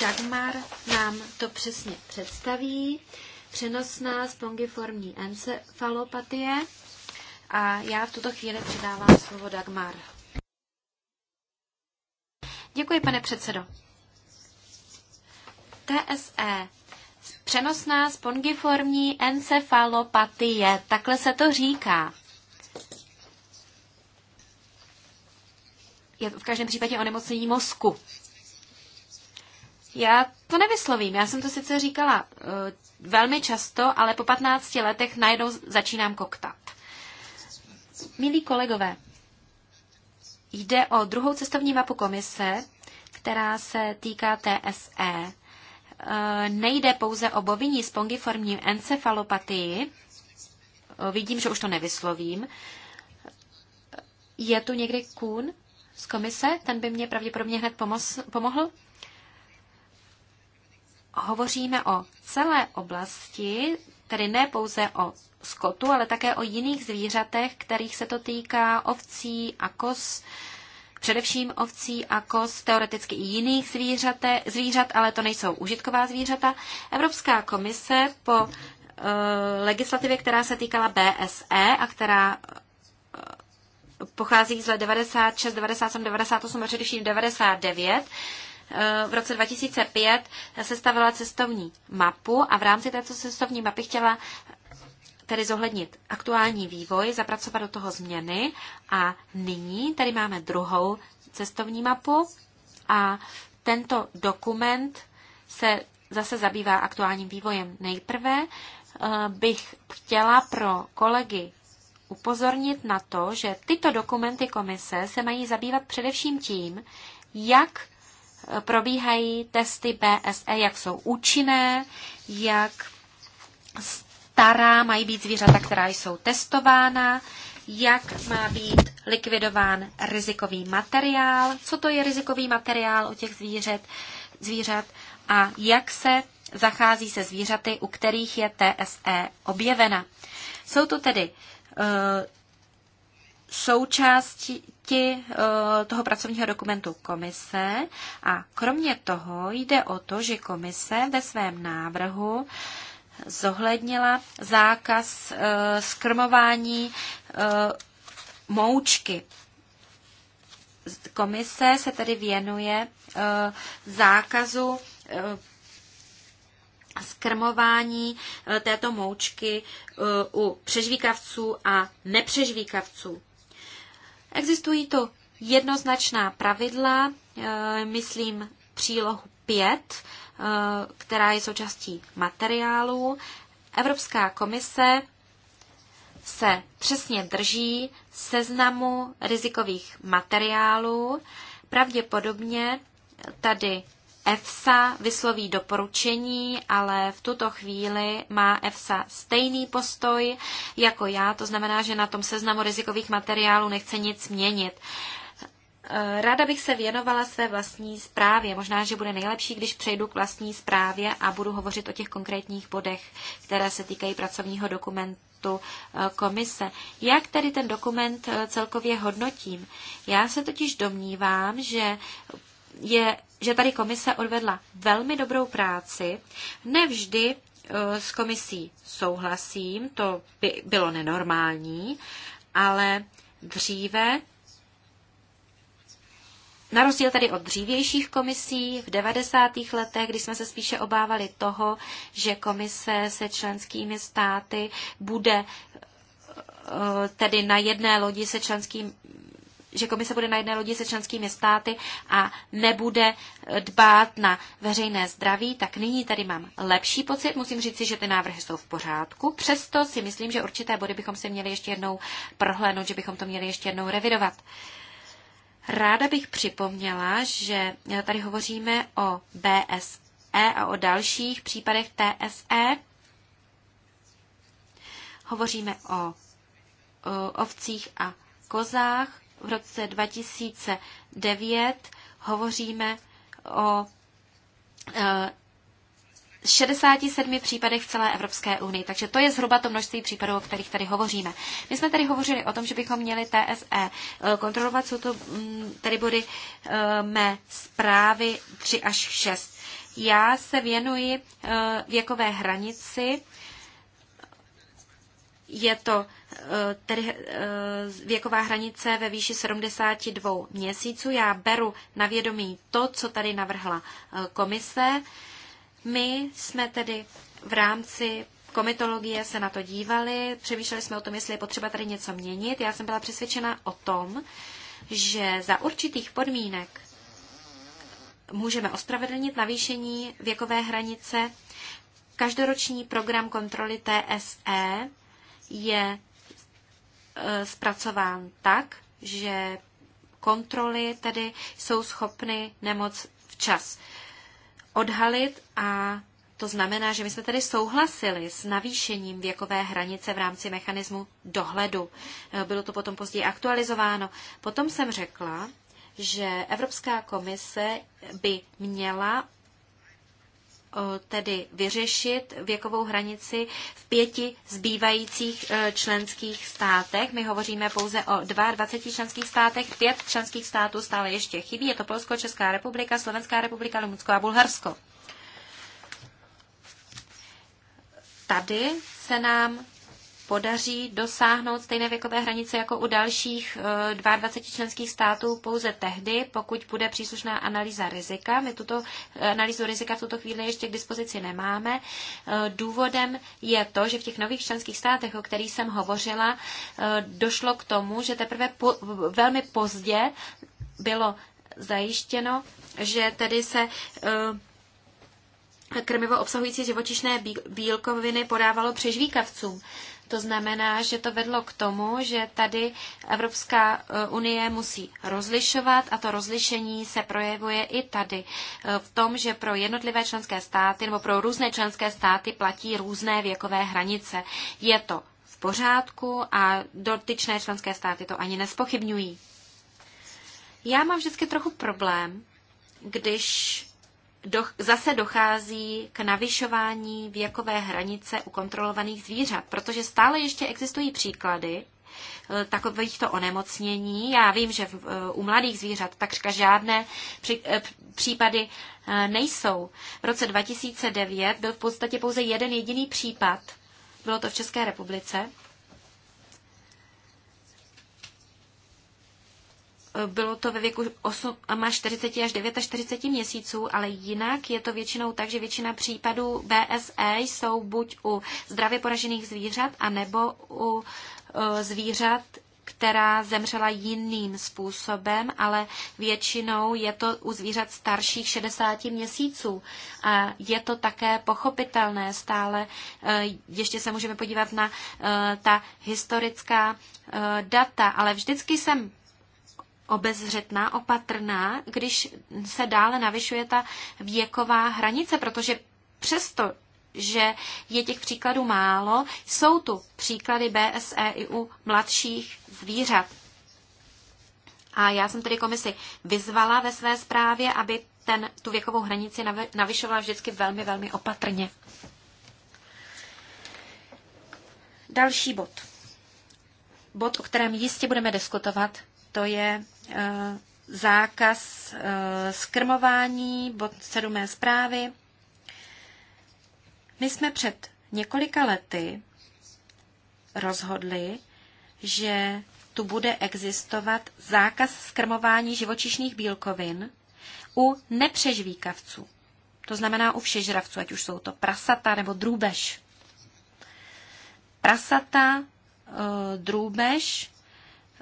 Dagmar nám to přesně představí. Přenosná spongiformní encefalopatie. A já v tuto chvíli předávám slovo Dagmar. Děkuji, pane předsedo. TSE přenosná spongiformní encefalopatie. Takhle se to říká. Je to v každém případě onemocnění mozku. Já to nevyslovím. Já jsem to sice říkala uh, velmi často, ale po 15 letech najednou začínám koktat. Milí kolegové, jde o druhou cestovní mapu komise, která se týká TSE. Eh, nejde pouze o bovinní spongiformní encefalopatii, vidím, že už to nevyslovím, je tu někdy Kuhn z komise, ten by mě pravděpodobně hned pomohl. Hovoříme o celé oblasti, tedy ne pouze o skotu, ale také o jiných zvířatech, kterých se to týká, ovcí a kos, především ovcí a kos, teoreticky i jiných zvířate, zvířat, ale to nejsou užitková zvířata. Evropská komise po eh, legislativě, která se týkala BSE a která eh, pochází z 96, 97, 98 a především 99, eh, v roce 2005 sestavila cestovní mapu a v rámci této cestovní mapy chtěla tedy zohlednit aktuální vývoj, zapracovat do toho změny a nyní tady máme druhou cestovní mapu a tento dokument se zase zabývá aktuálním vývojem. Nejprve eh, bych chtěla pro kolegy upozornit na to, že tyto dokumenty komise se mají zabývat především tím, jak eh, probíhají testy BSE, jak jsou účinné, jak stará, mají být zvířata, která jsou testována, jak má být likvidován rizikový materiál, co to je rizikový materiál u těch zvířat, zvířat a jak se zachází se zvířaty, u kterých je TSE objevena. Jsou to tedy uh, součásti uh, toho pracovního dokumentu komise a kromě toho jde o to, že komise ve svém návrhu uh, zohlednila zákaz eh, skrmování eh, moučky. Komise se tedy věnuje eh, zákazu skrmování této moučky u přežvíkavců a nepřežvíkavců. Existují tu jednoznačná pravidla, myslím přílohu 5, eh, která je součástí materiálu, Evropská komise se přesně drží seznamu rizikových materiálů. Pravděpodobně tady EFSA vysloví doporučení, ale v tuto chvíli má EFSA stejný postoj jako já, to znamená, že na tom seznamu rizikových materiálů nechce nic měnit. Eh, ráda bych se věnovala své vlastní zprávě. Možná, že bude nejlepší, když přejdu k vlastní zprávě a budu hovořit o těch konkrétních bodech, které se týkají pracovního dokumentu eh, komise. Jak tedy ten dokument eh, celkově hodnotím? Já se totiž domnívám, že je, že tady komise odvedla velmi dobrou práci. Nevždy s komisí souhlasím, to by bylo nenormální, ale dříve na rozdíl tedy od dřívějších komisí v 90. letech, kdy jsme se spíše obávali toho, že komise se členskými státy bude eh, tedy na jedné lodi se členským že komise bude na jedné lodi se členskými státy a nebude dbát na veřejné zdraví, tak nyní tady mám lepší pocit. Musím říci, že ty návrhy jsou v pořádku. Přesto si myslím, že určité body bychom si měli ještě jednou prohlédnout, že bychom to měli ještě jednou revidovat. Uh, Ráda bych připomněla, že tady hovoříme o BSE a o dalších případech TSE. Hovoříme o ovcích a kozách. V roce 2009 hovoříme o e, 67 případech v celé Evropské unii. Takže to je zhruba to množství případů, o kterých tady hovoříme. My jsme tady hovořili o tom, že bychom měli TSE eh, kontrolovat. Jsou to mm, tady body eh, mé zprávy 3 až 6. Já se věnuji eh, věkové hranici. Je to tedy věková hranice ve výši 72 měsíců. Já beru na vědomí to, co tady navrhla komise. My jsme tedy v rámci komitologie se na to dívali, přemýšleli jsme o tom, jestli je potřeba tady něco měnit. Já jsem byla přesvědčena o tom, že za určitých podmínek můžeme ospravedlnit navýšení věkové hranice. Každoroční program kontroly TSE je e, zpracován tak, že kontroly tedy jsou schopny nemoc včas odhalit a to znamená, že my jsme tedy souhlasili s navýšením věkové hranice v rámci mechanismu dohledu. E, bylo to potom později aktualizováno. Potom jsem řekla, že Evropská komise by měla tedy vyřešit věkovou hranici v pěti zbývajících e, členských státech. My hovoříme pouze o 22 členských státech, pět členských států stále ještě chybí. Je to Polsko, Česká republika, Slovenská republika, Rumunsko a Bulharsko. Tady se nám podaří dosáhnout stejné věkové hranice jako u dalších 22 eh, členských států pouze tehdy, pokud bude příslušná analýza rizika. My tuto eh, analýzu rizika v tuto chvíli ještě k dispozici nemáme. Eh, důvodem je to, že v těch nových členských státech, o kterých jsem hovořila, došlo k tomu, že teprve po, velmi pozdě bylo zajištěno, že tedy se krmivo obsahující živočišné bílkoviny podávalo přežvíkavcům. To znamená, že to vedlo k tomu, že tady Evropská e, unie musí rozlišovat a to rozlišení se projevuje i tady e, v tom, že pro jednotlivé členské státy nebo pro různé členské státy platí různé věkové hranice. Je to v pořádku a dotyčné členské státy to ani nespochybňují. Já mám vždycky trochu problém, když do, zase dochází k navyšování věkové hranice u kontrolovaných zvířat, protože stále ještě existují příklady e, takovýchto onemocnění. Já vím, že e, u mladých zvířat takřka žádné e, případy nejsou. V roce 2009 byl v podstatě pouze jeden jediný případ, bylo to v České republice, bylo to ve věku 8, má 40 až 49 měsíců, ale jinak je to většinou tak, že většina případů BSE jsou buď u zdravě poražených zvířat, anebo u e, zvířat, která zemřela jiným způsobem, ale většinou je to u zvířat starších 60 měsíců. A je to také pochopitelné stále. E, ještě se můžeme podívat na e, ta historická data, ale vždycky jsem obezřetná, opatrná, když se dále navyšuje ta věková hranice, protože přesto, že je těch příkladů málo, jsou tu příklady BSE i u mladších zvířat. A já jsem tedy komisi vyzvala ve své zprávě, aby ten, tu věkovou hranici navyšovala vždycky velmi, velmi opatrně. Další bod. Bod, o kterém jistě budeme diskutovat to je eh, zákaz eh, skrmování, bod 7. zprávy. My jsme před několika lety rozhodli, že tu bude existovat zákaz skrmování živočišných bílkovin u nepřežvíkavců. To znamená u všežravců, ať už jsou to prasata nebo drůbež. Prasata, eh, drůbež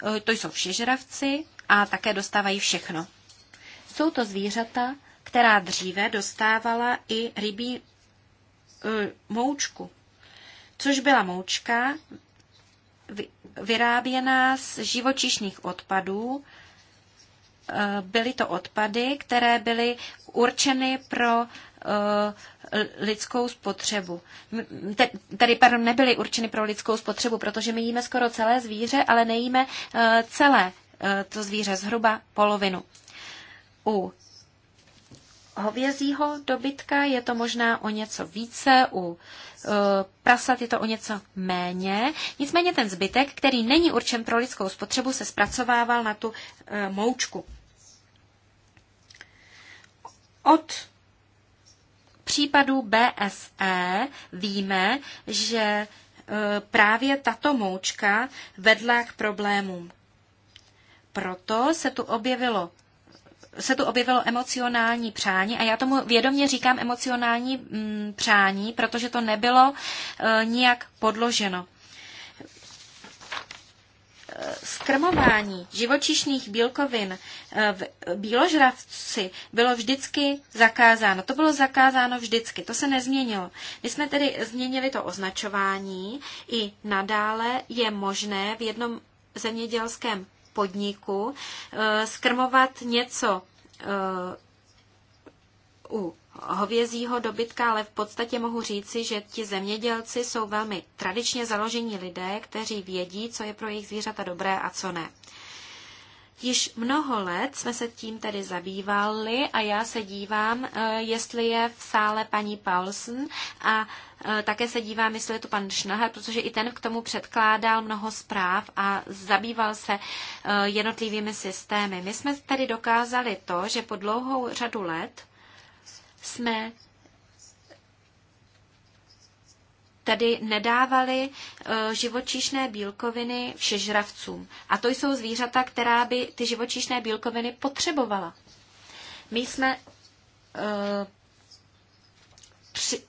Eh, to jsou všežravci a také dostávají všechno. Jsou to zvířata, která dříve dostávala i rybí eh, moučku, což byla moučka vyráběná z živočišných odpadů. Eh, byly to odpady, které byly určeny pro lidskou spotřebu. Tady pardon, nebyly určeny pro lidskou spotřebu, protože my jíme skoro celé zvíře, ale nejíme eh, celé eh, to zvíře, zhruba polovinu. U hovězího dobytka je to možná o něco více, u eh, prasat je to o něco méně. Nicméně ten zbytek, který není určen pro lidskou spotřebu, se zpracovával na tu moučku. Od případu BSE víme, že e, právě tato moučka vedla k problémům. Proto se tu objevilo se tu objevilo emocionální přání a já tomu vědomě říkám emocionální mm, přání, protože to nebylo e, nijak podloženo skrmování živočišných bílkovin eh, v bíložravci bylo vždycky zakázáno. To bylo zakázáno vždycky, to se nezměnilo. My jsme tedy změnili to označování. I nadále je možné v jednom zemědělském podniku eh, skrmovat něco eh, u hovězího dobytka, ale v podstatě mohu říci, že ti zemědělci jsou velmi tradičně založení lidé, kteří vědí, co je pro jejich zvířata dobré a co ne. Již mnoho let jsme se tím tedy zabývali a já se dívám, eh, jestli je v sále paní Paulsen a eh, také se dívám, jestli je tu pan Schnaher, protože i ten k tomu předkládal mnoho zpráv a zabýval se eh, jednotlivými systémy. My jsme tedy dokázali to, že po dlouhou řadu let jsme tady nedávali eh, živočišné bílkoviny všežravcům. A to jsou zvířata, která by ty živočišné bílkoviny potřebovala. My jsme eh, při,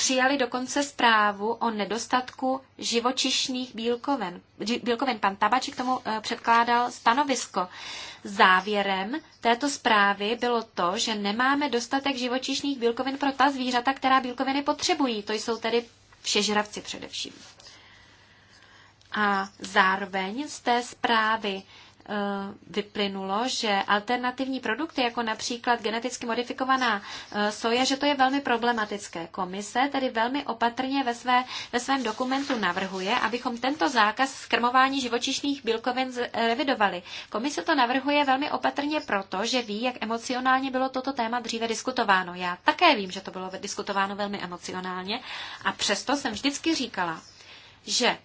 přijali dokonce zprávu o nedostatku živočišných bílkovin. bílkovin. Pan k tomu eh, předkládal stanovisko. Závěrem této zprávy bylo to, že nemáme dostatek živočišných bílkovin pro ta zvířata, která bílkoviny potřebují. To jsou tedy všežravci především. A zároveň z té zprávy Eh, vyplynulo, že alternativní produkty, jako například geneticky modifikovaná eh, soja, že to je velmi problematické. Komise tedy velmi opatrně ve, své, ve svém dokumentu navrhuje, abychom tento zákaz skrmování živočišných bílkovin eh, revidovali. Komise to navrhuje velmi opatrně proto, že ví, jak emocionálně bylo toto téma dříve diskutováno. Já také vím, že to bylo diskutováno velmi emocionálně a přesto jsem vždycky říkala, že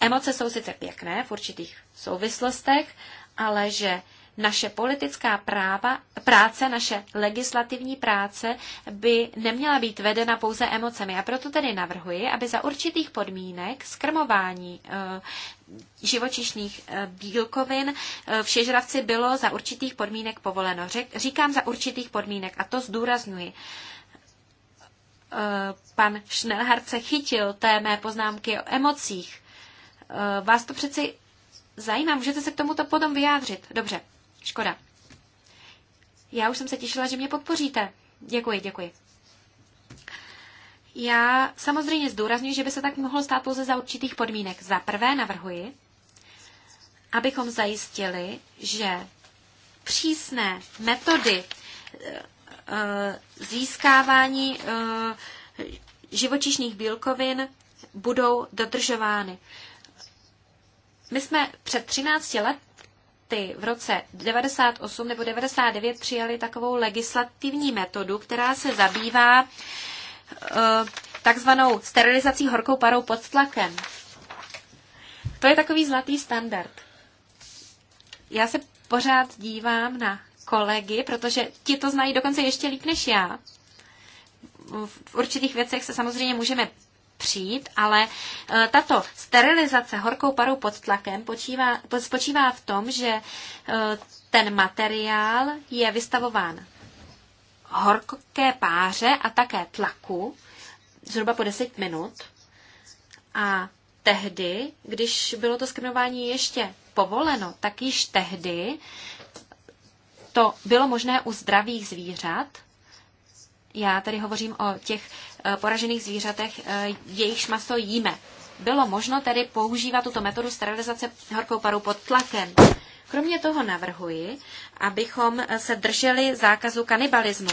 Emoce jsou sice pěkné v určitých souvislostech, ale že naše politická práva, práce, naše legislativní práce by neměla být vedena pouze emocemi. A proto tedy navrhuji, aby za určitých podmínek skrmování eh, živočišných eh, bílkovin e, eh, všežravci bylo za určitých podmínek povoleno. Říkám za určitých podmínek a to zdůraznuji pan Schnellhardt se chytil té mé poznámky o emocích. Eh, vás to přeci zajímá, můžete se k tomuto potom vyjádřit. Dobře, škoda. Já už jsem se těšila, že mě podpoříte. Děkuji, děkuji. Já samozřejmě zdůraznuju, že by se tak mohlo stát pouze za určitých podmínek. Za prvé navrhuji, abychom zajistili, že přísné metody eh, eh, získávání živočišných bílkovin budou dodržovány. My jsme před 13 lety v roce 98 nebo 99 přijali takovou legislativní metodu, která se zabývá eh, takzvanou sterilizací horkou parou pod tlakem. To je takový zlatý standard. Já se pořád dívám na kolegy, protože ti to znají dokonce ještě líp než já. V určitých věcech se samozřejmě můžeme přijít, ale eh, tato sterilizace horkou parou pod tlakem počívá, spočívá v tom, že eh, ten materiál je vystavován horké páře a také tlaku zhruba po 10 minut. A tehdy, když bylo to skrnování ještě povoleno, tak již tehdy to bylo možné u zdravých zvířat. Já tady hovořím o těch Eh, poražených zvířatech, eh, jejichž maso jíme. Bylo možno tedy používat tuto metodu sterilizace horkou parou pod tlakem. Kromě toho navrhuji, abychom se drželi zákazu kanibalismu.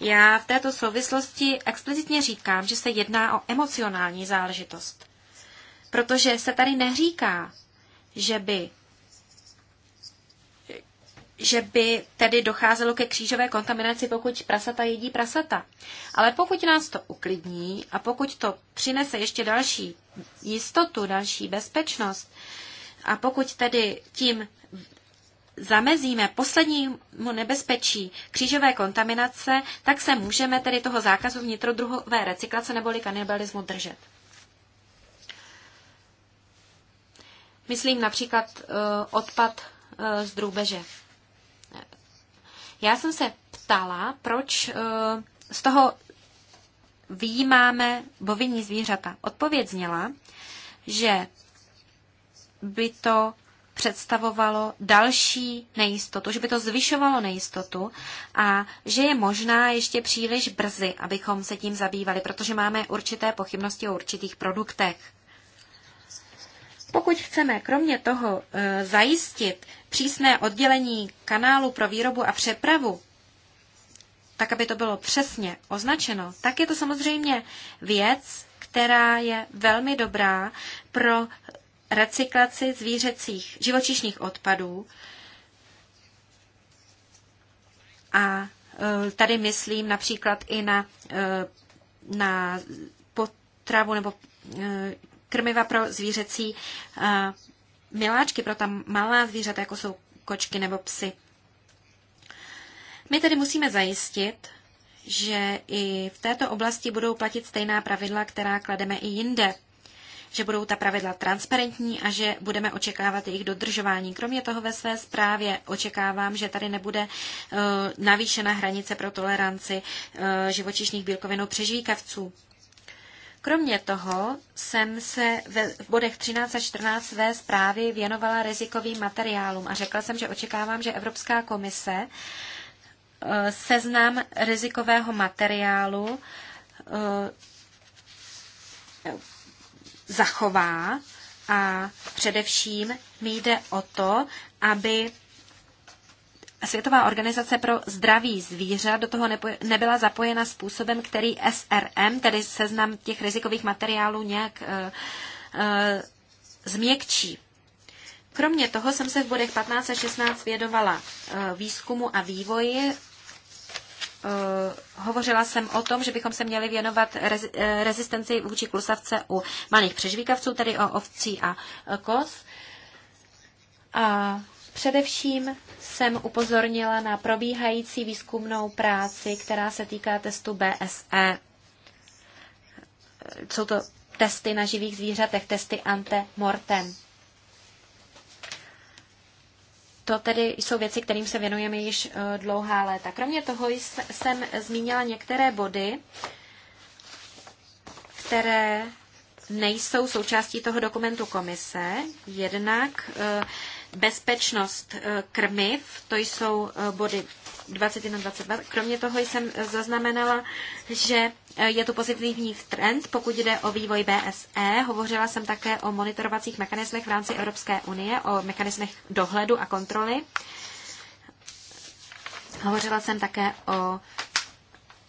Já v této souvislosti explicitně říkám, že se jedná o emocionální záležitost. Protože se tady neříká, že by že by tedy docházelo ke křížové kontaminaci, pokud prasata jedí prasata. Ale pokud nás to uklidní a pokud to přinese ještě další jistotu, další bezpečnost, a pokud tedy tím zamezíme poslednímu nebezpečí křížové kontaminace, tak se můžeme tedy toho zákazu vnitrodruhové recyklace neboli kanibalismu držet. Myslím například eh, odpad eh, z drůbeže. Já jsem se ptala, proč eh, z toho výjímáme bovinní zvířata. Odpověď zněla, že by to představovalo další nejistotu, že by to zvyšovalo nejistotu a že je možná ještě příliš brzy, abychom se tím zabývali, protože máme určité pochybnosti o určitých produktech. Pokud chceme kromě toho e, zajistit přísné oddělení kanálu pro výrobu a přepravu, tak aby to bylo přesně označeno, tak je to samozřejmě věc, která je velmi dobrá pro recyklaci zvířecích živočišních odpadů. A e, tady myslím například i na, e, na potravu nebo krmiva pro zvířecí eh, miláčky, pro tam malá zvířata, jako jsou kočky nebo psy. My tedy musíme zajistit, že i v této oblasti budou platit stejná pravidla, která klademe i jinde. Že budou ta pravidla transparentní a že budeme očekávat jejich dodržování. Kromě toho ve své zprávě očekávám, že tady nebude uh, navýšena hranice pro toleranci uh, živočišných bílkovinů přežvíkavců. Kromě toho jsem se v bodech 13 a 14 své zprávy věnovala rizikovým materiálům a řekla jsem, že očekávám, že Evropská komise eh, seznam rizikového materiálu eh, zachová a především mi jde o to, aby Světová organizace pro zdraví zvířat do toho nebyla zapojena způsobem, který SRM, tedy seznam těch rizikových materiálů, nějak uh, uh, změkčí. Kromě toho jsem se v bodech 15 a 16 vědovala uh, výzkumu a vývoji. Hovořila jsem o tom, že bychom se měli věnovat rezi, rezistenci vůči klusavce u malých přežvíkavců, tedy o ovcí a koz. A Především jsem upozornila na probíhající výzkumnou práci, která se týká testu BSE. Jsou to testy na živých zvířatech, testy ante mortem. To tedy jsou věci, kterým se věnujeme již eh, dlouhá léta. Kromě toho jsem zmínila některé body, které nejsou součástí toho dokumentu komise. Jednak eh, bezpečnost eh, krmiv, to jsou eh, body 21 22. Kromě toho jsem zaznamenala, že eh, je tu pozitivní trend, pokud jde o vývoj BSE. Hovořila jsem také o monitorovacích mechanismech v rámci Evropské unie, o mechanismech dohledu a kontroly. Hovořila jsem také o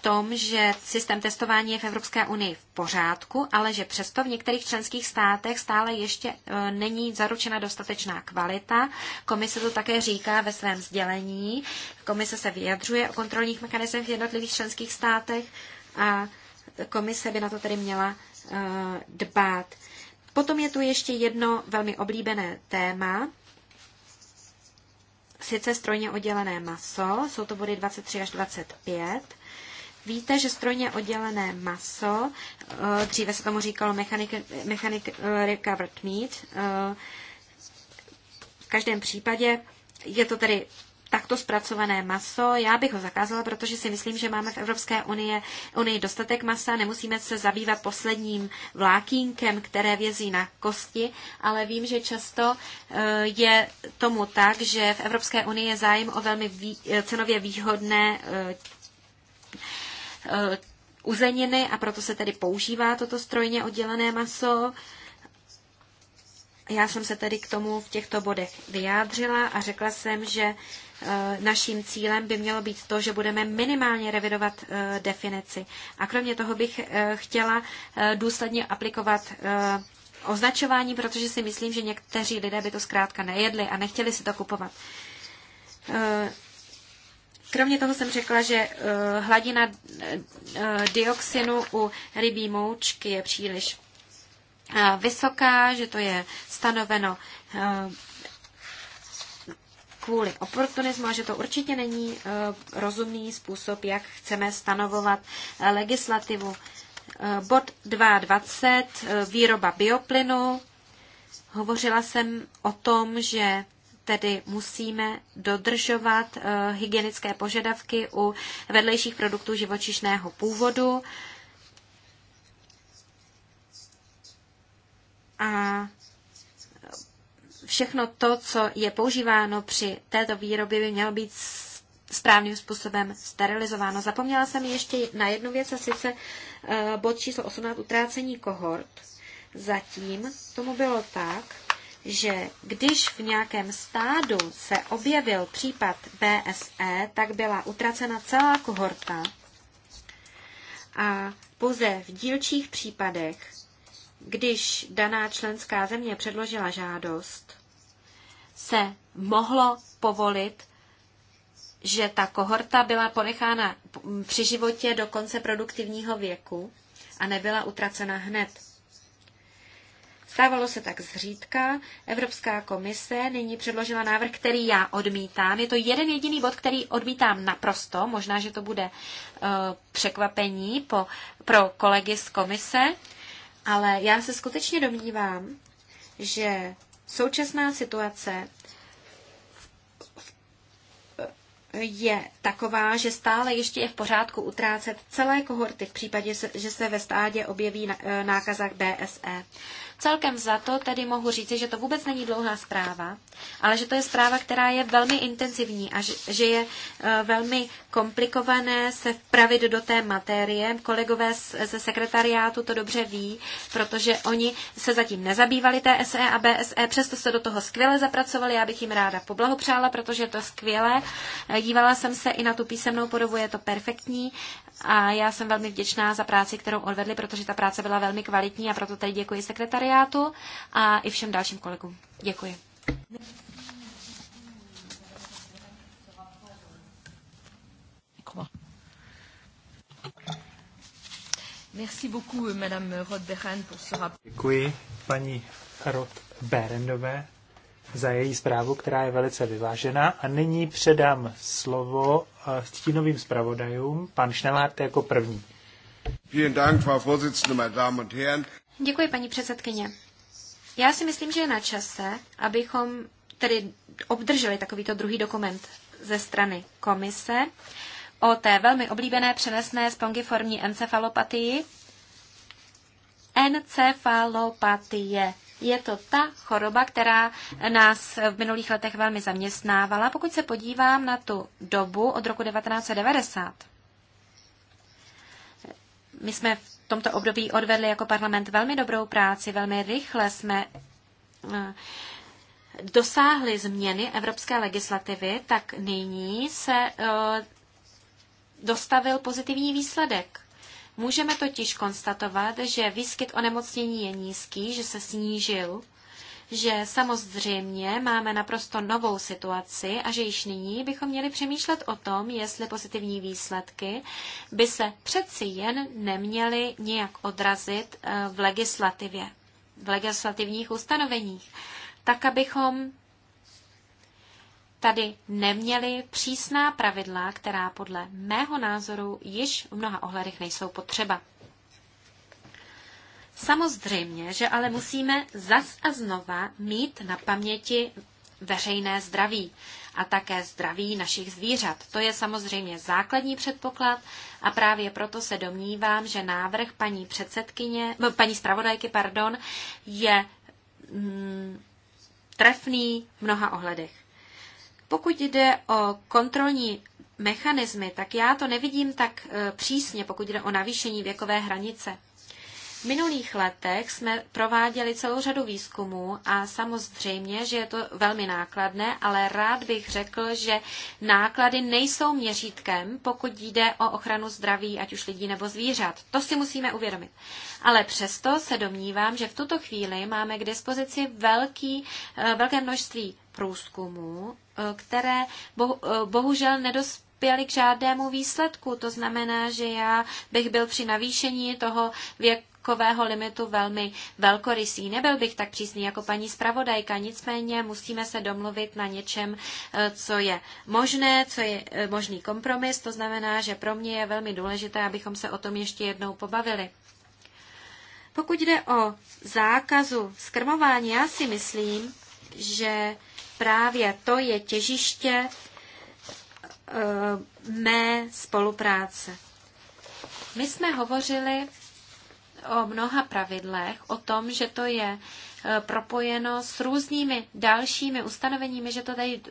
tom, že systém testování je v Evropské unii v pořádku, ale že přesto v některých členských státech stále ještě e, není zaručena dostatečná kvalita. Komise to také říká ve svém sdělení. Komise se vyjadřuje o kontrolních mechanismech v jednotlivých členských státech a komise by na to tedy měla e, dbát. Potom je tu ještě jedno velmi oblíbené téma, sice strojně oddělené maso, jsou to body 23 až 25. Víte, že strojně oddělené maso, eh, dříve se tomu říkalo mechanic, mechanic eh, recovered meat, eh, v každém případě je to tedy takto zpracované maso. Já bych ho zakázala, protože si myslím, že máme v Evropské unii unii dostatek masa, nemusíme se zabývat posledním vlákínkem, které vězí na kosti, ale vím, že často je tomu tak, že v Evropské unii je zájem o velmi cenově výhodné Eh, uzeniny a proto se tedy používá toto strojně oddělené maso. Já jsem se tedy k tomu v těchto bodech vyjádřila a řekla jsem, že eh, naším cílem by mělo být to, že budeme minimálně revidovat eh, definici. A kromě toho bych chtěla důsledně aplikovat označování, protože si myslím, že někteří lidé by to zkrátka nejedli a nechtěli si to kupovat. Kromě toho jsem řekla, že eh, hladina eh, eh, dioxinu u rybí moučky je příliš vysoká, že to je stanoveno kvůli oportunismu a že to určitě není rozumný způsob, jak chceme stanovovat legislativu. Bod 22, výroba bioplynu. Hovořila jsem o tom, že tedy musíme dodržovat eh, hygienické požadavky u vedlejších produktů živočišného původu. A všechno to, co je používáno při této výrobě, by mělo být správným způsobem sterilizováno. Zapomněla jsem ještě na jednu věc, a sice eh, bod číslo 18, utrácení kohort. Zatím tomu bylo tak, že když v nějakém stádu se objevil případ BSE, tak byla utracena celá kohorta a pouze v dílčích případech, když daná členská země předložila žádost, se mohlo povolit, že ta kohorta byla ponechána při životě do konce produktivního věku a nebyla utracena hned. Stávalo se tak zřídka. Evropská komise nyní předložila návrh, který já odmítám. Je to jeden jediný bod, který odmítám naprosto. Možná, že to bude uh, překvapení po, pro kolegy z komise, ale já se skutečně domnívám, že současná situace je taková, že stále ještě je v pořádku utrácet celé kohorty v případě, že se ve stádě objeví eh, nákazách BSE. Celkem za to tedy mohu říci, že to vůbec není dlouhá zpráva, ale že to je zpráva, která je velmi intenzivní a že, je eh, velmi komplikované se vpravit do té materie. Kolegové ze sekretariátu to dobře ví, protože oni se zatím nezabývali TSE a BSE, přesto se do toho skvěle zapracovali. Já bych jim ráda poblahopřála, protože je to skvělé. Eh, dívala jsem se i na tu písemnou podobu, je to perfektní a já jsem velmi vděčná za práci, kterou odvedli, protože ta práce byla velmi kvalitní a proto tady děkuji sekretariátu sekretariátu a i všem dalším kolegům. Děkuji. Merci beaucoup, Madame Roth-Berend, pour ce rapport. Děkuji
paní Roth-Berendové za její zprávu, která je velice vyvážená. A nyní předám slovo eh, stínovým zpravodajům, pan Schnellhardt jako první. Vielen Dank,
Frau Vorsitzende, meine Damen und Herren.
Děkuji, paní předsedkyně. Já si myslím, že je na čase, abychom tedy obdrželi takovýto druhý dokument ze strany komise o té velmi oblíbené přenesné spongiformní encefalopatii. Encefalopatie. Je to ta choroba, která nás v minulých letech velmi zaměstnávala, pokud se podívám na tu dobu od roku 1990. My jsme v tomto období odvedli jako parlament velmi dobrou práci. Velmi rychle jsme eh, dosáhli změny evropské legislativy, tak nyní se eh, dostavil pozitivní výsledek. Můžeme totiž konstatovat, že výskyt onemocnění je nízký, že se snížil že samozřejmě máme naprosto novou situaci a že již nyní bychom měli přemýšlet o tom, jestli pozitivní výsledky by se přeci jen neměly nějak odrazit eh, v legislativě, v legislativních ustanoveních, tak abychom tady neměli přísná pravidla, která podle mého názoru již v mnoha ohledech nejsou potřeba. Samozřejmě, že ale musíme zas a znova mít na paměti veřejné zdraví a také zdraví našich zvířat. To je samozřejmě základní předpoklad a právě proto se domnívám, že návrh paní předsedkyně, no, paní zpravodajky, pardon, je mm, trefný v mnoha ohledech. Pokud jde o kontrolní mechanismy, tak já to nevidím tak e, přísně, pokud jde o navýšení věkové hranice minulých letech jsme prováděli celou řadu výzkumů a samozřejmě, že je to velmi nákladné, ale rád bych řekl, že náklady nejsou měřítkem, pokud jde o ochranu zdraví, ať už lidí nebo zvířat. To si musíme uvědomit. Ale přesto se domnívám, že v tuto chvíli máme k dispozici velký, eh, velké množství průzkumů, eh, které eh, bohužel nedospěly byli k žádnému výsledku. To znamená, že já bych byl při navýšení toho věk, věkového limitu velmi velkorysý. Nebyl bych tak přísný jako paní zpravodajka, nicméně musíme se domluvit na něčem, eh, co je možné, co je eh, možný kompromis. To znamená, že pro mě je velmi důležité, abychom se o tom ještě jednou pobavili. Pokud jde o zákazu skrmování, já si myslím, že právě to je těžiště eh, mé spolupráce. My jsme hovořili o mnoha pravidlech, o tom, že to je e, propojeno s různými dalšími ustanoveními, že to tady e,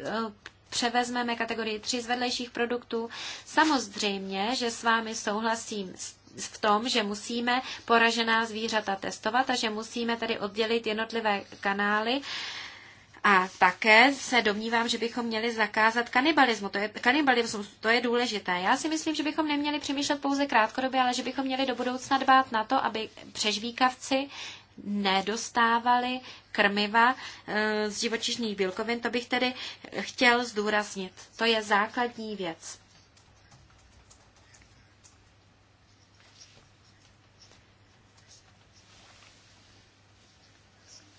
převezmeme kategorii tři z vedlejších produktů. Samozřejmě, že s vámi souhlasím v tom, že musíme poražená zvířata testovat a že musíme tedy oddělit jednotlivé kanály a také se domnívám, že bychom měli zakázat kanibalismu. To je, kanibalismu, to je důležité. Já si myslím, že bychom neměli přemýšlet pouze krátkodobě, ale že bychom měli do budoucna dbát na to, aby přežvíkavci nedostávali krmiva e, z živočišných bílkovin. To bych tedy chtěl zdůraznit. To je základní věc.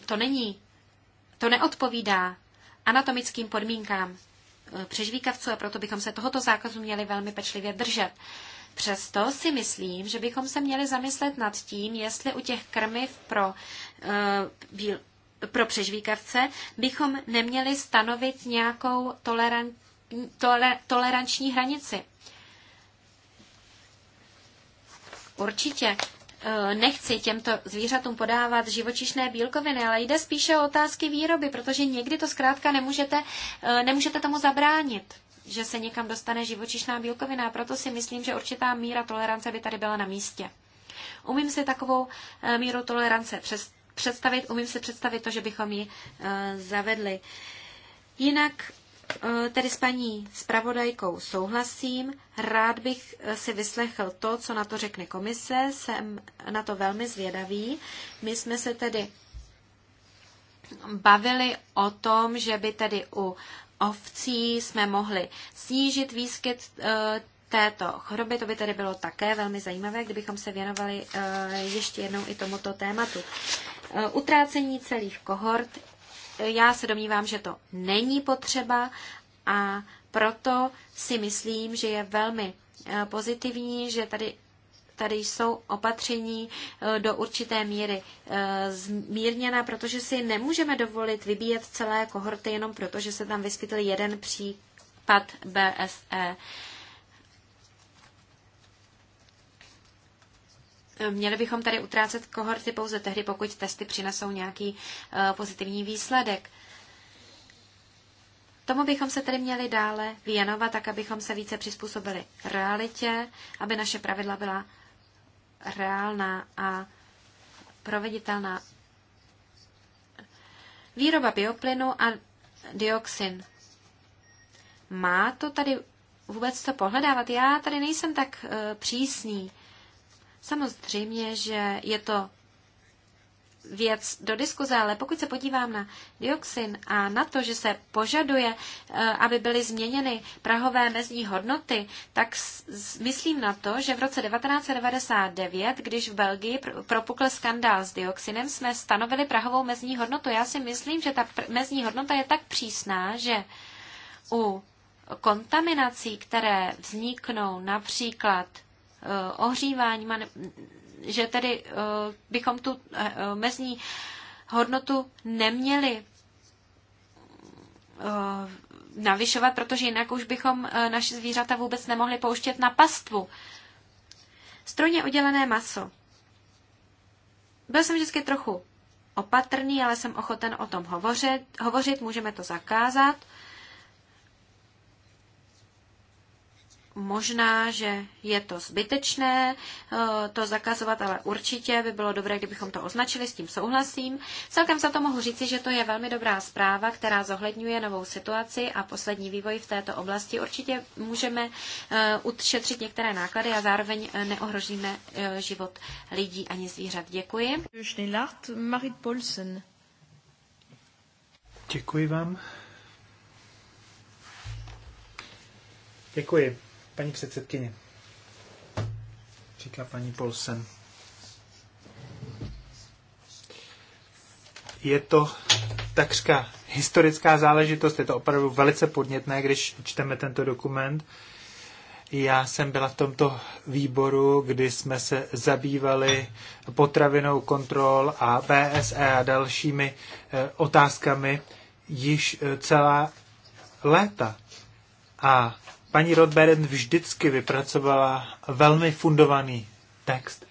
To není to neodpovídá anatomickým podmínkám eh, přežvíkavců a proto bychom se tohoto zákazu měli velmi pečlivě držet. Přesto si myslím, že bychom se měli zamyslet nad tím, jestli u těch krmiv pro, eh, pro přežvíkavce bychom neměli stanovit nějakou toleran, tole, toleranční hranici. Určitě Eh, nechci těmto zvířatům podávat živočišné bílkoviny, ale jde spíše o otázky výroby, protože někdy to zkrátka nemůžete, eh, nemůžete tomu zabránit že se někam dostane živočišná bílkovina a proto si myslím, že určitá míra tolerance by tady byla na místě. Umím si takovou eh, míru tolerance představit, umím si představit to, že bychom ji zavedli. Jinak E, tedy s paní zpravodajkou souhlasím. Rád bych e, si vyslechl to, co na to řekne komise. Jsem na to velmi zvědavý. My jsme se tedy bavili o tom, že by tedy u ovcí jsme mohli snížit výskyt e, této choroby. To by tedy bylo také velmi zajímavé, kdybychom se věnovali ještě jednou i tomuto tématu. Utrácení celých kohort já se domnívám, že to není potřeba a proto si myslím, že je velmi eh, pozitivní, že tady tady jsou opatření eh, do určité míry eh, zmírněna, protože si nemůžeme dovolit vybíjet celé kohorty jenom proto, že se tam vyskytl jeden případ BSE. Měli bychom tady utrácet kohorty pouze tehdy, pokud testy přinesou nějaký eh, pozitivní výsledek. Tomu bychom se tedy měli dále věnovat, tak abychom se více přizpůsobili realitě, aby naše pravidla byla reálná a proveditelná. Výroba bioplynu a dioxin. Má to tady vůbec to pohledávat? Já tady nejsem tak uh, přísný. Samozřejmě, že je to věc do diskuze, ale pokud se podívám na dioxin a na to, že se požaduje, eh, aby byly změněny prahové mezní hodnoty, tak myslím na to, že v roce 1999, když v Belgii propukl skandál s dioxinem, jsme stanovili prahovou mezní hodnotu. Já si myslím, že ta mezní hodnota je tak přísná, že u kontaminací, které vzniknou například Eh, ohříváním, že tedy eh, bychom tu eh, mezní hodnotu neměli navyšovat, protože jinak už bychom naše zvířata vůbec nemohli pouštět na pastvu. Strojně oddělené maso. Byl jsem vždycky trochu opatrný, ale jsem ochoten o tom hovořit. Hovořit můžeme to zakázat. Možná, že je to zbytečné eh, to zakazovat, ale určitě by bylo dobré, kdybychom to označili, s tím souhlasím. Celkem za to mohu říci, že to je velmi dobrá zpráva, která zohledňuje novou situaci a poslední vývoj v této oblasti. Určitě můžeme eh, ušetřit některé náklady a zároveň eh, neohrožíme život lidí ani zvířat. Děkuji. Marit
Paulsen. Děkuji vám. Děkuji. Paní předsedkyně, říká paní Polsen. Je to takřka historická záležitost, je to opravdu velice podnětné, když čteme tento dokument. Já jsem byla v tomto výboru, kdy jsme se zabývali potravinou kontrol a PSE a dalšími eh, otázkami již eh, celá léta. A paní Rodberen vždycky vypracovala velmi fundovaný text.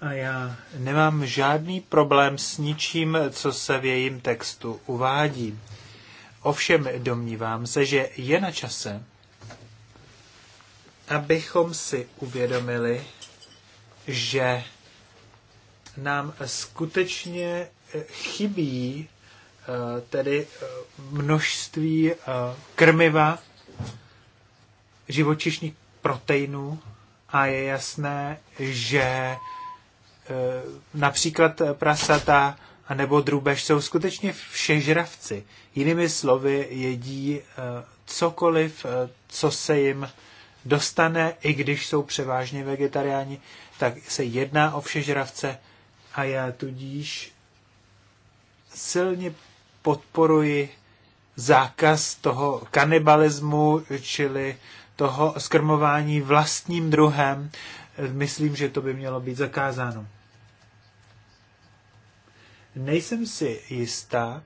A já nemám žádný problém s ničím, co se v jejím textu uvádí. Ovšem domnívám se, že je na čase, abychom si uvědomili, že nám skutečně eh, chybí eh, tedy eh, množství krmiva, živočišních proteinů a je jasné, že e, například prasata nebo drůbež jsou skutečně všežravci. Jinými slovy, jedí e, cokoliv, e, co se jim dostane, i když jsou převážně vegetariáni, tak se jedná o všežravce a já tudíž silně podporuji zákaz toho kanibalismu, čili toho skrmování vlastním druhem, myslím, že to by mělo být zakázáno. Nejsem si jistá,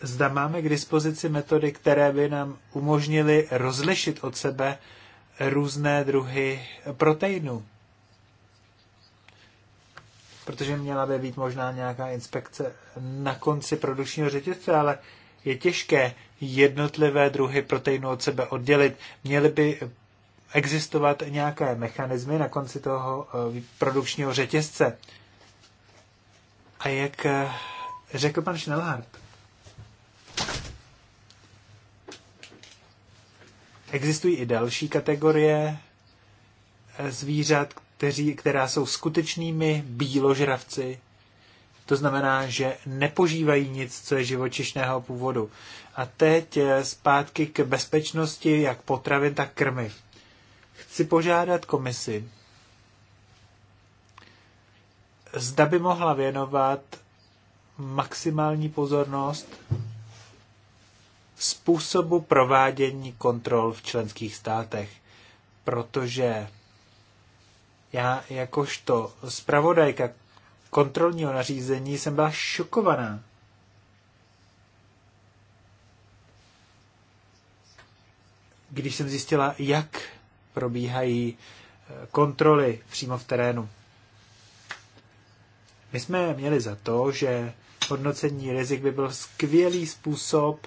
zda máme k dispozici metody, které by nám umožnily rozlišit od sebe různé druhy proteinů. Protože měla by být možná nějaká inspekce na konci produkčního řetězce, ale je těžké jednotlivé druhy proteinů od sebe oddělit. Měly by existovat nějaké mechanismy na konci toho eh, produkčního řetězce. A jak eh, řekl pan Schnellhardt, existují i další kategorie eh, zvířat, kteří, která jsou skutečnými bíložravci, to znamená, že nepožívají nic, co je živočišného původu. A teď eh, zpátky k bezpečnosti jak potravin, tak krmy. Chci požádat komisi, zda by mohla věnovat maximální pozornost způsobu provádění kontrol v členských státech, protože já jakožto zpravodajka kontrolního nařízení jsem byla šokovaná. Když jsem zjistila, jak probíhají eh, kontroly přímo v terénu. My jsme měli za to, že hodnocení rizik by byl skvělý způsob,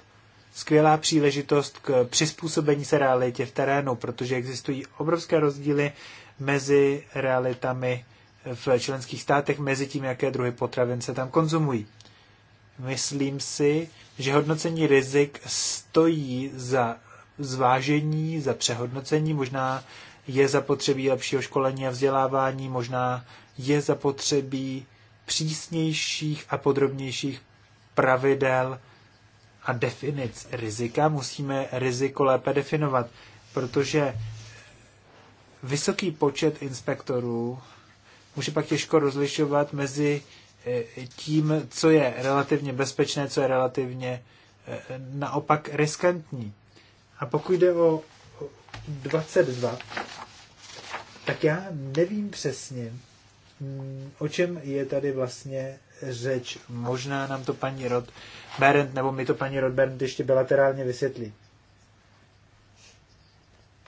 skvělá příležitost k přizpůsobení se realitě v terénu, protože existují obrovské rozdíly mezi realitami v členských státech mezi tím, jaké druhy potravin se tam konzumují. Myslím si, že hodnocení rizik stojí za zvážení, za přehodnocení, možná je zapotřebí lepšího školení a vzdělávání, možná je zapotřebí přísnějších a podrobnějších pravidel a definic rizika. Musíme riziko lépe definovat, protože vysoký počet inspektorů může pak těžko rozlišovat mezi eh, tím, co je relativně bezpečné, co je relativně eh, naopak riskantní. A pokud jde o 22, tak já nevím přesně, mm, o čem je tady vlastně řeč. Možná nám to paní Rod Berend, nebo mi to paní Rod Berend ještě bilaterálně vysvětlí.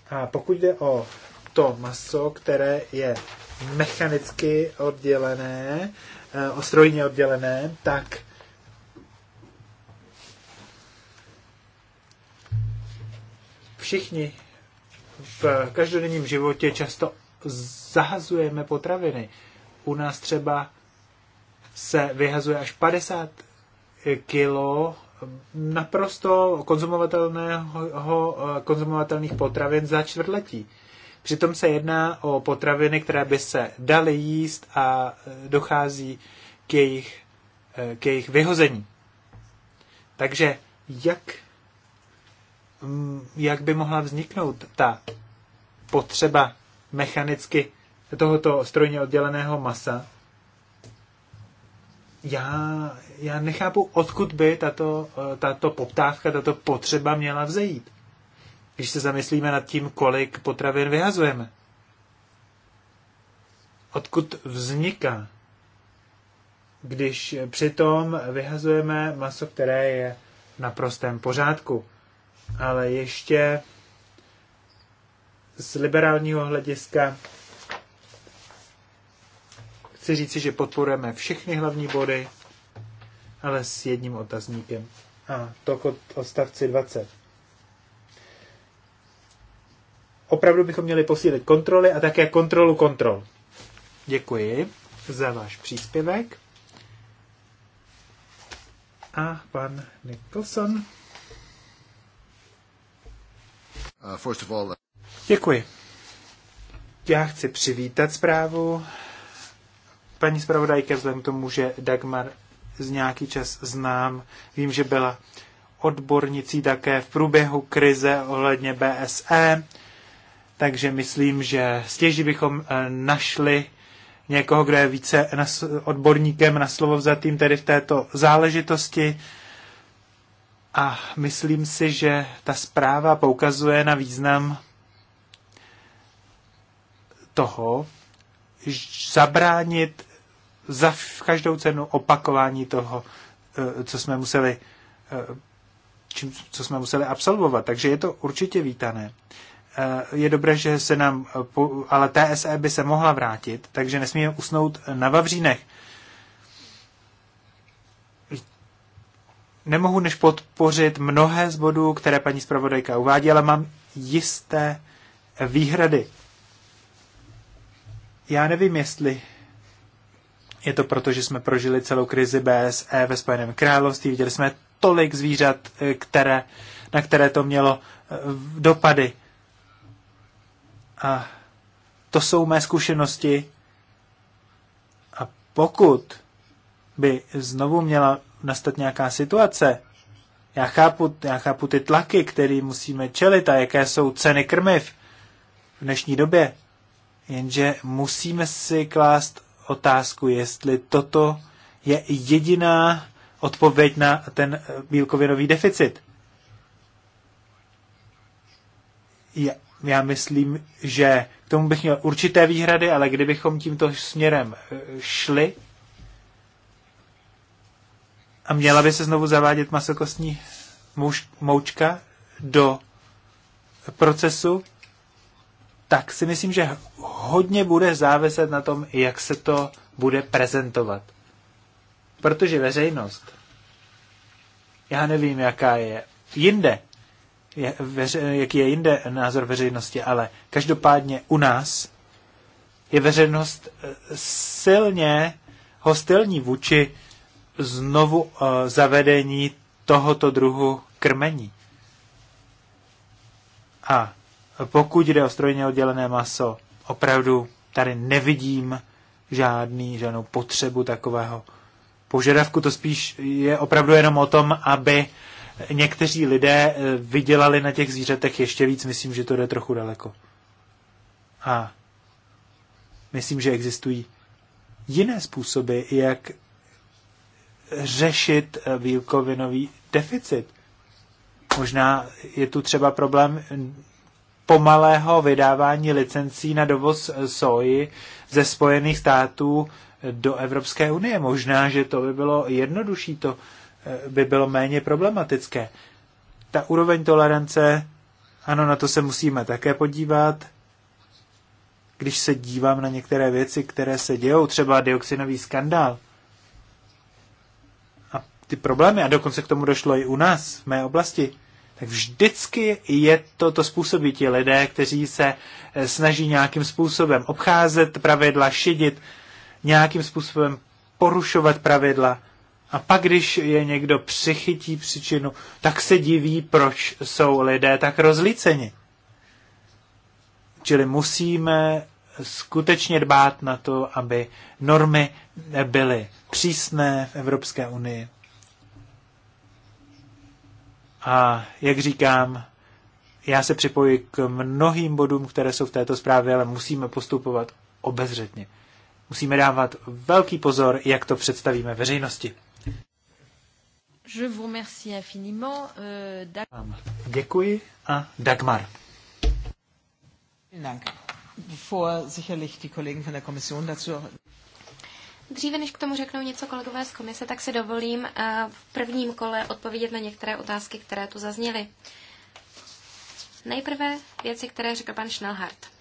A pokud jde o to maso, které je mechanicky oddělené, eh, ostrojně oddělené, tak všichni v každodenním životě často zahazujeme potraviny. U nás třeba se vyhazuje až 50 kilo naprosto konzumovatelného, konzumovatelných potravin za čtvrtletí. Přitom se jedná o potraviny, které by se daly jíst a e, dochází k jejich, e, k jejich vyhození. Takže jak, jak by mohla vzniknout ta potřeba mechanicky tohoto strojně odděleného masa, já, já nechápu, odkud by tato, e, tato poptávka, tato potřeba měla vzejít když se zamyslíme nad tím, kolik potravin vyhazujeme. Odkud vzniká, když přitom vyhazujeme maso, které je v naprostém pořádku. Ale ještě z liberálního hlediska chci říci, že podporujeme všechny hlavní body, ale s jedním otazníkem. A to k odstavci 20. opravdu bychom měli posílit kontroly a také kontrolu kontrol. Děkuji za váš příspěvek. A pan Nicholson. Uh, first of all, uh, Děkuji. Já chci přivítat zprávu. Paní zpravodajka, vzhledem k tomu, že Dagmar z nějaký čas znám, vím, že byla odbornicí také v průběhu krize ohledně BSE takže myslím, že stěží bychom eh, našli někoho, kdo je více odborníkem na slovo vzatým tedy v této záležitosti. A myslím si, že ta zpráva poukazuje na význam toho, zabránit za každou cenu opakování toho, eh, co jsme museli, eh, čím, co jsme museli absolvovat. Takže je to určitě vítané. Eh, je dobré, že se nám, eh, ale TSE by se mohla vrátit, takže nesmíme usnout na Vavřínech. Nemohu než podpořit mnohé z bodů, které paní zpravodajka uvádí, ale mám jisté výhrady. Já nevím, jestli je to proto, že jsme prožili celou krizi BSE ve Spojeném království, viděli jsme tolik zvířat, eh, které, na které to mělo dopady a to jsou mé zkušenosti. A pokud by znovu měla nastat nějaká situace, já chápu, já chápu ty tlaky, které musíme čelit a jaké jsou ceny krmiv v dnešní době. Jenže musíme si klást otázku, jestli toto je jediná odpověď na ten eh, bílkovinový deficit já myslím, že k tomu bych měl určité výhrady, ale kdybychom tímto směrem eh, šli a měla by se znovu zavádět masokostní moučka do procesu, tak si myslím, že hodně bude záviset na tom, jak se to bude prezentovat. Protože veřejnost, já nevím, jaká je jinde, jaký je jinde názor veřejnosti, ale každopádně u nás je veřejnost eh, silně hostilní vůči znovu eh, zavedení tohoto druhu krmení. A pokud jde o strojně oddělené maso, opravdu tady nevidím žádný, žádnou potřebu takového požadavku. To spíš je opravdu jenom o tom, aby někteří lidé eh, vydělali na těch zvířatech ještě víc, myslím, že to jde trochu daleko. A myslím, že existují jiné způsoby, jak řešit eh, výukovinový deficit. Možná je tu třeba problém pomalého vydávání licencí na dovoz eh, soji ze Spojených států do Evropské unie. Možná, že to by bylo jednodušší to by bylo méně problematické. Ta úroveň tolerance, ano, na to se musíme také podívat. Když se dívám na některé věci, které se dějou, třeba dioxinový skandál a ty problémy, a dokonce k tomu došlo i u nás, v mé oblasti, tak vždycky je to, to způsobí ti lidé, kteří se eh, snaží nějakým způsobem obcházet pravidla, šidit, nějakým způsobem porušovat pravidla. A pak, když je někdo přichytí příčinu, tak se diví, proč jsou lidé tak rozlíceni. Čili musíme skutečně dbát na to, aby normy byly přísné v Evropské unii. A jak říkám, já se připoji k mnohým bodům, které jsou v této zprávě, ale musíme postupovat obezřetně. Musíme dávat velký pozor, jak to představíme veřejnosti.
Je vous remercie infiniment.
Euh,
děkuji a Dagmar.
Dříve než k tomu řeknou něco kolegové z komise, tak si dovolím eh, v prvním kole odpovědět na některé otázky, které tu zazněly. Nejprve věci, které řekl pan Schnellhardt.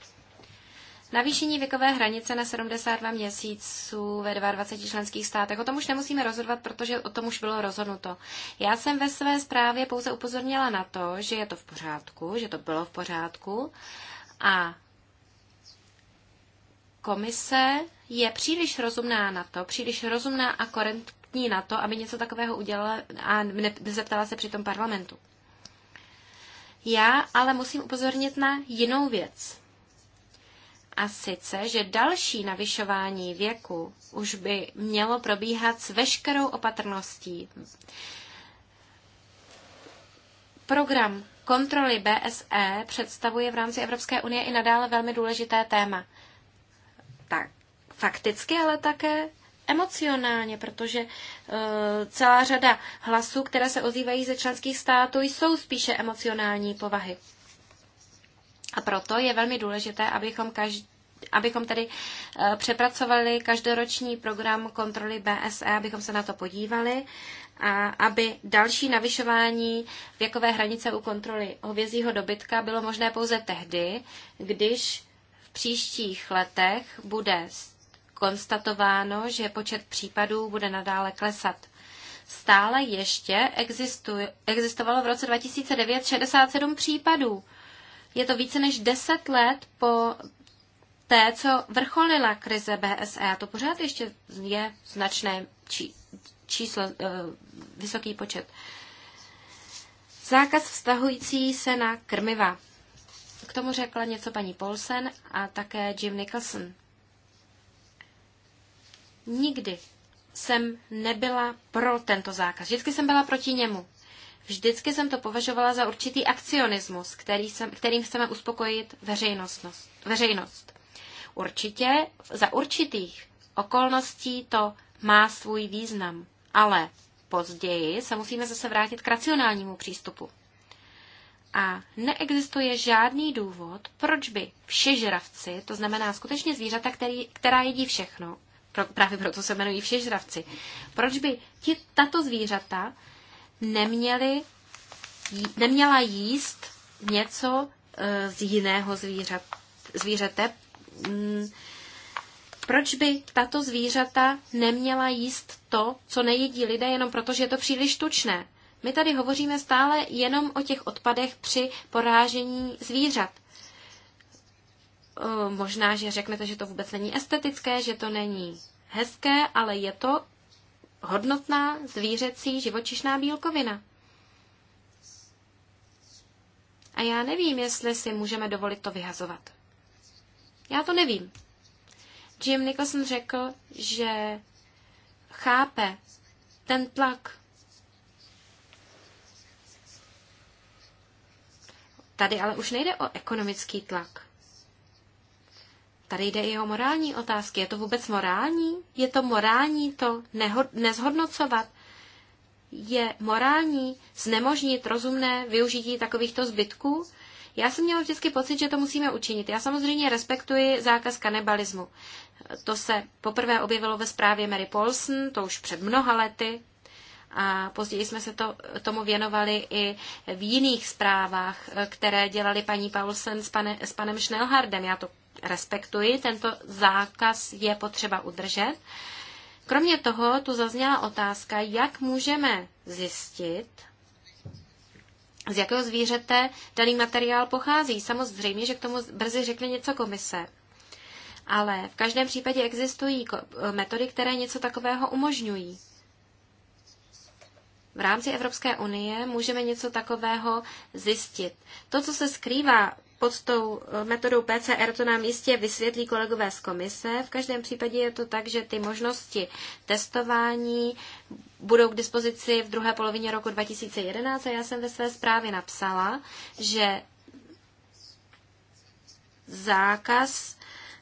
Navýšení věkové hranice na 72 měsíců ve 22 členských státech. O tom už nemusíme rozhodovat, protože o tom už bylo rozhodnuto. Já jsem ve své zprávě pouze upozornila na to, že je to v pořádku, že to bylo v pořádku a komise je příliš rozumná na to, příliš rozumná a korentní na to, aby něco takového udělala a zeptala se přitom parlamentu. Já ale musím upozornit na jinou věc a sice, že další navyšování věku už by mělo probíhat s veškerou opatrností. Program kontroly BSE představuje v rámci Evropské unie i nadále velmi důležité téma. Tak fakticky, ale také emocionálně, protože uh, celá řada hlasů, které se ozývají ze členských států, jsou spíše emocionální povahy. A proto je velmi důležité, abychom každý abychom tedy eh, přepracovali každoroční program kontroly BSE, abychom se na to podívali, a aby další navyšování věkové hranice u kontroly hovězího dobytka bylo možné pouze tehdy, když v příštích letech bude konstatováno, že počet případů bude nadále klesat. Stále ještě existu, existovalo v roce 2009 67 případů. Je to více než deset let po té, co vrcholila krize BSE, a to pořád ještě je značné či, číslo, eh, vysoký počet. Zákaz vztahující se na krmiva. K tomu řekla něco paní Polsen a také Jim Nicholson. Nikdy jsem nebyla pro tento zákaz. Vždycky jsem byla proti němu. Vždycky jsem to považovala za určitý akcionismus, který jsem, kterým chceme uspokojit veřejnost. veřejnost. Určitě za určitých okolností to má svůj význam, ale později se musíme zase vrátit k racionálnímu přístupu. A neexistuje žádný důvod, proč by všežravci, to znamená skutečně zvířata, který, která jedí všechno, pro, právě proto se jmenují všežravci, proč by ti, tato zvířata neměli, neměla jíst něco e, z jiného zvířat, zvířete. Mm, proč by tato zvířata neměla jíst to, co nejedí lidé, jenom protože je to příliš tučné? My tady hovoříme stále jenom o těch odpadech při porážení zvířat. E, možná, že řeknete, že to vůbec není estetické, že to není hezké, ale je to hodnotná zvířecí živočišná bílkovina. A já nevím, jestli si můžeme dovolit to vyhazovat. Já to nevím. Jim Nicholson řekl, že chápe ten tlak. Tady ale už nejde o ekonomický tlak. Tady jde i o morální otázky. Je to vůbec morální? Je to morální to neho- nezhodnocovat? Je morální znemožnit rozumné využití takovýchto zbytků? Já jsem měla vždycky pocit, že to musíme učinit. Já samozřejmě respektuji zákaz kanibalismu. To se poprvé objevilo ve zprávě Mary Paulson, to už před mnoha lety. A později jsme se to, tomu věnovali i v jiných zprávách, které dělali paní Paulsen s, pane, s panem Schnellhardem. Já to respektuji, tento zákaz je potřeba udržet. Kromě toho tu zazněla otázka, jak můžeme zjistit, z jakého zvířete daný materiál pochází. Samozřejmě, že k tomu brzy řekne něco komise. Ale v každém případě existují metody, které něco takového umožňují. V rámci Evropské unie můžeme něco takového zjistit. To, co se skrývá pod tou eh, metodou PCR, to nám jistě vysvětlí kolegové z komise. V každém případě je to tak, že ty možnosti testování budou k dispozici v druhé polovině roku 2011 a já jsem ve své zprávě napsala, že zákaz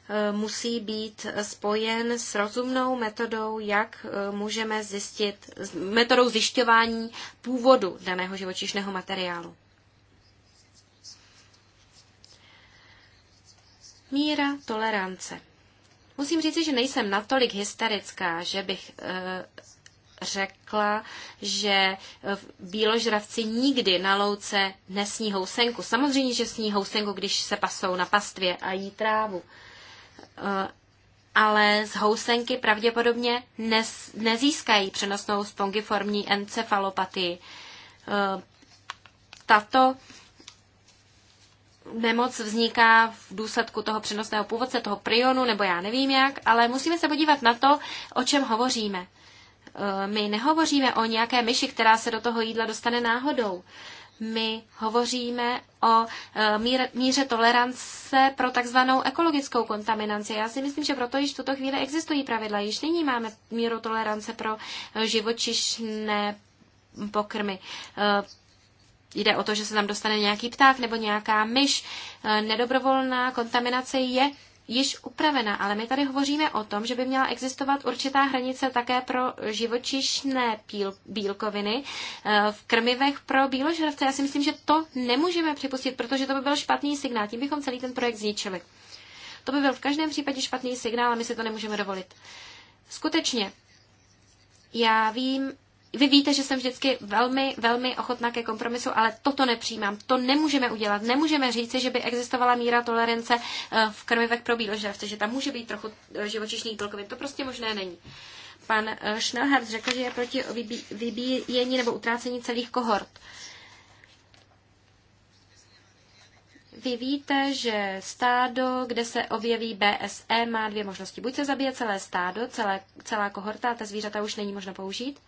eh, musí být spojen s rozumnou metodou, jak eh, můžeme zjistit, metodou zjišťování původu daného živočišného materiálu. Míra tolerance. Musím říci, že nejsem natolik hysterická, že bych e, řekla, že eh, bíložravci nikdy na louce nesní housenku. Samozřejmě, že sní housenku, když se pasou na pastvě a jí trávu. E, ale z housenky pravděpodobně nes, nezískají přenosnou spongiformní encefalopatii. E, tato nemoc vzniká v důsledku toho přenosného původce, toho prionu, nebo já nevím jak, ale musíme se podívat na to, o čem hovoříme. E, my nehovoříme o nějaké myši, která se do toho jídla dostane náhodou. My hovoříme o e, míře tolerance pro takzvanou ekologickou kontaminaci. Já si myslím, že proto již v tuto chvíli existují pravidla. Již nyní máme míru tolerance pro živočišné pokrmy. E, jde o to, že se tam dostane nějaký pták nebo nějaká myš. E, nedobrovolná kontaminace je již upravena, ale my tady hovoříme o tom, že by měla existovat určitá hranice také pro živočišné píl, bílkoviny e, v krmivech pro bíložravce. Já si myslím, že to nemůžeme připustit, protože to by byl špatný signál. Tím bychom celý ten projekt zničili. To by byl v každém případě špatný signál a my si to nemůžeme dovolit. Skutečně, já vím, vy víte, že jsem vždycky velmi, velmi ochotná ke kompromisu, ale toto nepřijímám. To nemůžeme udělat. Nemůžeme říci, že by existovala míra tolerance eh, v krmivech pro bíložravce, že tam může být trochu eh, živočišných bílkovin. To prostě možné není. Pan eh, Schnellhardt řekl, že je proti vybíjení nebo utrácení celých kohort. Vy víte, že stádo, kde se objeví BSE, má dvě možnosti. Buď se zabije celé stádo, celé, celá kohorta a ta zvířata už není možno použít,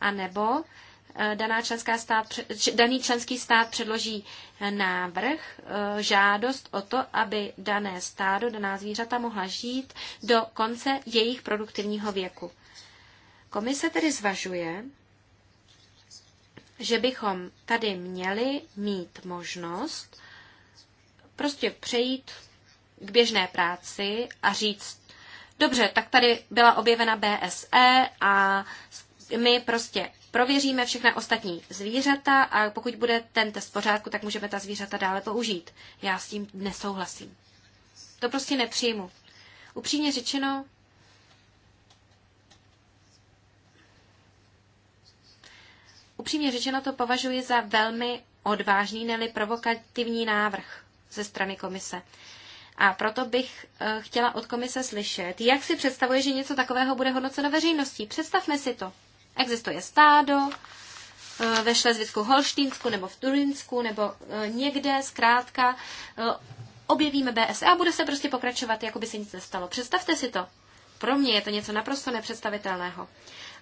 a nebo eh, daná členská stát, daný členský stát předloží eh, návrh, eh, žádost o to, aby dané stádo, daná zvířata mohla žít do konce jejich produktivního věku. Komise tedy zvažuje, že bychom tady měli mít možnost prostě přejít k běžné práci a říct, dobře, tak tady byla objevena BSE a my prostě prověříme všechna ostatní zvířata a pokud bude ten test v pořádku, tak můžeme ta zvířata dále použít. Já s tím nesouhlasím. To prostě nepřijmu. Upřímně řečeno, upřímně řečeno to považuji za velmi odvážný, neli provokativní návrh ze strany komise. A proto bych eh, chtěla od komise slyšet, jak si představuje, že něco takového bude hodnoceno veřejností. Představme si to. Existuje stádo eh, ve Šlezvicku, Holštínsku nebo v Turinsku nebo eh, někde zkrátka eh, objevíme BSE a bude se prostě pokračovat, jako by se nic nestalo. Představte si to. Pro mě je to něco naprosto nepředstavitelného.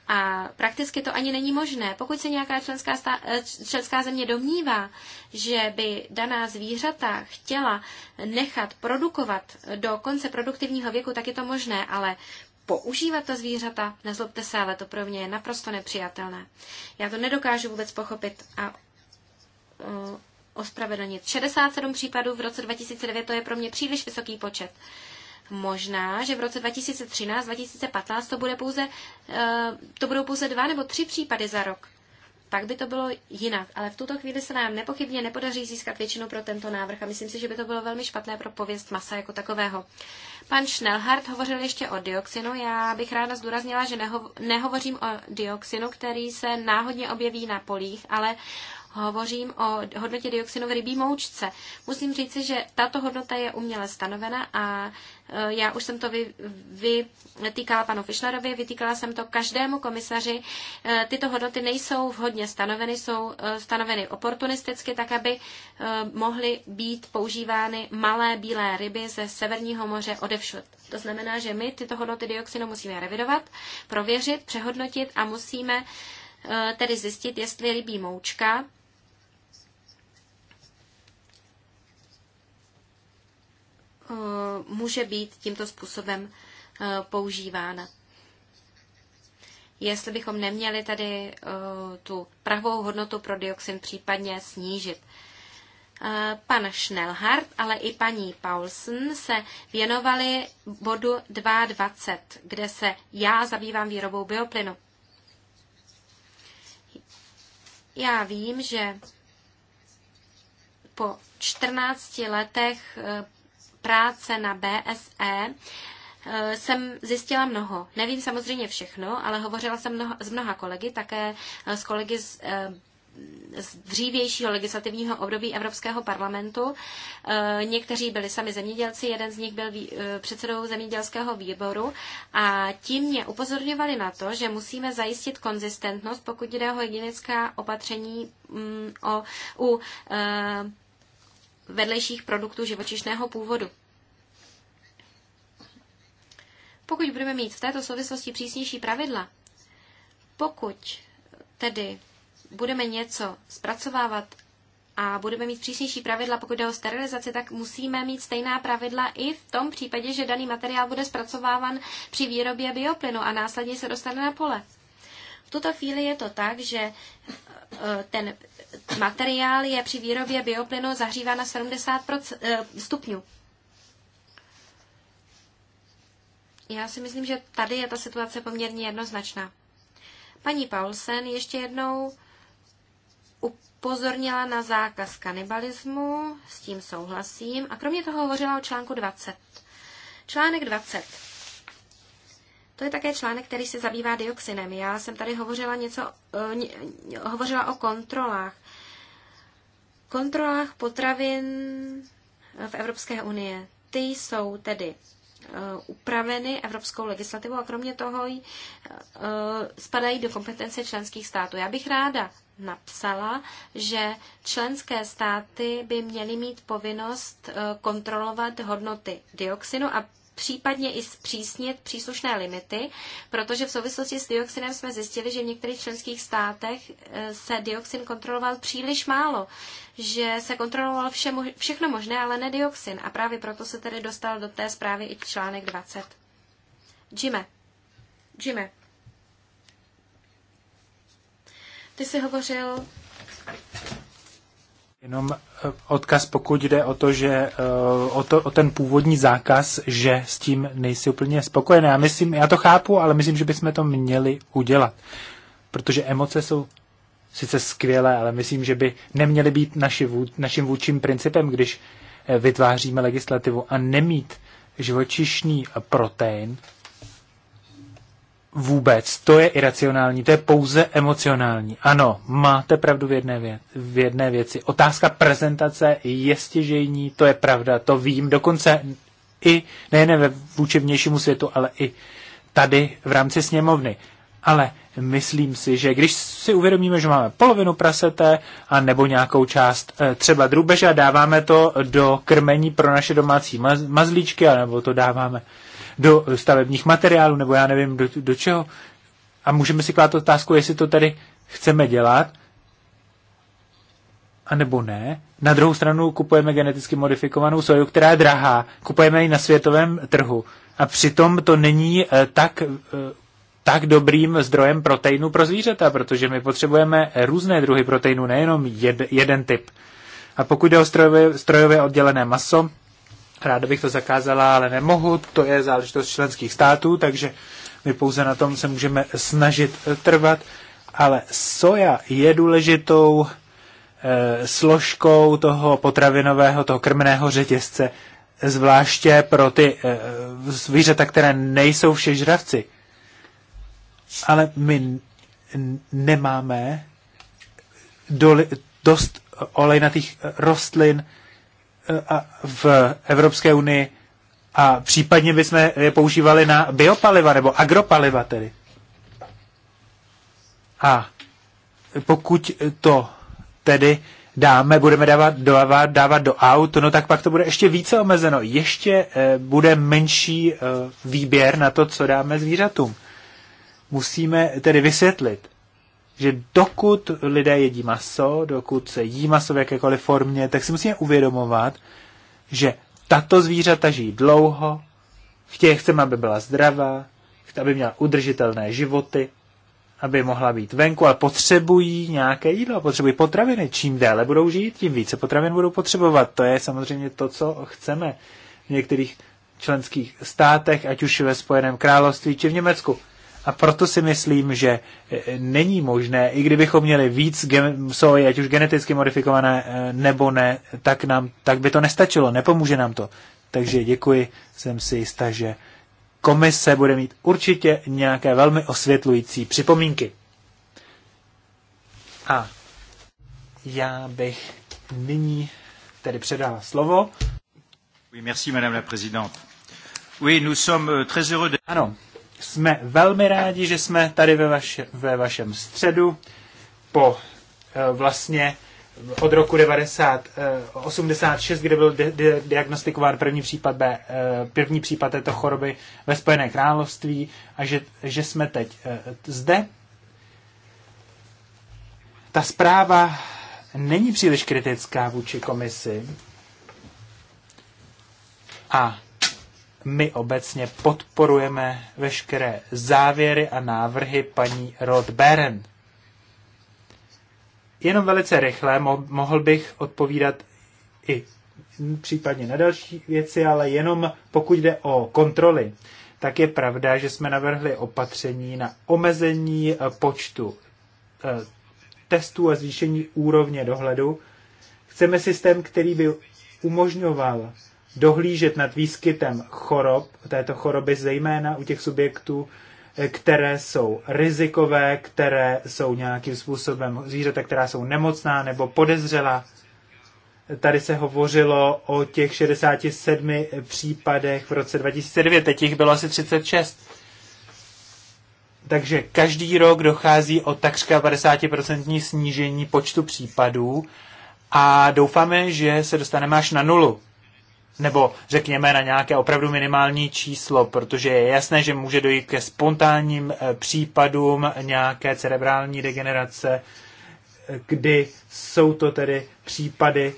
A prakticky to ani není možné. Pokud se nějaká členská, stá, členská země domnívá, že by daná zvířata chtěla nechat produkovat do konce produktivního věku, tak je to možné, ale používat ta zvířata? Nezlobte se, ale to pro mě je naprosto nepřijatelné. Já to nedokážu vůbec pochopit a uh, ospravedlnit. 67 případů v roce 2009 to je pro mě příliš vysoký počet. Možná, že v roce 2013-2015 to, bude pouze, uh, to budou pouze dva nebo tři případy za rok. Pak by to bylo jinak, ale v tuto chvíli se nám nepochybně nepodaří získat většinu pro tento návrh a myslím si, že by to bylo velmi špatné pro pověst masa jako takového. Pan Schnellhardt hovořil ještě o dioxinu. Já bych ráda zdůraznila, že nehovořím o dioxinu, který se náhodně objeví na polích, ale hovořím o hodnotě v rybí moučce. Musím říci, že tato hodnota je uměle stanovena a e, já už jsem to vy, vytýkala panu Fischlerovi, vytýkala jsem to každému komisaři. E, tyto hodnoty nejsou vhodně stanoveny, jsou e, stanoveny oportunisticky, tak aby mohly být používány malé bílé ryby ze Severního moře odevšud. To znamená, že my tyto hodnoty dioxinu musíme revidovat, prověřit, přehodnotit a musíme tedy zjistit, jestli rybí moučka Eh, může být tímto způsobem eh, používána. Jestli bychom neměli tady eh, tu pravou hodnotu pro dioxin případně snížit. Pan Schnellhardt, ale i paní Paulsen se věnovali bodu 22, kde se já zabývám výrobou bioplynu. Já vím, že po 14 letech práce na BSE eh, jsem zjistila mnoho. Nevím samozřejmě všechno, ale hovořila jsem mnoho, s mnoha kolegy, také eh, s kolegy z, eh, z dřívějšího legislativního období Evropského parlamentu. Někteří byli sami zemědělci, jeden z nich byl předsedou zemědělského výboru a tím mě upozorňovali na to, že musíme zajistit konzistentnost, pokud jde o hygienická opatření mm, o, u vedlejších produktů živočišného původu. Pokud budeme mít v této souvislosti přísnější pravidla, pokud tedy budeme něco zpracovávat a budeme mít přísnější pravidla, pokud jde o sterilizaci, tak musíme mít stejná pravidla i v tom případě, že daný materiál bude zpracováván při výrobě bioplynu a následně se dostane na pole. V tuto chvíli je to tak, že eh, ten materiál je při výrobě bioplynu zahříván na 70 eh, stupňů. Já si myslím, že tady je ta situace poměrně jednoznačná. Paní Paulsen ještě jednou upozornila na zákaz kanibalismu, s tím souhlasím, a kromě toho hovořila o článku 20. Článek 20 to je také článek, který se zabývá dioxinem. Já jsem tady hovořila něco, eh, hovořila o kontrolách. Kontrolách potravin v Evropské unie. Ty jsou tedy eh, upraveny evropskou legislativou a kromě toho eh, spadají do kompetence členských států. Já bych ráda napsala, že členské státy by měly mít povinnost kontrolovat hodnoty dioxinu a případně i zpřísnit příslušné limity, protože v souvislosti s dioxinem jsme zjistili, že v některých členských státech eh, se dioxin kontroloval příliš málo, že se kontroloval vše, všechno možné, ale ne dioxin. A právě proto se tedy dostal do té zprávy i článek 20. Jime. Jime. Ty jsi hovořil
Jenom eh, odkaz, pokud jde o to, že eh, o, to, o ten původní zákaz, že s tím nejsi úplně spokojený. Já myslím, já to chápu, ale myslím, že bychom to měli udělat. Protože emoce jsou sice skvělé, ale myslím, že by neměly být naši, naším vůčím principem, když eh, vytváříme legislativu a nemít živočišný protein, vůbec. To je iracionální, to je pouze emocionální. Ano, máte pravdu v jedné, věc, v jedné věci. Otázka prezentace je stěžejní, to je pravda, to vím. Dokonce i nejen ve vůči vnějšímu světu, ale i tady v rámci sněmovny. Ale myslím si, že když si uvědomíme, že máme polovinu prasete a nebo nějakou část eh, třeba drůbeže a dáváme to do krmení pro naše domácí mazlíčky, nebo to dáváme do stavebních materiálů, nebo já nevím do, do čeho. A můžeme si klát otázku, jestli to tady chceme dělat, a nebo ne. Na druhou stranu kupujeme geneticky modifikovanou soju, která je drahá, kupujeme ji na světovém trhu. A přitom to není eh, tak, eh, tak dobrým zdrojem proteinu pro zvířata, protože my potřebujeme eh, různé druhy proteinu, nejenom jed, jeden typ. A pokud jde o strojově, strojově oddělené maso, Ráda bych to zakázala, ale nemohu. To je záležitost členských států, takže my pouze na tom se můžeme snažit trvat. Ale soja je důležitou e, složkou toho potravinového, toho krmného řetězce, zvláště pro ty e, zvířata, které nejsou všežravci. Ale my nemáme doli, dost olejnatých eh, rostlin, v Evropské unii a případně bychom je používali na biopaliva nebo agropaliva tedy. A pokud to tedy dáme, budeme dávat, dávat, dávat do aut, no tak pak to bude ještě více omezeno. Ještě e, bude menší e, výběr na to, co dáme zvířatům. Musíme tedy vysvětlit, že dokud lidé jedí maso, dokud se jí maso v jakékoliv formě, tak si musíme uvědomovat, že tato zvířata žijí dlouho, chtějí, chceme, aby byla zdravá, aby měla udržitelné životy, aby mohla být venku, ale potřebují nějaké jídlo, potřebují potraviny. Čím déle budou žít, tím více potravin budou potřebovat. To je samozřejmě to, co chceme v některých členských státech, ať už ve Spojeném království či v Německu. A proto si myslím, že eh, není možné, i kdybychom měli víc soji, ať už geneticky modifikované eh, nebo ne, tak, nám, tak by to nestačilo, nepomůže nám to. Takže děkuji, jsem si jistá, že komise bude mít určitě nějaké velmi osvětlující připomínky. A já bych nyní tedy předal slovo. Oui, merci, madame la présidente. Oui, nous sommes euh, très heureux de... Ano, jsme velmi rádi, že jsme tady ve, vaše, ve vašem středu po eh, vlastně od roku 1986, eh, kde byl di- di- diagnostikován první případ, B, eh, první případ této choroby ve Spojené království a že, že jsme teď zde. Ta zpráva není příliš kritická vůči komisi a my obecně podporujeme veškeré závěry a návrhy paní Rod Beren. Jenom velice rychle mo- mohl bych odpovídat i případně na další věci, ale jenom pokud jde o kontroly, tak je pravda, že jsme navrhli opatření na omezení eh, počtu eh, testů a zvýšení úrovně dohledu. Chceme systém, který by umožňoval dohlížet nad výskytem chorob, této choroby zejména u těch subjektů, eh, které jsou rizikové, které jsou nějakým způsobem zvířata, která jsou nemocná nebo podezřelá. Tady se hovořilo o těch 67 případech v roce 2009, teď jich bylo asi 36. Takže každý rok dochází o takřka 50% snížení počtu případů a doufáme, že se dostaneme až na nulu nebo řekněme na nějaké opravdu minimální číslo, protože je jasné, že může dojít ke spontánním eh, případům nějaké cerebrální degenerace, eh, kdy jsou to tedy případy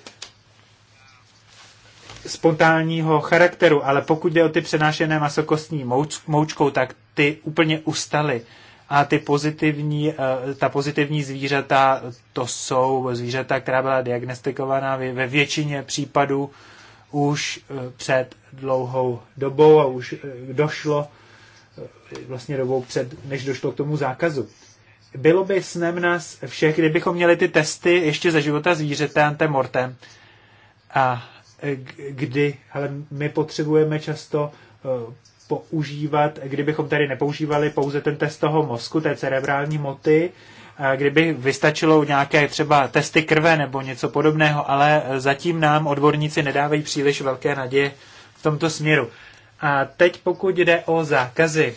spontánního charakteru, ale pokud jde o ty přenášené masokostní mouč, moučkou, tak ty úplně ustaly. A ty pozitivní, eh, ta pozitivní zvířata, to jsou zvířata, která byla diagnostikovaná ve většině případů už eh, před dlouhou dobou a už eh, došlo eh, vlastně dobou před, než došlo k tomu zákazu. Bylo by snem nás všech, kdybychom měli ty testy ještě za života zvířete antemortem. A kdy, ale my potřebujeme často používat, kdybychom tady nepoužívali pouze ten test toho mozku, té cerebrální moty, kdyby vystačilo nějaké třeba testy krve nebo něco podobného, ale zatím nám odborníci nedávají příliš velké naděje v tomto směru. A teď pokud jde o zákazy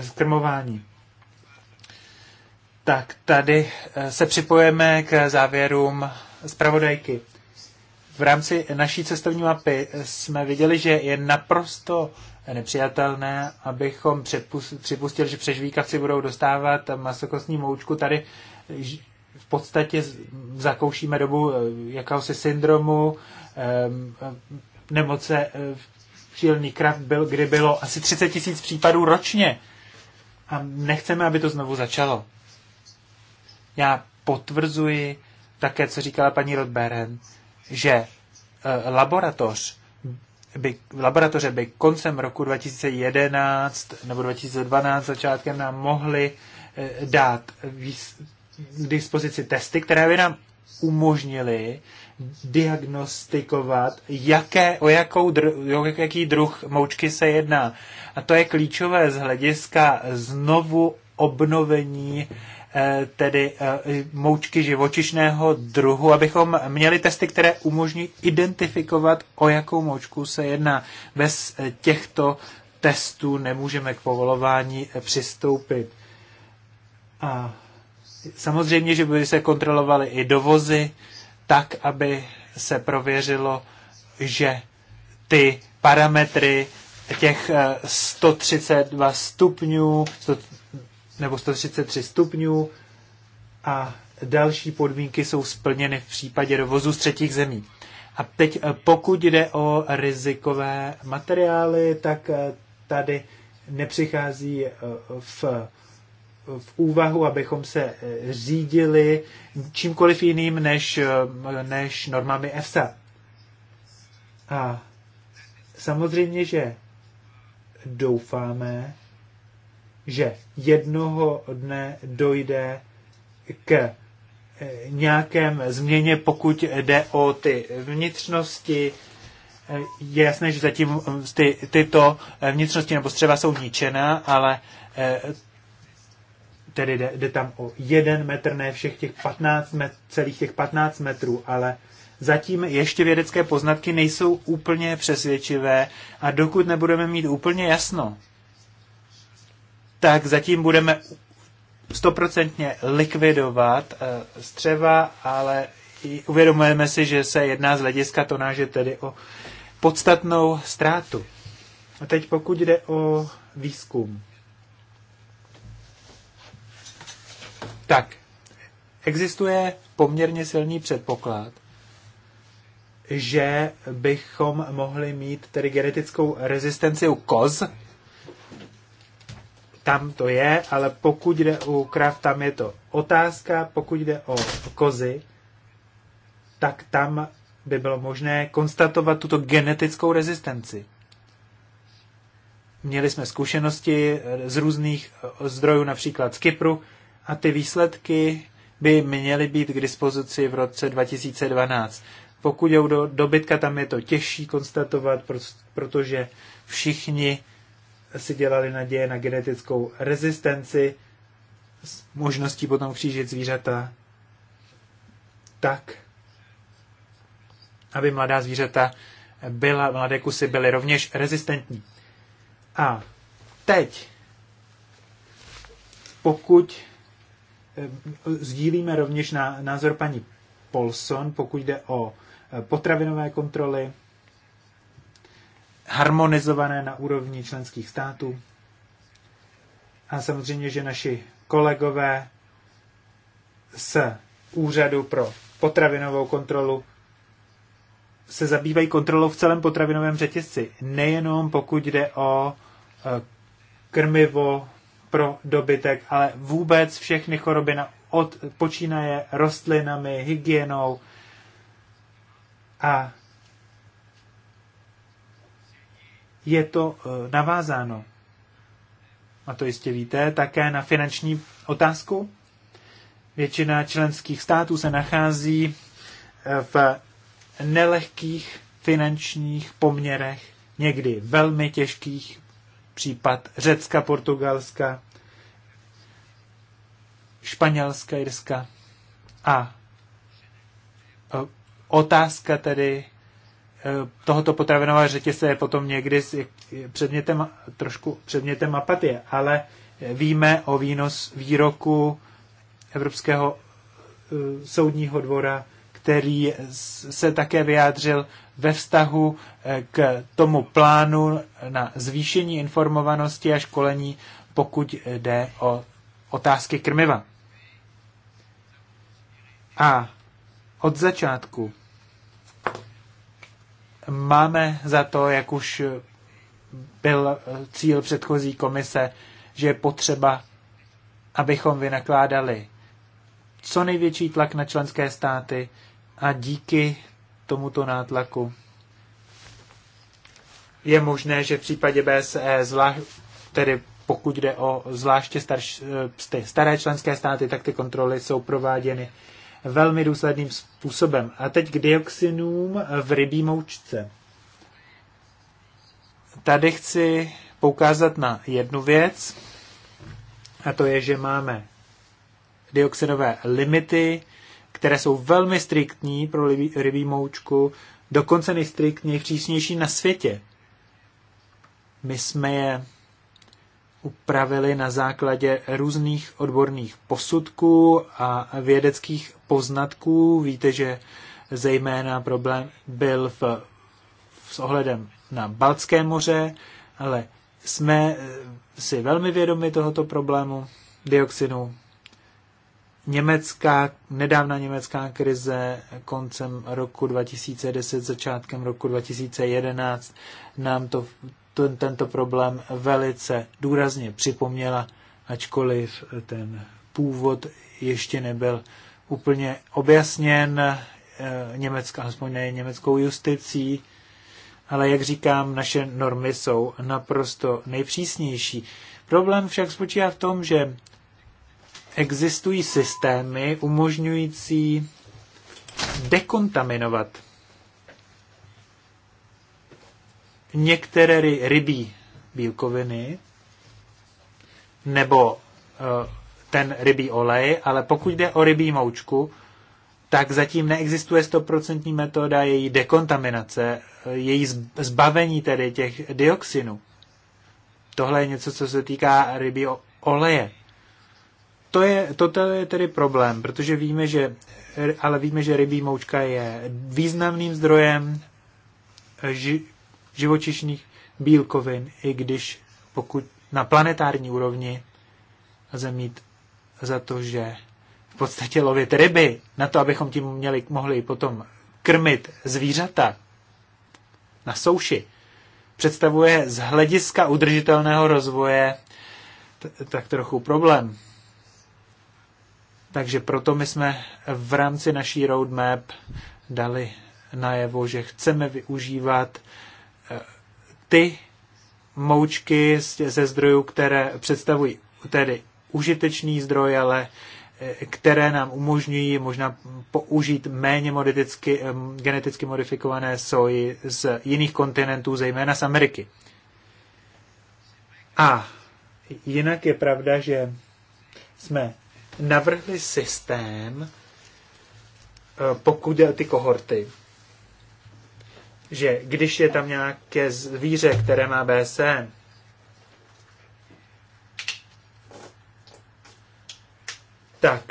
skrmování, tak tady eh, se připojeme k závěrům zpravodajky. V rámci naší cestovní mapy eh, jsme viděli, že je naprosto nepřijatelné, abychom připustili, že přežvíkavci budou dostávat masokostní moučku. Tady v podstatě zakoušíme dobu eh, jakéhosi syndromu, eh, nemoce přílný eh, krav, byl, kdy bylo asi 30 tisíc případů ročně. A nechceme, aby to znovu začalo. Já potvrzuji také, co říkala paní Rodberen, že laboratoř by, laboratoře by koncem roku 2011 nebo 2012 začátkem nám mohly eh, dát k dispozici testy, které by nám umožnily diagnostikovat, jaké, o jakou dru, jaký druh moučky se jedná. A to je klíčové z hlediska znovu obnovení Eh, tedy eh, moučky živočišného druhu, abychom měli testy, které umožní identifikovat, o jakou moučku se jedná. Bez eh, těchto testů nemůžeme k povolování přistoupit. A samozřejmě, že by se kontrolovaly i dovozy, tak, aby se prověřilo, že ty parametry těch 132 stupňů, nebo 133 stupňů a další podmínky jsou splněny v případě dovozu z třetích zemí. A teď eh, pokud jde o rizikové materiály, tak eh, tady nepřichází eh, v, v úvahu, abychom se řídili čímkoliv jiným než, než normami EFSA. A samozřejmě, že doufáme, že jednoho dne dojde k eh, nějakém změně, pokud jde o ty vnitřnosti. Je eh, jasné, že zatím hm, ty, tyto eh, vnitřnosti nebo střeva jsou ničená, ale tedy jde, jde tam o jeden metr, ne všech těch 15 met, celých těch 15 metrů, ale zatím ještě vědecké poznatky nejsou úplně přesvědčivé a dokud nebudeme mít úplně jasno, tak zatím budeme stoprocentně likvidovat eh, střeva, ale uvědomujeme si, že se jedná z hlediska tonáže tedy o podstatnou ztrátu. A teď pokud jde o výzkum. Tak, existuje poměrně silný předpoklad, že bychom mohli mít tedy genetickou rezistenci u koz, tam to je, ale pokud jde o krav, tam je to otázka, pokud jde o kozy, tak tam by bylo možné konstatovat tuto genetickou rezistenci. Měli jsme zkušenosti eh, z různých eh, zdrojů, například z Kypru, a ty výsledky by měly být k dispozici v roce 2012. Pokud jdou do dobytka, tam je to těžší konstatovat, protože všichni si dělali naděje na genetickou rezistenci s možností potom křížit zvířata tak, aby mladá zvířata byla, mladé kusy byly rovněž rezistentní. A teď, pokud eh, sdílíme rovněž na názor paní Polson, pokud jde o eh, potravinové kontroly, harmonizované na úrovni členských států. A samozřejmě, že naši kolegové z Úřadu pro potravinovou kontrolu se zabývají kontrolou v celém potravinovém řetězci. Nejenom pokud jde o e, krmivo pro dobytek, ale vůbec všechny choroby na od, počínaje rostlinami, hygienou a je to eh, navázáno, a to jistě víte, také na finanční otázku. Většina členských států se nachází eh, v nelehkých finančních poměrech, někdy velmi těžkých, případ Řecka, Portugalska, Španělska, Irska. A eh, otázka tedy Eh, tohoto potravinového řetězce je potom někdy předmětem, trošku předmětem apatie, ale eh, víme o výnos výroku Evropského eh, soudního dvora, který se také vyjádřil ve vztahu k tomu plánu na zvýšení informovanosti a školení, pokud jde o otázky krmiva. A od začátku máme za to, jak už byl cíl předchozí komise, že je potřeba, abychom vynakládali co největší tlak na členské státy a díky tomuto nátlaku je možné, že v případě BSE, tedy pokud jde o zvláště starš, eh, staré členské státy, tak ty kontroly jsou prováděny velmi důsledným způsobem. A teď k dioxinům v rybí moučce. Tady chci poukázat na jednu věc, a to je, že máme dioxinové limity, které jsou velmi striktní pro rybí, moučku, dokonce nejstriktnější, přísnější na světě. My jsme je upravili na základě různých odborných posudků a vědeckých poznatků. Víte, že zejména problém byl v, s ohledem na Balcké moře, ale jsme eh, si velmi vědomi tohoto problému dioxinu. Německá, nedávna německá krize koncem roku 2010, začátkem roku 2011 nám to ten, tento problém velice důrazně připomněla, ačkoliv ten původ ještě nebyl úplně objasněn eh, německá, aspoň ne německou justicí, ale jak říkám, naše normy jsou naprosto nejpřísnější. Problém však spočívá v tom, že existují systémy umožňující dekontaminovat některé rybí bílkoviny nebo eh, ten rybí olej, ale pokud jde o rybí moučku, tak zatím neexistuje stoprocentní metoda její dekontaminace, eh, její zbavení tedy těch dioxinů. Tohle je něco, co se týká rybí oleje. To je, toto je tedy problém, protože víme, že, eh, ale víme, že rybí moučka je významným zdrojem živočišných bílkovin, i když pokud na planetární úrovni lze mít za to, že v podstatě lovit ryby, na to, abychom tím měli, mohli potom krmit zvířata na souši, představuje z hlediska udržitelného rozvoje tak trochu problém. Takže proto my jsme v rámci naší roadmap dali najevo, že chceme využívat ty moučky ze zdrojů, které představují tedy užitečný zdroj, ale eh, které nám umožňují možná použít méně modificky, geneticky modifikované soji z jiných kontinentů, zejména z Ameriky. A jinak je pravda, že jsme navrhli systém, eh, pokud ty kohorty, že když je tam nějaké zvíře, které má BSN, tak,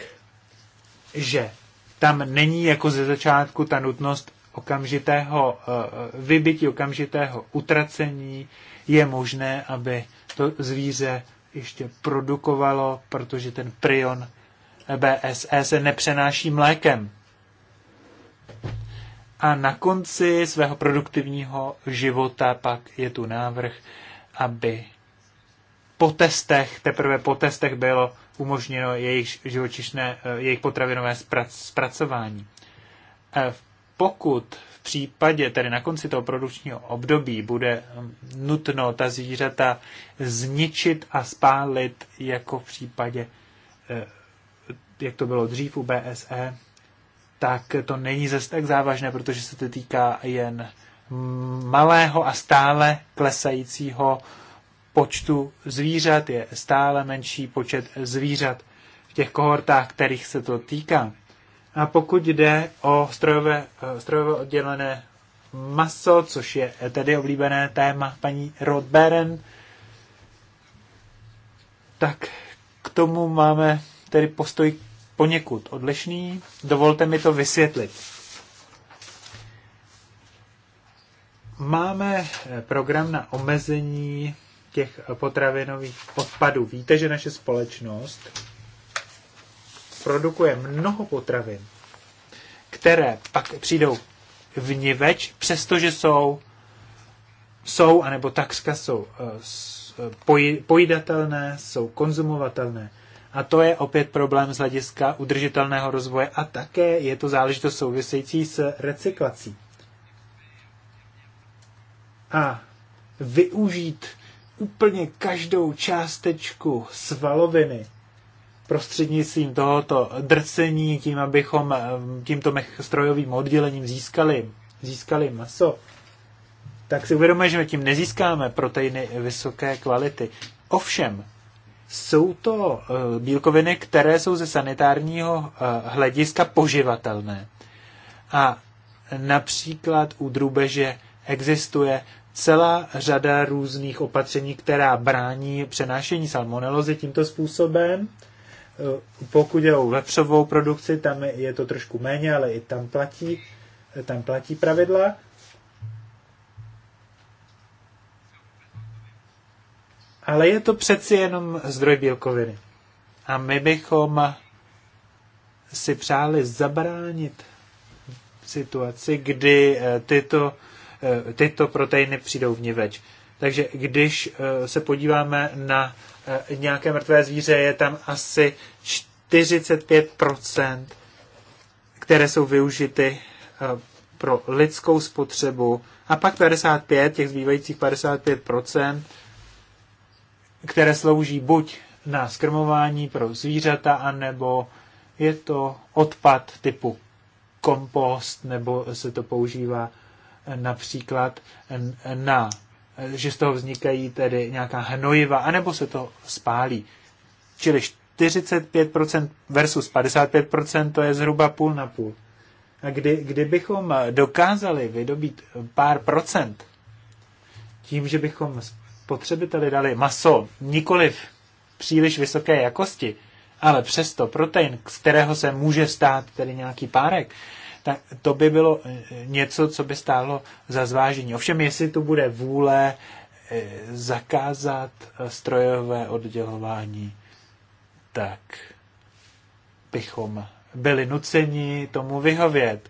že tam není jako ze začátku ta nutnost okamžitého eh, eh, vybití, okamžitého utracení, je možné, aby to zvíře ještě produkovalo, protože ten prion BSE se nepřenáší mlékem. A na konci svého produktivního života pak je tu návrh, aby po testech, teprve po testech bylo umožněno jejich živočišné, eh, jejich potravinové zpracování. Eh, pokud v případě, tedy na konci toho produkčního období, bude hm, nutno ta zvířata zničit a spálit, jako v případě, eh, jak to bylo dřív u BSE, tak to není zase tak závažné, protože se to týká jen malého a stále klesajícího počtu zvířat, je stále menší počet zvířat v těch kohortách, kterých se to týká. A pokud jde o strojové, eh, strojové oddělené maso, což je tedy oblíbené téma paní Rodberen, tak k tomu máme tedy postoj poněkud odlišný. Dovolte mi to vysvětlit. Máme program na omezení těch potravinových odpadů. Víte, že naše společnost produkuje mnoho potravin, které pak přijdou vniveč, přestože jsou, jsou anebo takřka jsou eh, eh, pojídatelné, jsou konzumovatelné. A to je opět problém z hlediska udržitelného rozvoje a také je to záležitost související s recyklací. A využít úplně každou částečku svaloviny prostřednictvím tohoto drcení, tím, abychom tímto strojovým oddělením získali, získali maso, tak si uvědomujeme, že tím nezískáme proteiny vysoké kvality. Ovšem, jsou to eh, bílkoviny, které jsou ze sanitárního eh, hlediska poživatelné. A například u drubeže existuje celá řada různých opatření, která brání přenášení salmonelozy tímto způsobem. Eh, pokud je o vepřovou produkci, tam je to trošku méně, ale i tam platí, tam platí pravidla. ale je to přeci jenom zdroj bílkoviny. A my bychom si přáli zabránit situaci, kdy eh, tyto, eh, tyto proteiny přijdou vniveč. Takže když eh, se podíváme na nějaké mrtvé zvíře, je tam asi 45%, které jsou využity pro lidskou spotřebu a pak 55, těch zbývajících 55%, které slouží buď na skrmování pro zvířata, anebo je to odpad typu kompost, nebo se to používá eh, například na, že z toho vznikají tedy nějaká hnojiva, anebo se to spálí. Čili 45% versus 55% to je zhruba půl na půl. A kdy, kdybychom dokázali vydobít pár procent tím, že bychom spotřebiteli dali maso nikoliv příliš vysoké jakosti, ale přesto protein, z kterého se může stát tedy nějaký párek, tak to by bylo eh, něco, co by stálo za zvážení. Ovšem, jestli tu bude vůle eh, zakázat eh, strojové oddělování, tak bychom byli nuceni tomu vyhovět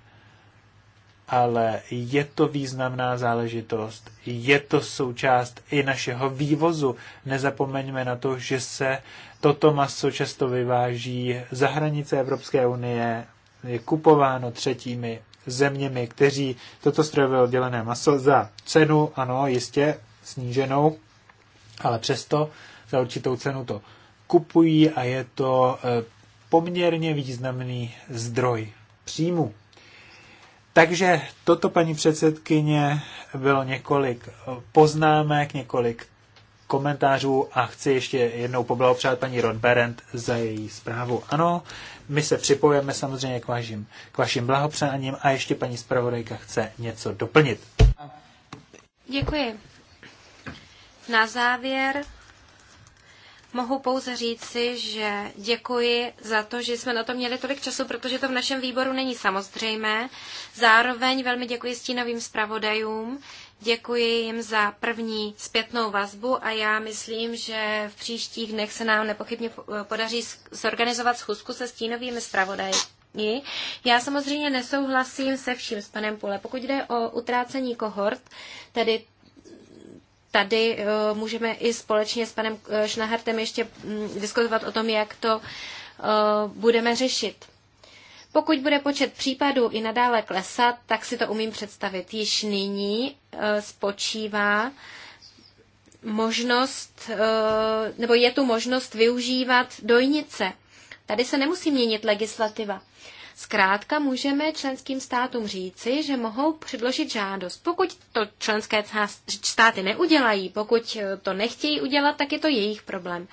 ale je to významná záležitost, je to součást i našeho vývozu. Nezapomeňme na to, že se toto maso často vyváží za hranice Evropské unie, je kupováno třetími zeměmi, kteří toto strojové oddělené maso za cenu, ano, jistě sníženou, ale přesto za určitou cenu to kupují a je to eh, poměrně významný zdroj příjmu takže toto, paní předsedkyně, bylo několik poznámek, několik komentářů a chci ještě jednou poblahopřát paní Rodberent za její zprávu. Ano, my se připojeme samozřejmě k vašim, k vašim blahopřáním a ještě paní zpravodajka chce něco doplnit.
Děkuji. Na závěr Mohu pouze říci, že děkuji za to, že jsme na to měli tolik času, protože to v našem výboru není samozřejmé. Zároveň velmi děkuji stínovým zpravodajům, děkuji jim za první zpětnou vazbu a já myslím, že v příštích dnech se nám nepochybně podaří zorganizovat schůzku se stínovými zpravodaji. Já samozřejmě nesouhlasím se vším s panem Pule. Pokud jde o utrácení kohort, tedy tady eh, můžeme i společně s panem eh, Šnahartem ještě mm, diskutovat o tom, jak to eh, budeme řešit. Pokud bude počet případů i nadále klesat, tak si to umím představit. Již nyní spočívá možnost, nebo je tu možnost využívat dojnice. Tady se nemusí měnit legislativa. Zkrátka můžeme členským státům říci, že mohou předložit žádost. Pokud to členské státy neudělají, pokud to nechtějí udělat, tak je to jejich problém.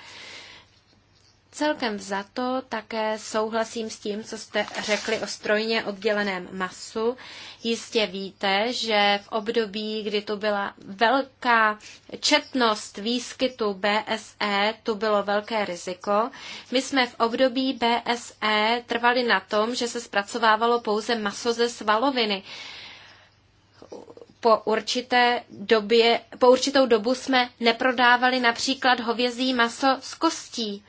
Celkem za to také souhlasím s tím, co jste řekli o strojně odděleném masu. Jistě víte, že v období, kdy tu byla velká četnost výskytu BSE, tu bylo velké riziko. My jsme v období BSE trvali na tom, že se zpracovávalo pouze maso ze svaloviny po určité době, po určitou dobu jsme neprodávali například hovězí maso z kostí.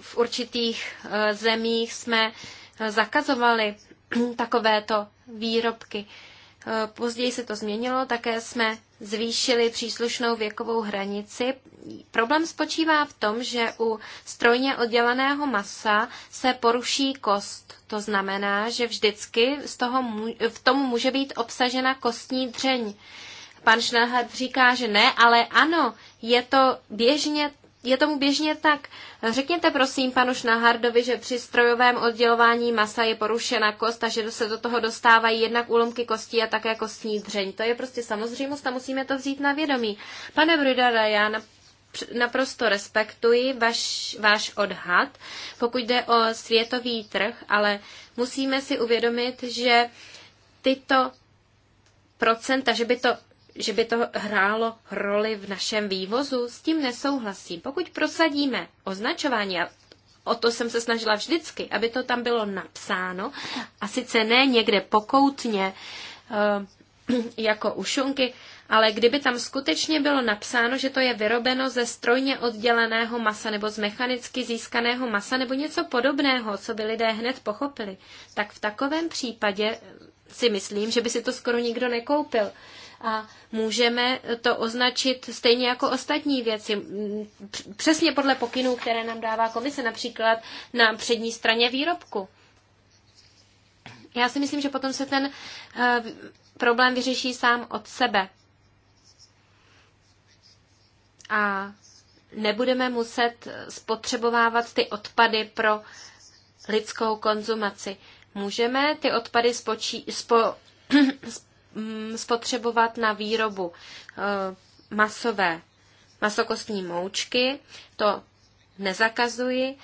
v určitých eh, zemích jsme eh, zakazovali takovéto výrobky. Eh, později se to změnilo, také jsme zvýšili příslušnou věkovou hranici. Problém spočívá v tom, že u strojně odděleného masa se poruší kost. To znamená, že vždycky z toho, v tom může být obsažena kostní dřeň. Pan Schnellhardt říká, že ne, ale ano, je to běžně je tomu běžně tak. Řekněte prosím panu Šnahardovi, že při strojovém oddělování masa je porušena kost a že se do toho dostávají jednak úlomky kostí a také kostní dřeň. To je prostě samozřejmost a musíme to vzít na vědomí. Pane Brudara, já naprosto respektuji vaš, váš odhad, pokud jde o světový trh, ale musíme si uvědomit, že tyto procenta, že by to že by to hrálo roli v našem vývozu, s tím nesouhlasím. Pokud prosadíme označování, a o to jsem se snažila vždycky, aby to tam bylo napsáno, a sice ne někde pokoutně, eh, jako u šunky, ale kdyby tam skutečně bylo napsáno, že to je vyrobeno ze strojně odděleného masa nebo z mechanicky získaného masa nebo něco podobného, co by lidé hned pochopili, tak v takovém případě si myslím, že by si to skoro nikdo nekoupil a můžeme to označit stejně jako ostatní věci. Přesně podle pokynů, které nám dává komise, například na přední straně výrobku. Já si myslím, že potom se ten eh, problém vyřeší sám od sebe. A nebudeme muset spotřebovávat ty odpady pro lidskou konzumaci. Můžeme ty odpady spočí, spo, Mm, spotřebovat na výrobu eh, masové masokostní moučky. To nezakazuji,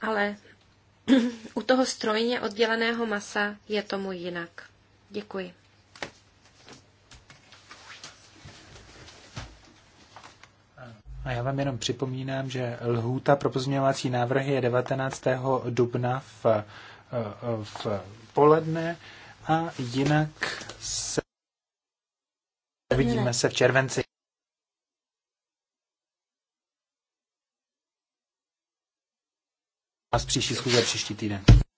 ale u toho strojně odděleného masa je tomu jinak. Děkuji.
A já vám jenom připomínám, že lhůta pro pozměňovací návrhy je 19. dubna v, eh, v poledne. A jinak se vidíme se v červenci. A z příští schůze příští týden.